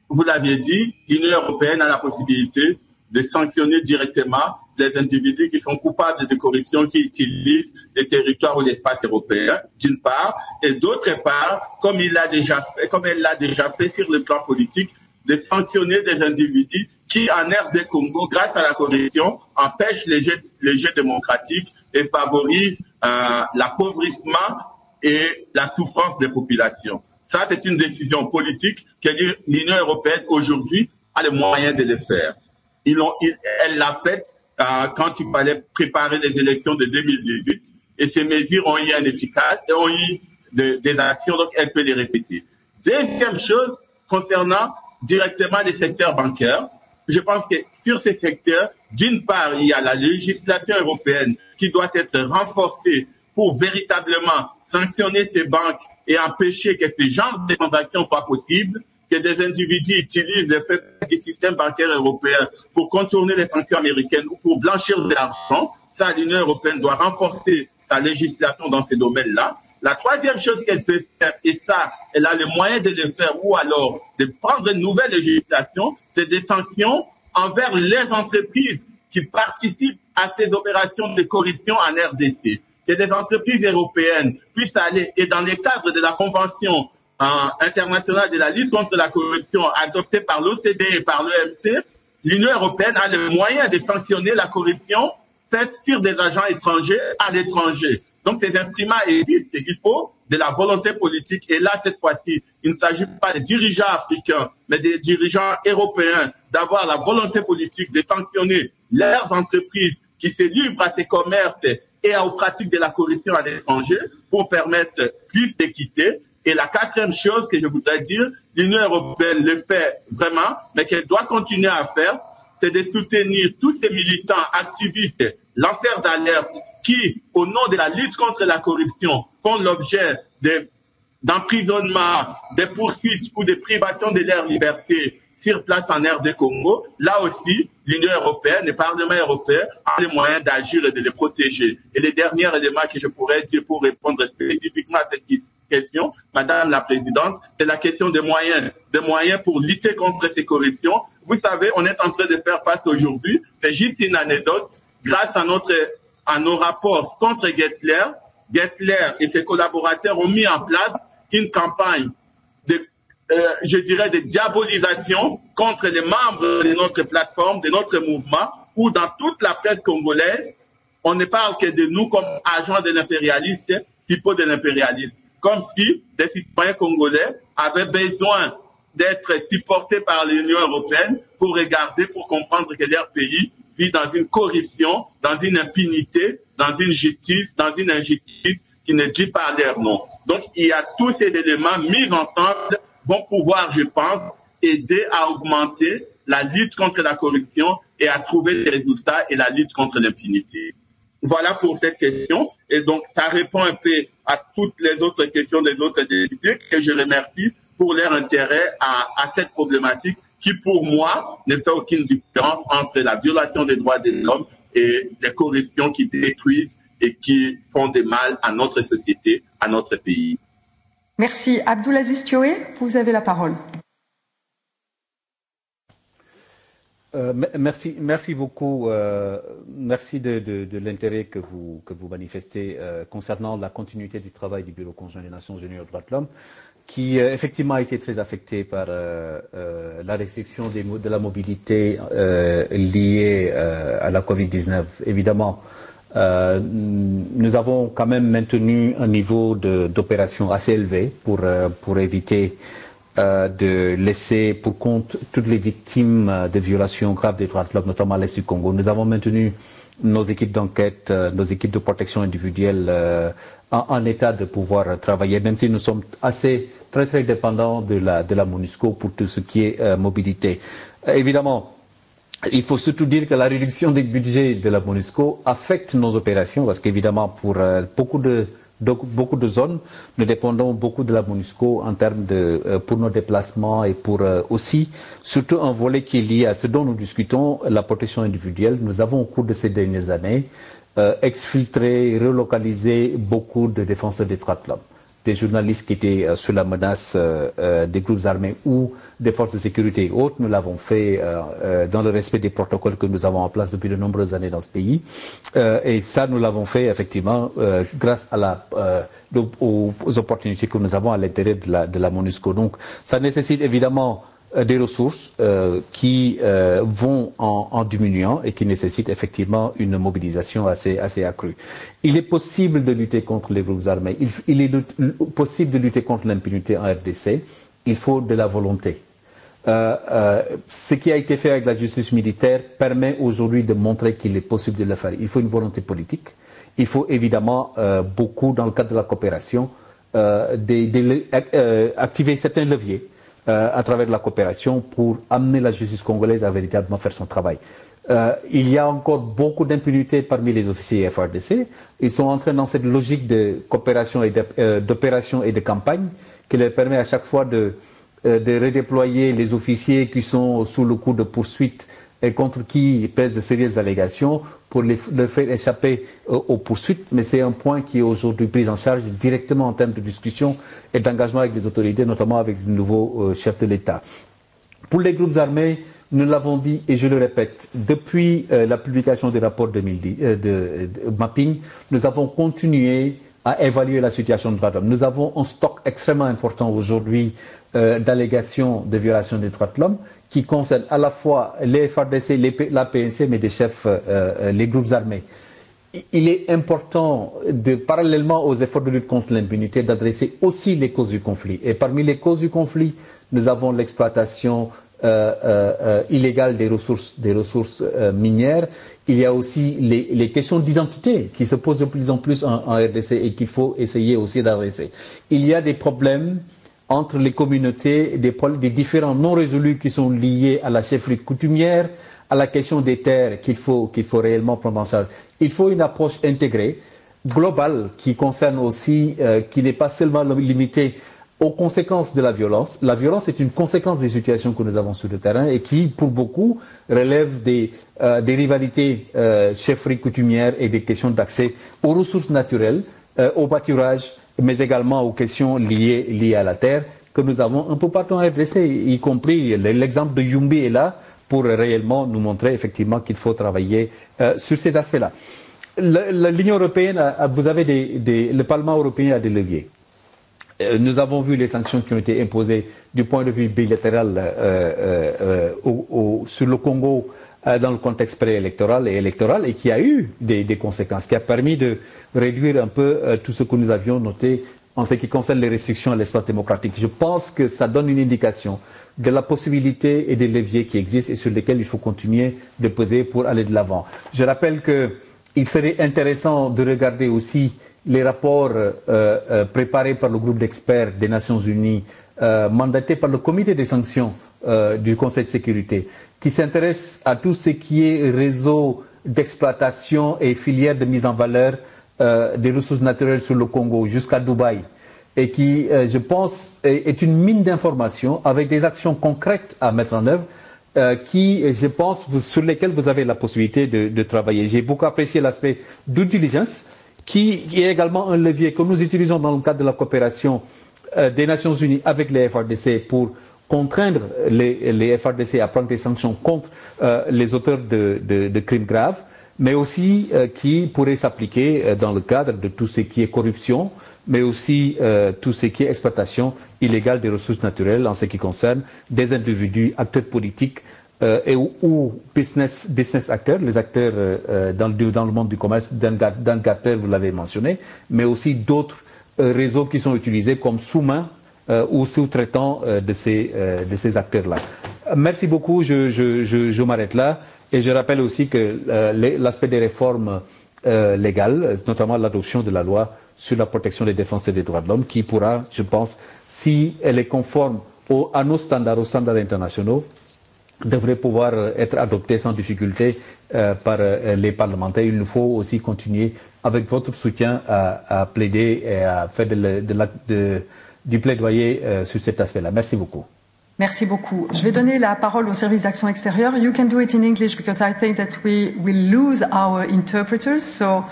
L: vous l'aviez dit, l'Union européenne a la possibilité de sanctionner directement les individus qui sont coupables de corruption, qui utilisent les territoires ou l'espace européen, d'une part, et d'autre part, comme il a déjà fait, comme elle l'a déjà fait sur le plan politique, de sanctionner des individus qui, en air des Congo, grâce à la corruption, empêchent les jeux, les jeux démocratiques et favorisent euh, l'appauvrissement et la souffrance des populations. Ça, c'est une décision politique que l'Union européenne aujourd'hui a les moyens de le faire. Ils ont, ils, elle l'a faite euh, quand il fallait préparer les élections de 2018 et ces mesures ont eu un efficace et ont eu de, des actions, donc elle peut les répéter. Deuxième chose, concernant directement les secteurs bancaires, je pense que sur ces secteurs, d'une part, il y a la législation européenne qui doit être renforcée pour véritablement sanctionner ces banques et empêcher que ce genre de transactions soit possible, que des individus utilisent le système bancaire européen pour contourner les sanctions américaines ou pour blanchir de l'argent. Ça, l'Union européenne doit renforcer sa législation dans ces domaines-là. La troisième chose qu'elle peut faire, et ça, elle a le moyen de le faire, ou alors de prendre une nouvelle législation, c'est des sanctions envers les entreprises qui participent à ces opérations de corruption en RDC que des entreprises européennes puissent aller et dans les cadre de la Convention euh, internationale de la lutte contre la corruption adoptée par l'OCDE et par l'OMC, l'Union européenne a les moyens de sanctionner la corruption faite sur des agents étrangers à l'étranger. Donc ces instruments existent, il faut de la volonté politique. Et là, cette fois-ci, il ne s'agit pas des dirigeants africains, mais des dirigeants européens, d'avoir la volonté politique de sanctionner leurs entreprises qui se livrent à ces commerces et aux pratiques de la corruption à l'étranger pour permettre plus d'équité. Et la quatrième chose que je voudrais dire, l'Union européenne le fait vraiment, mais qu'elle doit continuer à faire, c'est de soutenir tous ces militants, activistes, lanceurs d'alerte qui, au nom de la lutte contre la corruption, font l'objet d'emprisonnements, de, des poursuites ou de privations de leur liberté sur place en RD Congo, là aussi, l'Union européenne, le Parlement européen a les moyens d'agir et de les protéger. Et le dernier élément que je pourrais dire pour répondre spécifiquement à cette question, Madame la Présidente, c'est la question des moyens, des moyens pour lutter contre ces corruptions. Vous savez, on est en train de faire face aujourd'hui. C'est juste une anecdote. Grâce à notre, à nos rapports contre Gettler, Gettler et ses collaborateurs ont mis en place une campagne euh, je dirais, de diabolisation contre les membres de notre plateforme, de notre mouvement, ou dans toute la presse congolaise, on ne parle que de nous comme agents de l'impérialiste, typos de l'impérialiste. Comme si des citoyens congolais avaient besoin d'être supportés par l'Union européenne pour regarder, pour comprendre que leur pays vit dans une corruption, dans une impunité, dans une justice, dans une injustice qui ne dit pas leur nom. Donc, il y a tous ces éléments mis ensemble vont pouvoir, je pense, aider à augmenter la lutte contre la corruption et à trouver des résultats et la lutte contre l'impunité. Voilà pour cette question. Et donc, ça répond un peu à toutes les autres questions des autres députés que je remercie pour leur intérêt à, à cette problématique qui, pour moi, ne fait aucune différence entre la violation des droits de l'homme et les corruptions qui détruisent et qui font des mal à notre
K: société, à notre pays.
A: Merci. Abdulaziz vous avez la parole.
K: Euh, merci, merci beaucoup. Euh, merci de, de, de l'intérêt que vous, que vous manifestez euh, concernant la continuité du travail du Bureau conjoint des Nations Unies aux droits de l'homme, qui euh, effectivement a été très affecté par euh, euh, la restriction des, de la mobilité liée à la COVID-19. Évidemment, Euh, nous avons quand même maintenu un niveau d'opération assez élevé pour, euh, pour éviter euh, de laisser pour compte toutes les victimes euh, de violations graves des droits de l'homme, notamment à l'Est du Congo. Nous avons maintenu nos équipes d'enquête, nos équipes de protection individuelle en, en, état de pouvoir travailler, même si nous sommes assez très très dépendants de la, de la MONUSCO pour tout ce qui est mobilité. Évidemment, Il faut surtout dire que la réduction des budgets de la MONUSCO affecte nos opérations parce qu'évidemment pour euh, beaucoup de beaucoup de zones, nous dépendons beaucoup de la MONUSCO en termes de euh, pour nos déplacements et pour euh, aussi surtout un volet qui est lié à ce dont nous discutons, la protection individuelle. Nous avons au cours de ces dernières années euh, exfiltré, relocalisé beaucoup de défenseurs des droits de l'homme des journalistes qui étaient euh, sous la menace euh, euh, des groupes armés ou des forces de sécurité et autres. Nous l'avons fait dans le respect des protocoles que nous avons en place depuis de nombreuses années dans ce pays. et ça, nous l'avons fait effectivement grâce à la, aux, opportunités que nous avons à l'intérieur de la, de la MONUSCO. Donc, ça nécessite évidemment Euh, des ressources euh, qui euh, vont en, en, diminuant et qui nécessitent effectivement une mobilisation assez, assez accrue. Il est possible de lutter contre les groupes armés, il, il est possible de lutter contre l'impunité en RDC, il faut de la volonté. Euh, euh, ce qui a été fait avec la justice militaire permet aujourd'hui de montrer qu'il est possible de le faire. Il faut une volonté politique, il faut évidemment euh, beaucoup, dans le cadre de la coopération, euh, des, des, euh, activer certains leviers euh, à travers la coopération pour amener la justice congolaise à véritablement faire son travail. Euh, il y a encore beaucoup d'impunité parmi les officiers FRDC. Ils sont entrés dans cette logique de coopération et euh, d'opération et de campagne qui leur permet à chaque fois de, euh, de redéployer les officiers qui sont sous le coup de poursuites et contre qui pèsent de sérieuses allégations pour les, le faire échapper euh, aux poursuites, mais c'est un point qui est aujourd'hui pris en charge directement en termes de discussion et d'engagement avec les autorités, notamment avec le nouveau euh, chef de l'État. Pour les groupes armés, nous l'avons dit et je le répète, depuis euh, la publication des rapports 2010, de, de, mapping, nous avons continué à évaluer la situation de droits de Nous avons un stock extrêmement important aujourd'hui euh, d'allégations de violations des droits de l'homme qui concerne à la fois les FARDC, les, la PNC, mais des chefs, euh, euh les groupes armés. Il est important, de, parallèlement aux efforts de lutte contre l'impunité, d'adresser aussi les causes du conflit. Et parmi les causes du conflit, nous avons l'exploitation euh, euh, euh illégale des ressources, des ressources euh, minières. Il y a aussi les, les questions d'identité qui se posent de plus en plus en, en RDC et qu'il faut essayer aussi d'adresser. Il y a des problèmes entre les communautés des, des différents non résolus qui sont liés à la chefferie coutumière, à la question des terres qu'il faut, qu'il faut réellement prendre en charge. Il faut une approche intégrée, globale, qui concerne aussi, euh, qui n'est pas seulement limitée aux conséquences de la violence. La violence est une conséquence des situations que nous avons sur le terrain et qui, pour beaucoup, relève des, euh, des rivalités euh, chefferie coutumières et des questions d'accès aux ressources naturelles, euh, au pâturage, mais également aux questions liées, liées à la terre que nous avons un peu partout en RDC, y compris l'exemple de Yumbi est là pour réellement nous montrer effectivement qu'il faut travailler euh, sur ces aspects-là. L'Union européenne, a, vous avez des, des, le Parlement européen a des leviers. Euh, nous avons vu les sanctions qui ont été imposées du point de vue bilatéral euh, euh, euh au, au, sur le Congo Euh, dans le contexte préélectoral et électoral et qui a eu des, des conséquences, qui a permis de réduire un peu euh, tout ce que nous avions noté en ce qui concerne les restrictions à l'espace démocratique. Je pense que ça donne une indication de la possibilité et des leviers qui existent et sur lesquels il faut continuer de peser pour aller de l'avant. Je rappelle qu'il serait intéressant de regarder aussi les rapports euh, euh, préparés par le groupe d'experts des Nations Unies euh, mandaté par le comité des sanctions euh, du Conseil de sécurité, qui s'intéresse à tout ce qui est réseau d'exploitation et filière de mise en valeur euh, des ressources naturelles sur le Congo jusqu'à Dubaï, et qui, euh, je pense, est, une mine d'informations avec des actions concrètes à mettre en œuvre Euh, qui, je pense, vous, sur lesquelles vous avez la possibilité de, de travailler. J'ai beaucoup apprécié l'aspect due qui, qui est également un levier que nous utilisons dans le cadre de la coopération Euh, des Nations Unies avec les FRDC pour contraindre les, les à prendre des sanctions contre euh, les auteurs de, de, de crimes graves, mais aussi euh, qui pourrait s'appliquer euh, dans le cadre de tout ce qui est corruption, mais aussi euh, tout ce qui est exploitation illégale des ressources naturelles en ce qui concerne des individus, acteurs politiques euh, et ou, business, business acteurs, les acteurs euh, dans, le, dans le monde du commerce, Dan vous l'avez mentionné, mais aussi d'autres réseaux qui sont utilisés comme sous-mains euh, ou sous traitant euh, de ces, euh, ces acteurs-là. Merci beaucoup, je, je, je, je m'arrête là. Et je rappelle aussi que euh, l'aspect des réformes euh, légales, notamment l'adoption de la loi sur la protection des défenses et des droits de l'homme, qui pourra, je pense, si elle est conforme au, à nos standards, aux standards internationaux, devrait pouvoir euh, être adoptée sans difficulté euh, par euh, les parlementaires. Il nous faut aussi continuer avec votre soutien à, à plaider et à faire de, de, de, du plaidoyer euh, sur cet aspect-là. Merci beaucoup.
A: Merci beaucoup. Je vais donner la parole au service d'action extérieure. You can do it in English because I think that we will lose our interpreters. So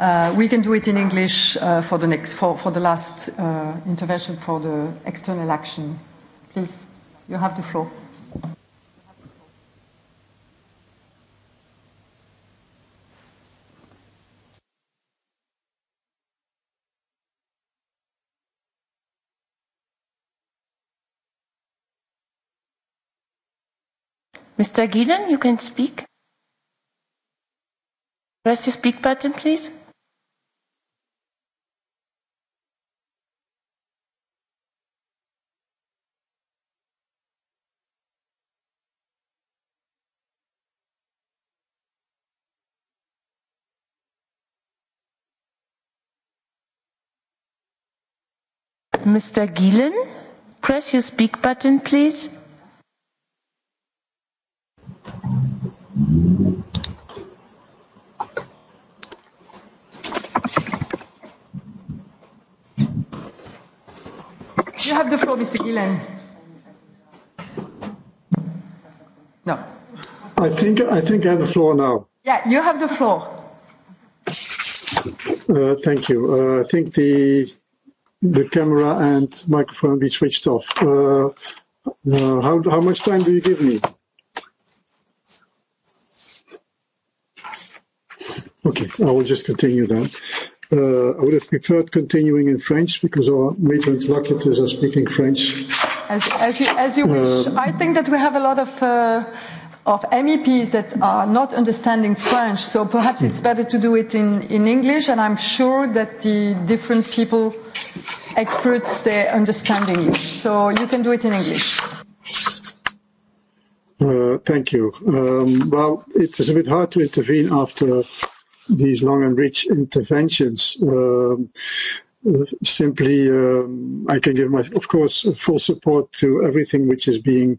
A: uh, we can do it in English uh, for the next, for, for the last uh, intervention for the external action. Please, you have the floor.
C: Mr. Gillen, you can speak. Press the speak button, please. Mr. Gillen, press your speak button, please. You
A: have the floor, Mr. Gillen.
O: No. I think I think I have the floor now.
A: Yeah, you have the floor.
O: Uh, thank you. Uh, I think the the camera and microphone be switched off. Uh, uh, how how much time do you give me? Okay, I will just continue then. Uh, I would have preferred continuing in French because our major interlocutors are speaking French.
A: As, as, you, as you wish. Um, I think that we have a lot of, uh, of MEPs that are not understanding French, so perhaps it's better to do it in, in English, and I'm sure that the different people, experts, they're understanding English. So you can do it in English.
O: Uh, thank you. Um, well, it is a bit hard to intervene after these long and rich interventions. Um, uh, simply, um, I can give my, of course, full support to everything which is being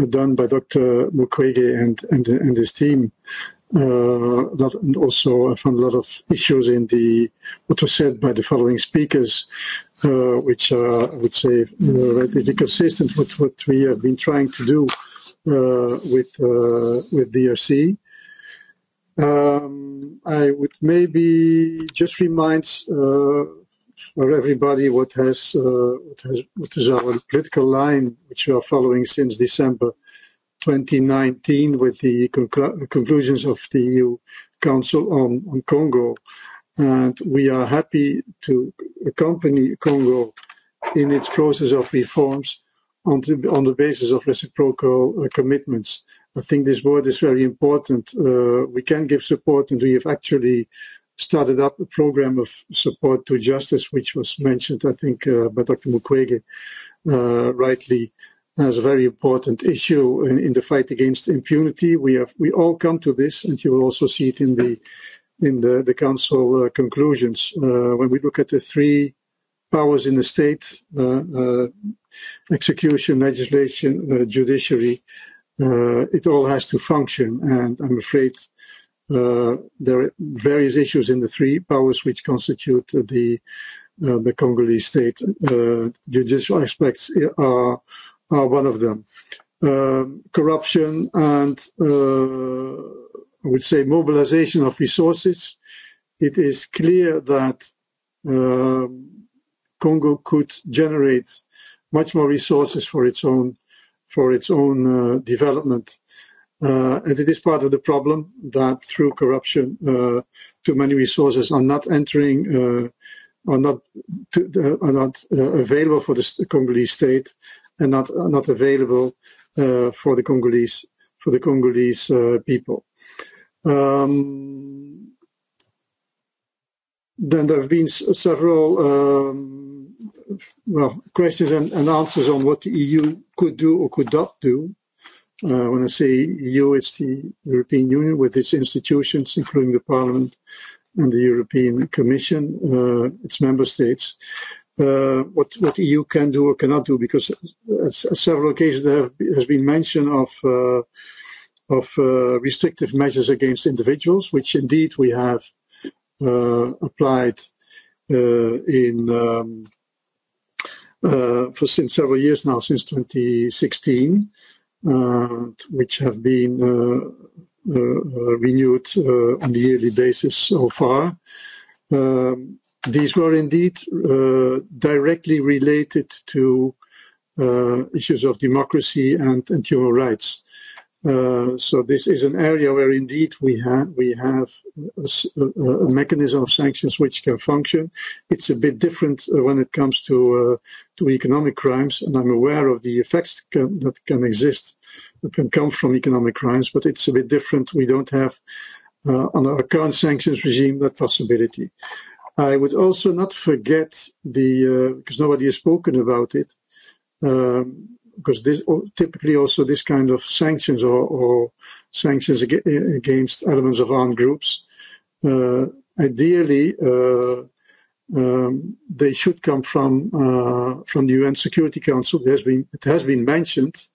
O: uh, done by Dr. Mukwege and, and, and his team. Uh, that, and also, I found a lot of issues in the what was said by the following speakers, uh, which are, I would say, relatively uh, consistent with what we have been trying to do uh, with uh, with DRC. Um, I would maybe just remind uh, for everybody what has, uh, what has what is our political line, which we are following since December 2019 with the conclu conclusions of the EU Council on, on Congo. And we are happy to accompany Congo in its process of reforms on the, on the basis of reciprocal uh, commitments. I think this board is very important. Uh, we can give support, and we have actually started up a program of support to justice, which was mentioned, I think, uh, by Dr. Mukwege uh, rightly as a very important issue in, in the fight against impunity. We have we all come to this, and you will also see it in the in the the council uh, conclusions uh, when we look at the three powers in the state: uh, uh, execution, legislation, uh, judiciary. Uh, it all has to function, and I'm afraid uh there are various issues in the three powers which constitute the uh, the Congolese state. Uh, judicial aspects are are one of them. Um, corruption and uh, I would say mobilization of resources. It is clear that uh, Congo could generate much more resources for its own for its own uh, development. Uh, and it is part of the problem that through corruption, uh, too many resources are not entering, are not, to, are not available for the Congolese state and not, are not available for the Congolese, for the Congolese people. Um, then there have been several um, well questions and, and answers on what the EU could do or could not do. Uh, when I say EU, it's the European Union with its institutions, including the Parliament and the European Commission, uh, its member states. Uh, what what EU e can do or cannot do, because as, several occasions there have, has been mention of uh, of uh, restrictive measures against individuals, which indeed we have uh, applied uh, in. Um, Uh, for since several years now, since 2016, uh, which have been uh, renewed on a yearly basis so far. Um, these were indeed directly related to issues of democracy and, and human rights. Uh, so this is an area where indeed we have we have a, a, mechanism of sanctions which can function. It's a bit different uh, when it comes to uh, to economic crimes, and I'm aware of the effects can, that can exist that can come from economic crimes, but it's a bit different. We don't have uh, under our current sanctions regime that possibility. I would also not forget the uh, because nobody has spoken about it. Um, because this, oh, typically also this kind of sanctions or, or sanctions against elements of armed groups, uh, ideally uh, um, they should come from uh, from the UN Security Council. It has been it has been mentioned.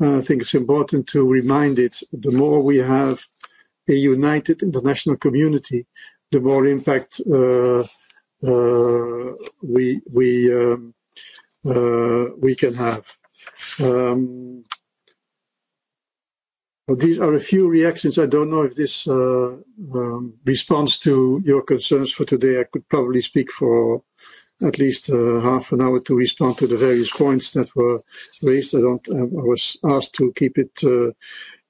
O: Uh, I think it's important to remind it. The more we have a united international community, the more impact uh uh we we. Um, uh, we can have. Um, well, these are a few reactions. I don't know if this uh, um, responds to your concerns for today. I could probably speak for at least uh, half an hour to respond to the various points that were raised. I don't. I was asked to keep it uh,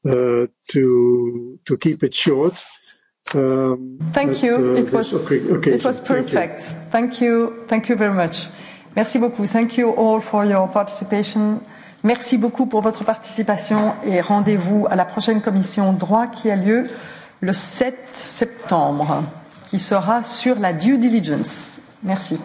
O: uh, to to keep it short. Um,
C: thank you. Uh, it was okay, okay, it was perfect.
A: Thank you, thank you very much. Merci beaucoup. Thank you all for your participation. Merci beaucoup pour votre participation et rendez-vous à la prochaine commission droit qui a lieu le 7 septembre, qui sera sur la due diligence. Merci.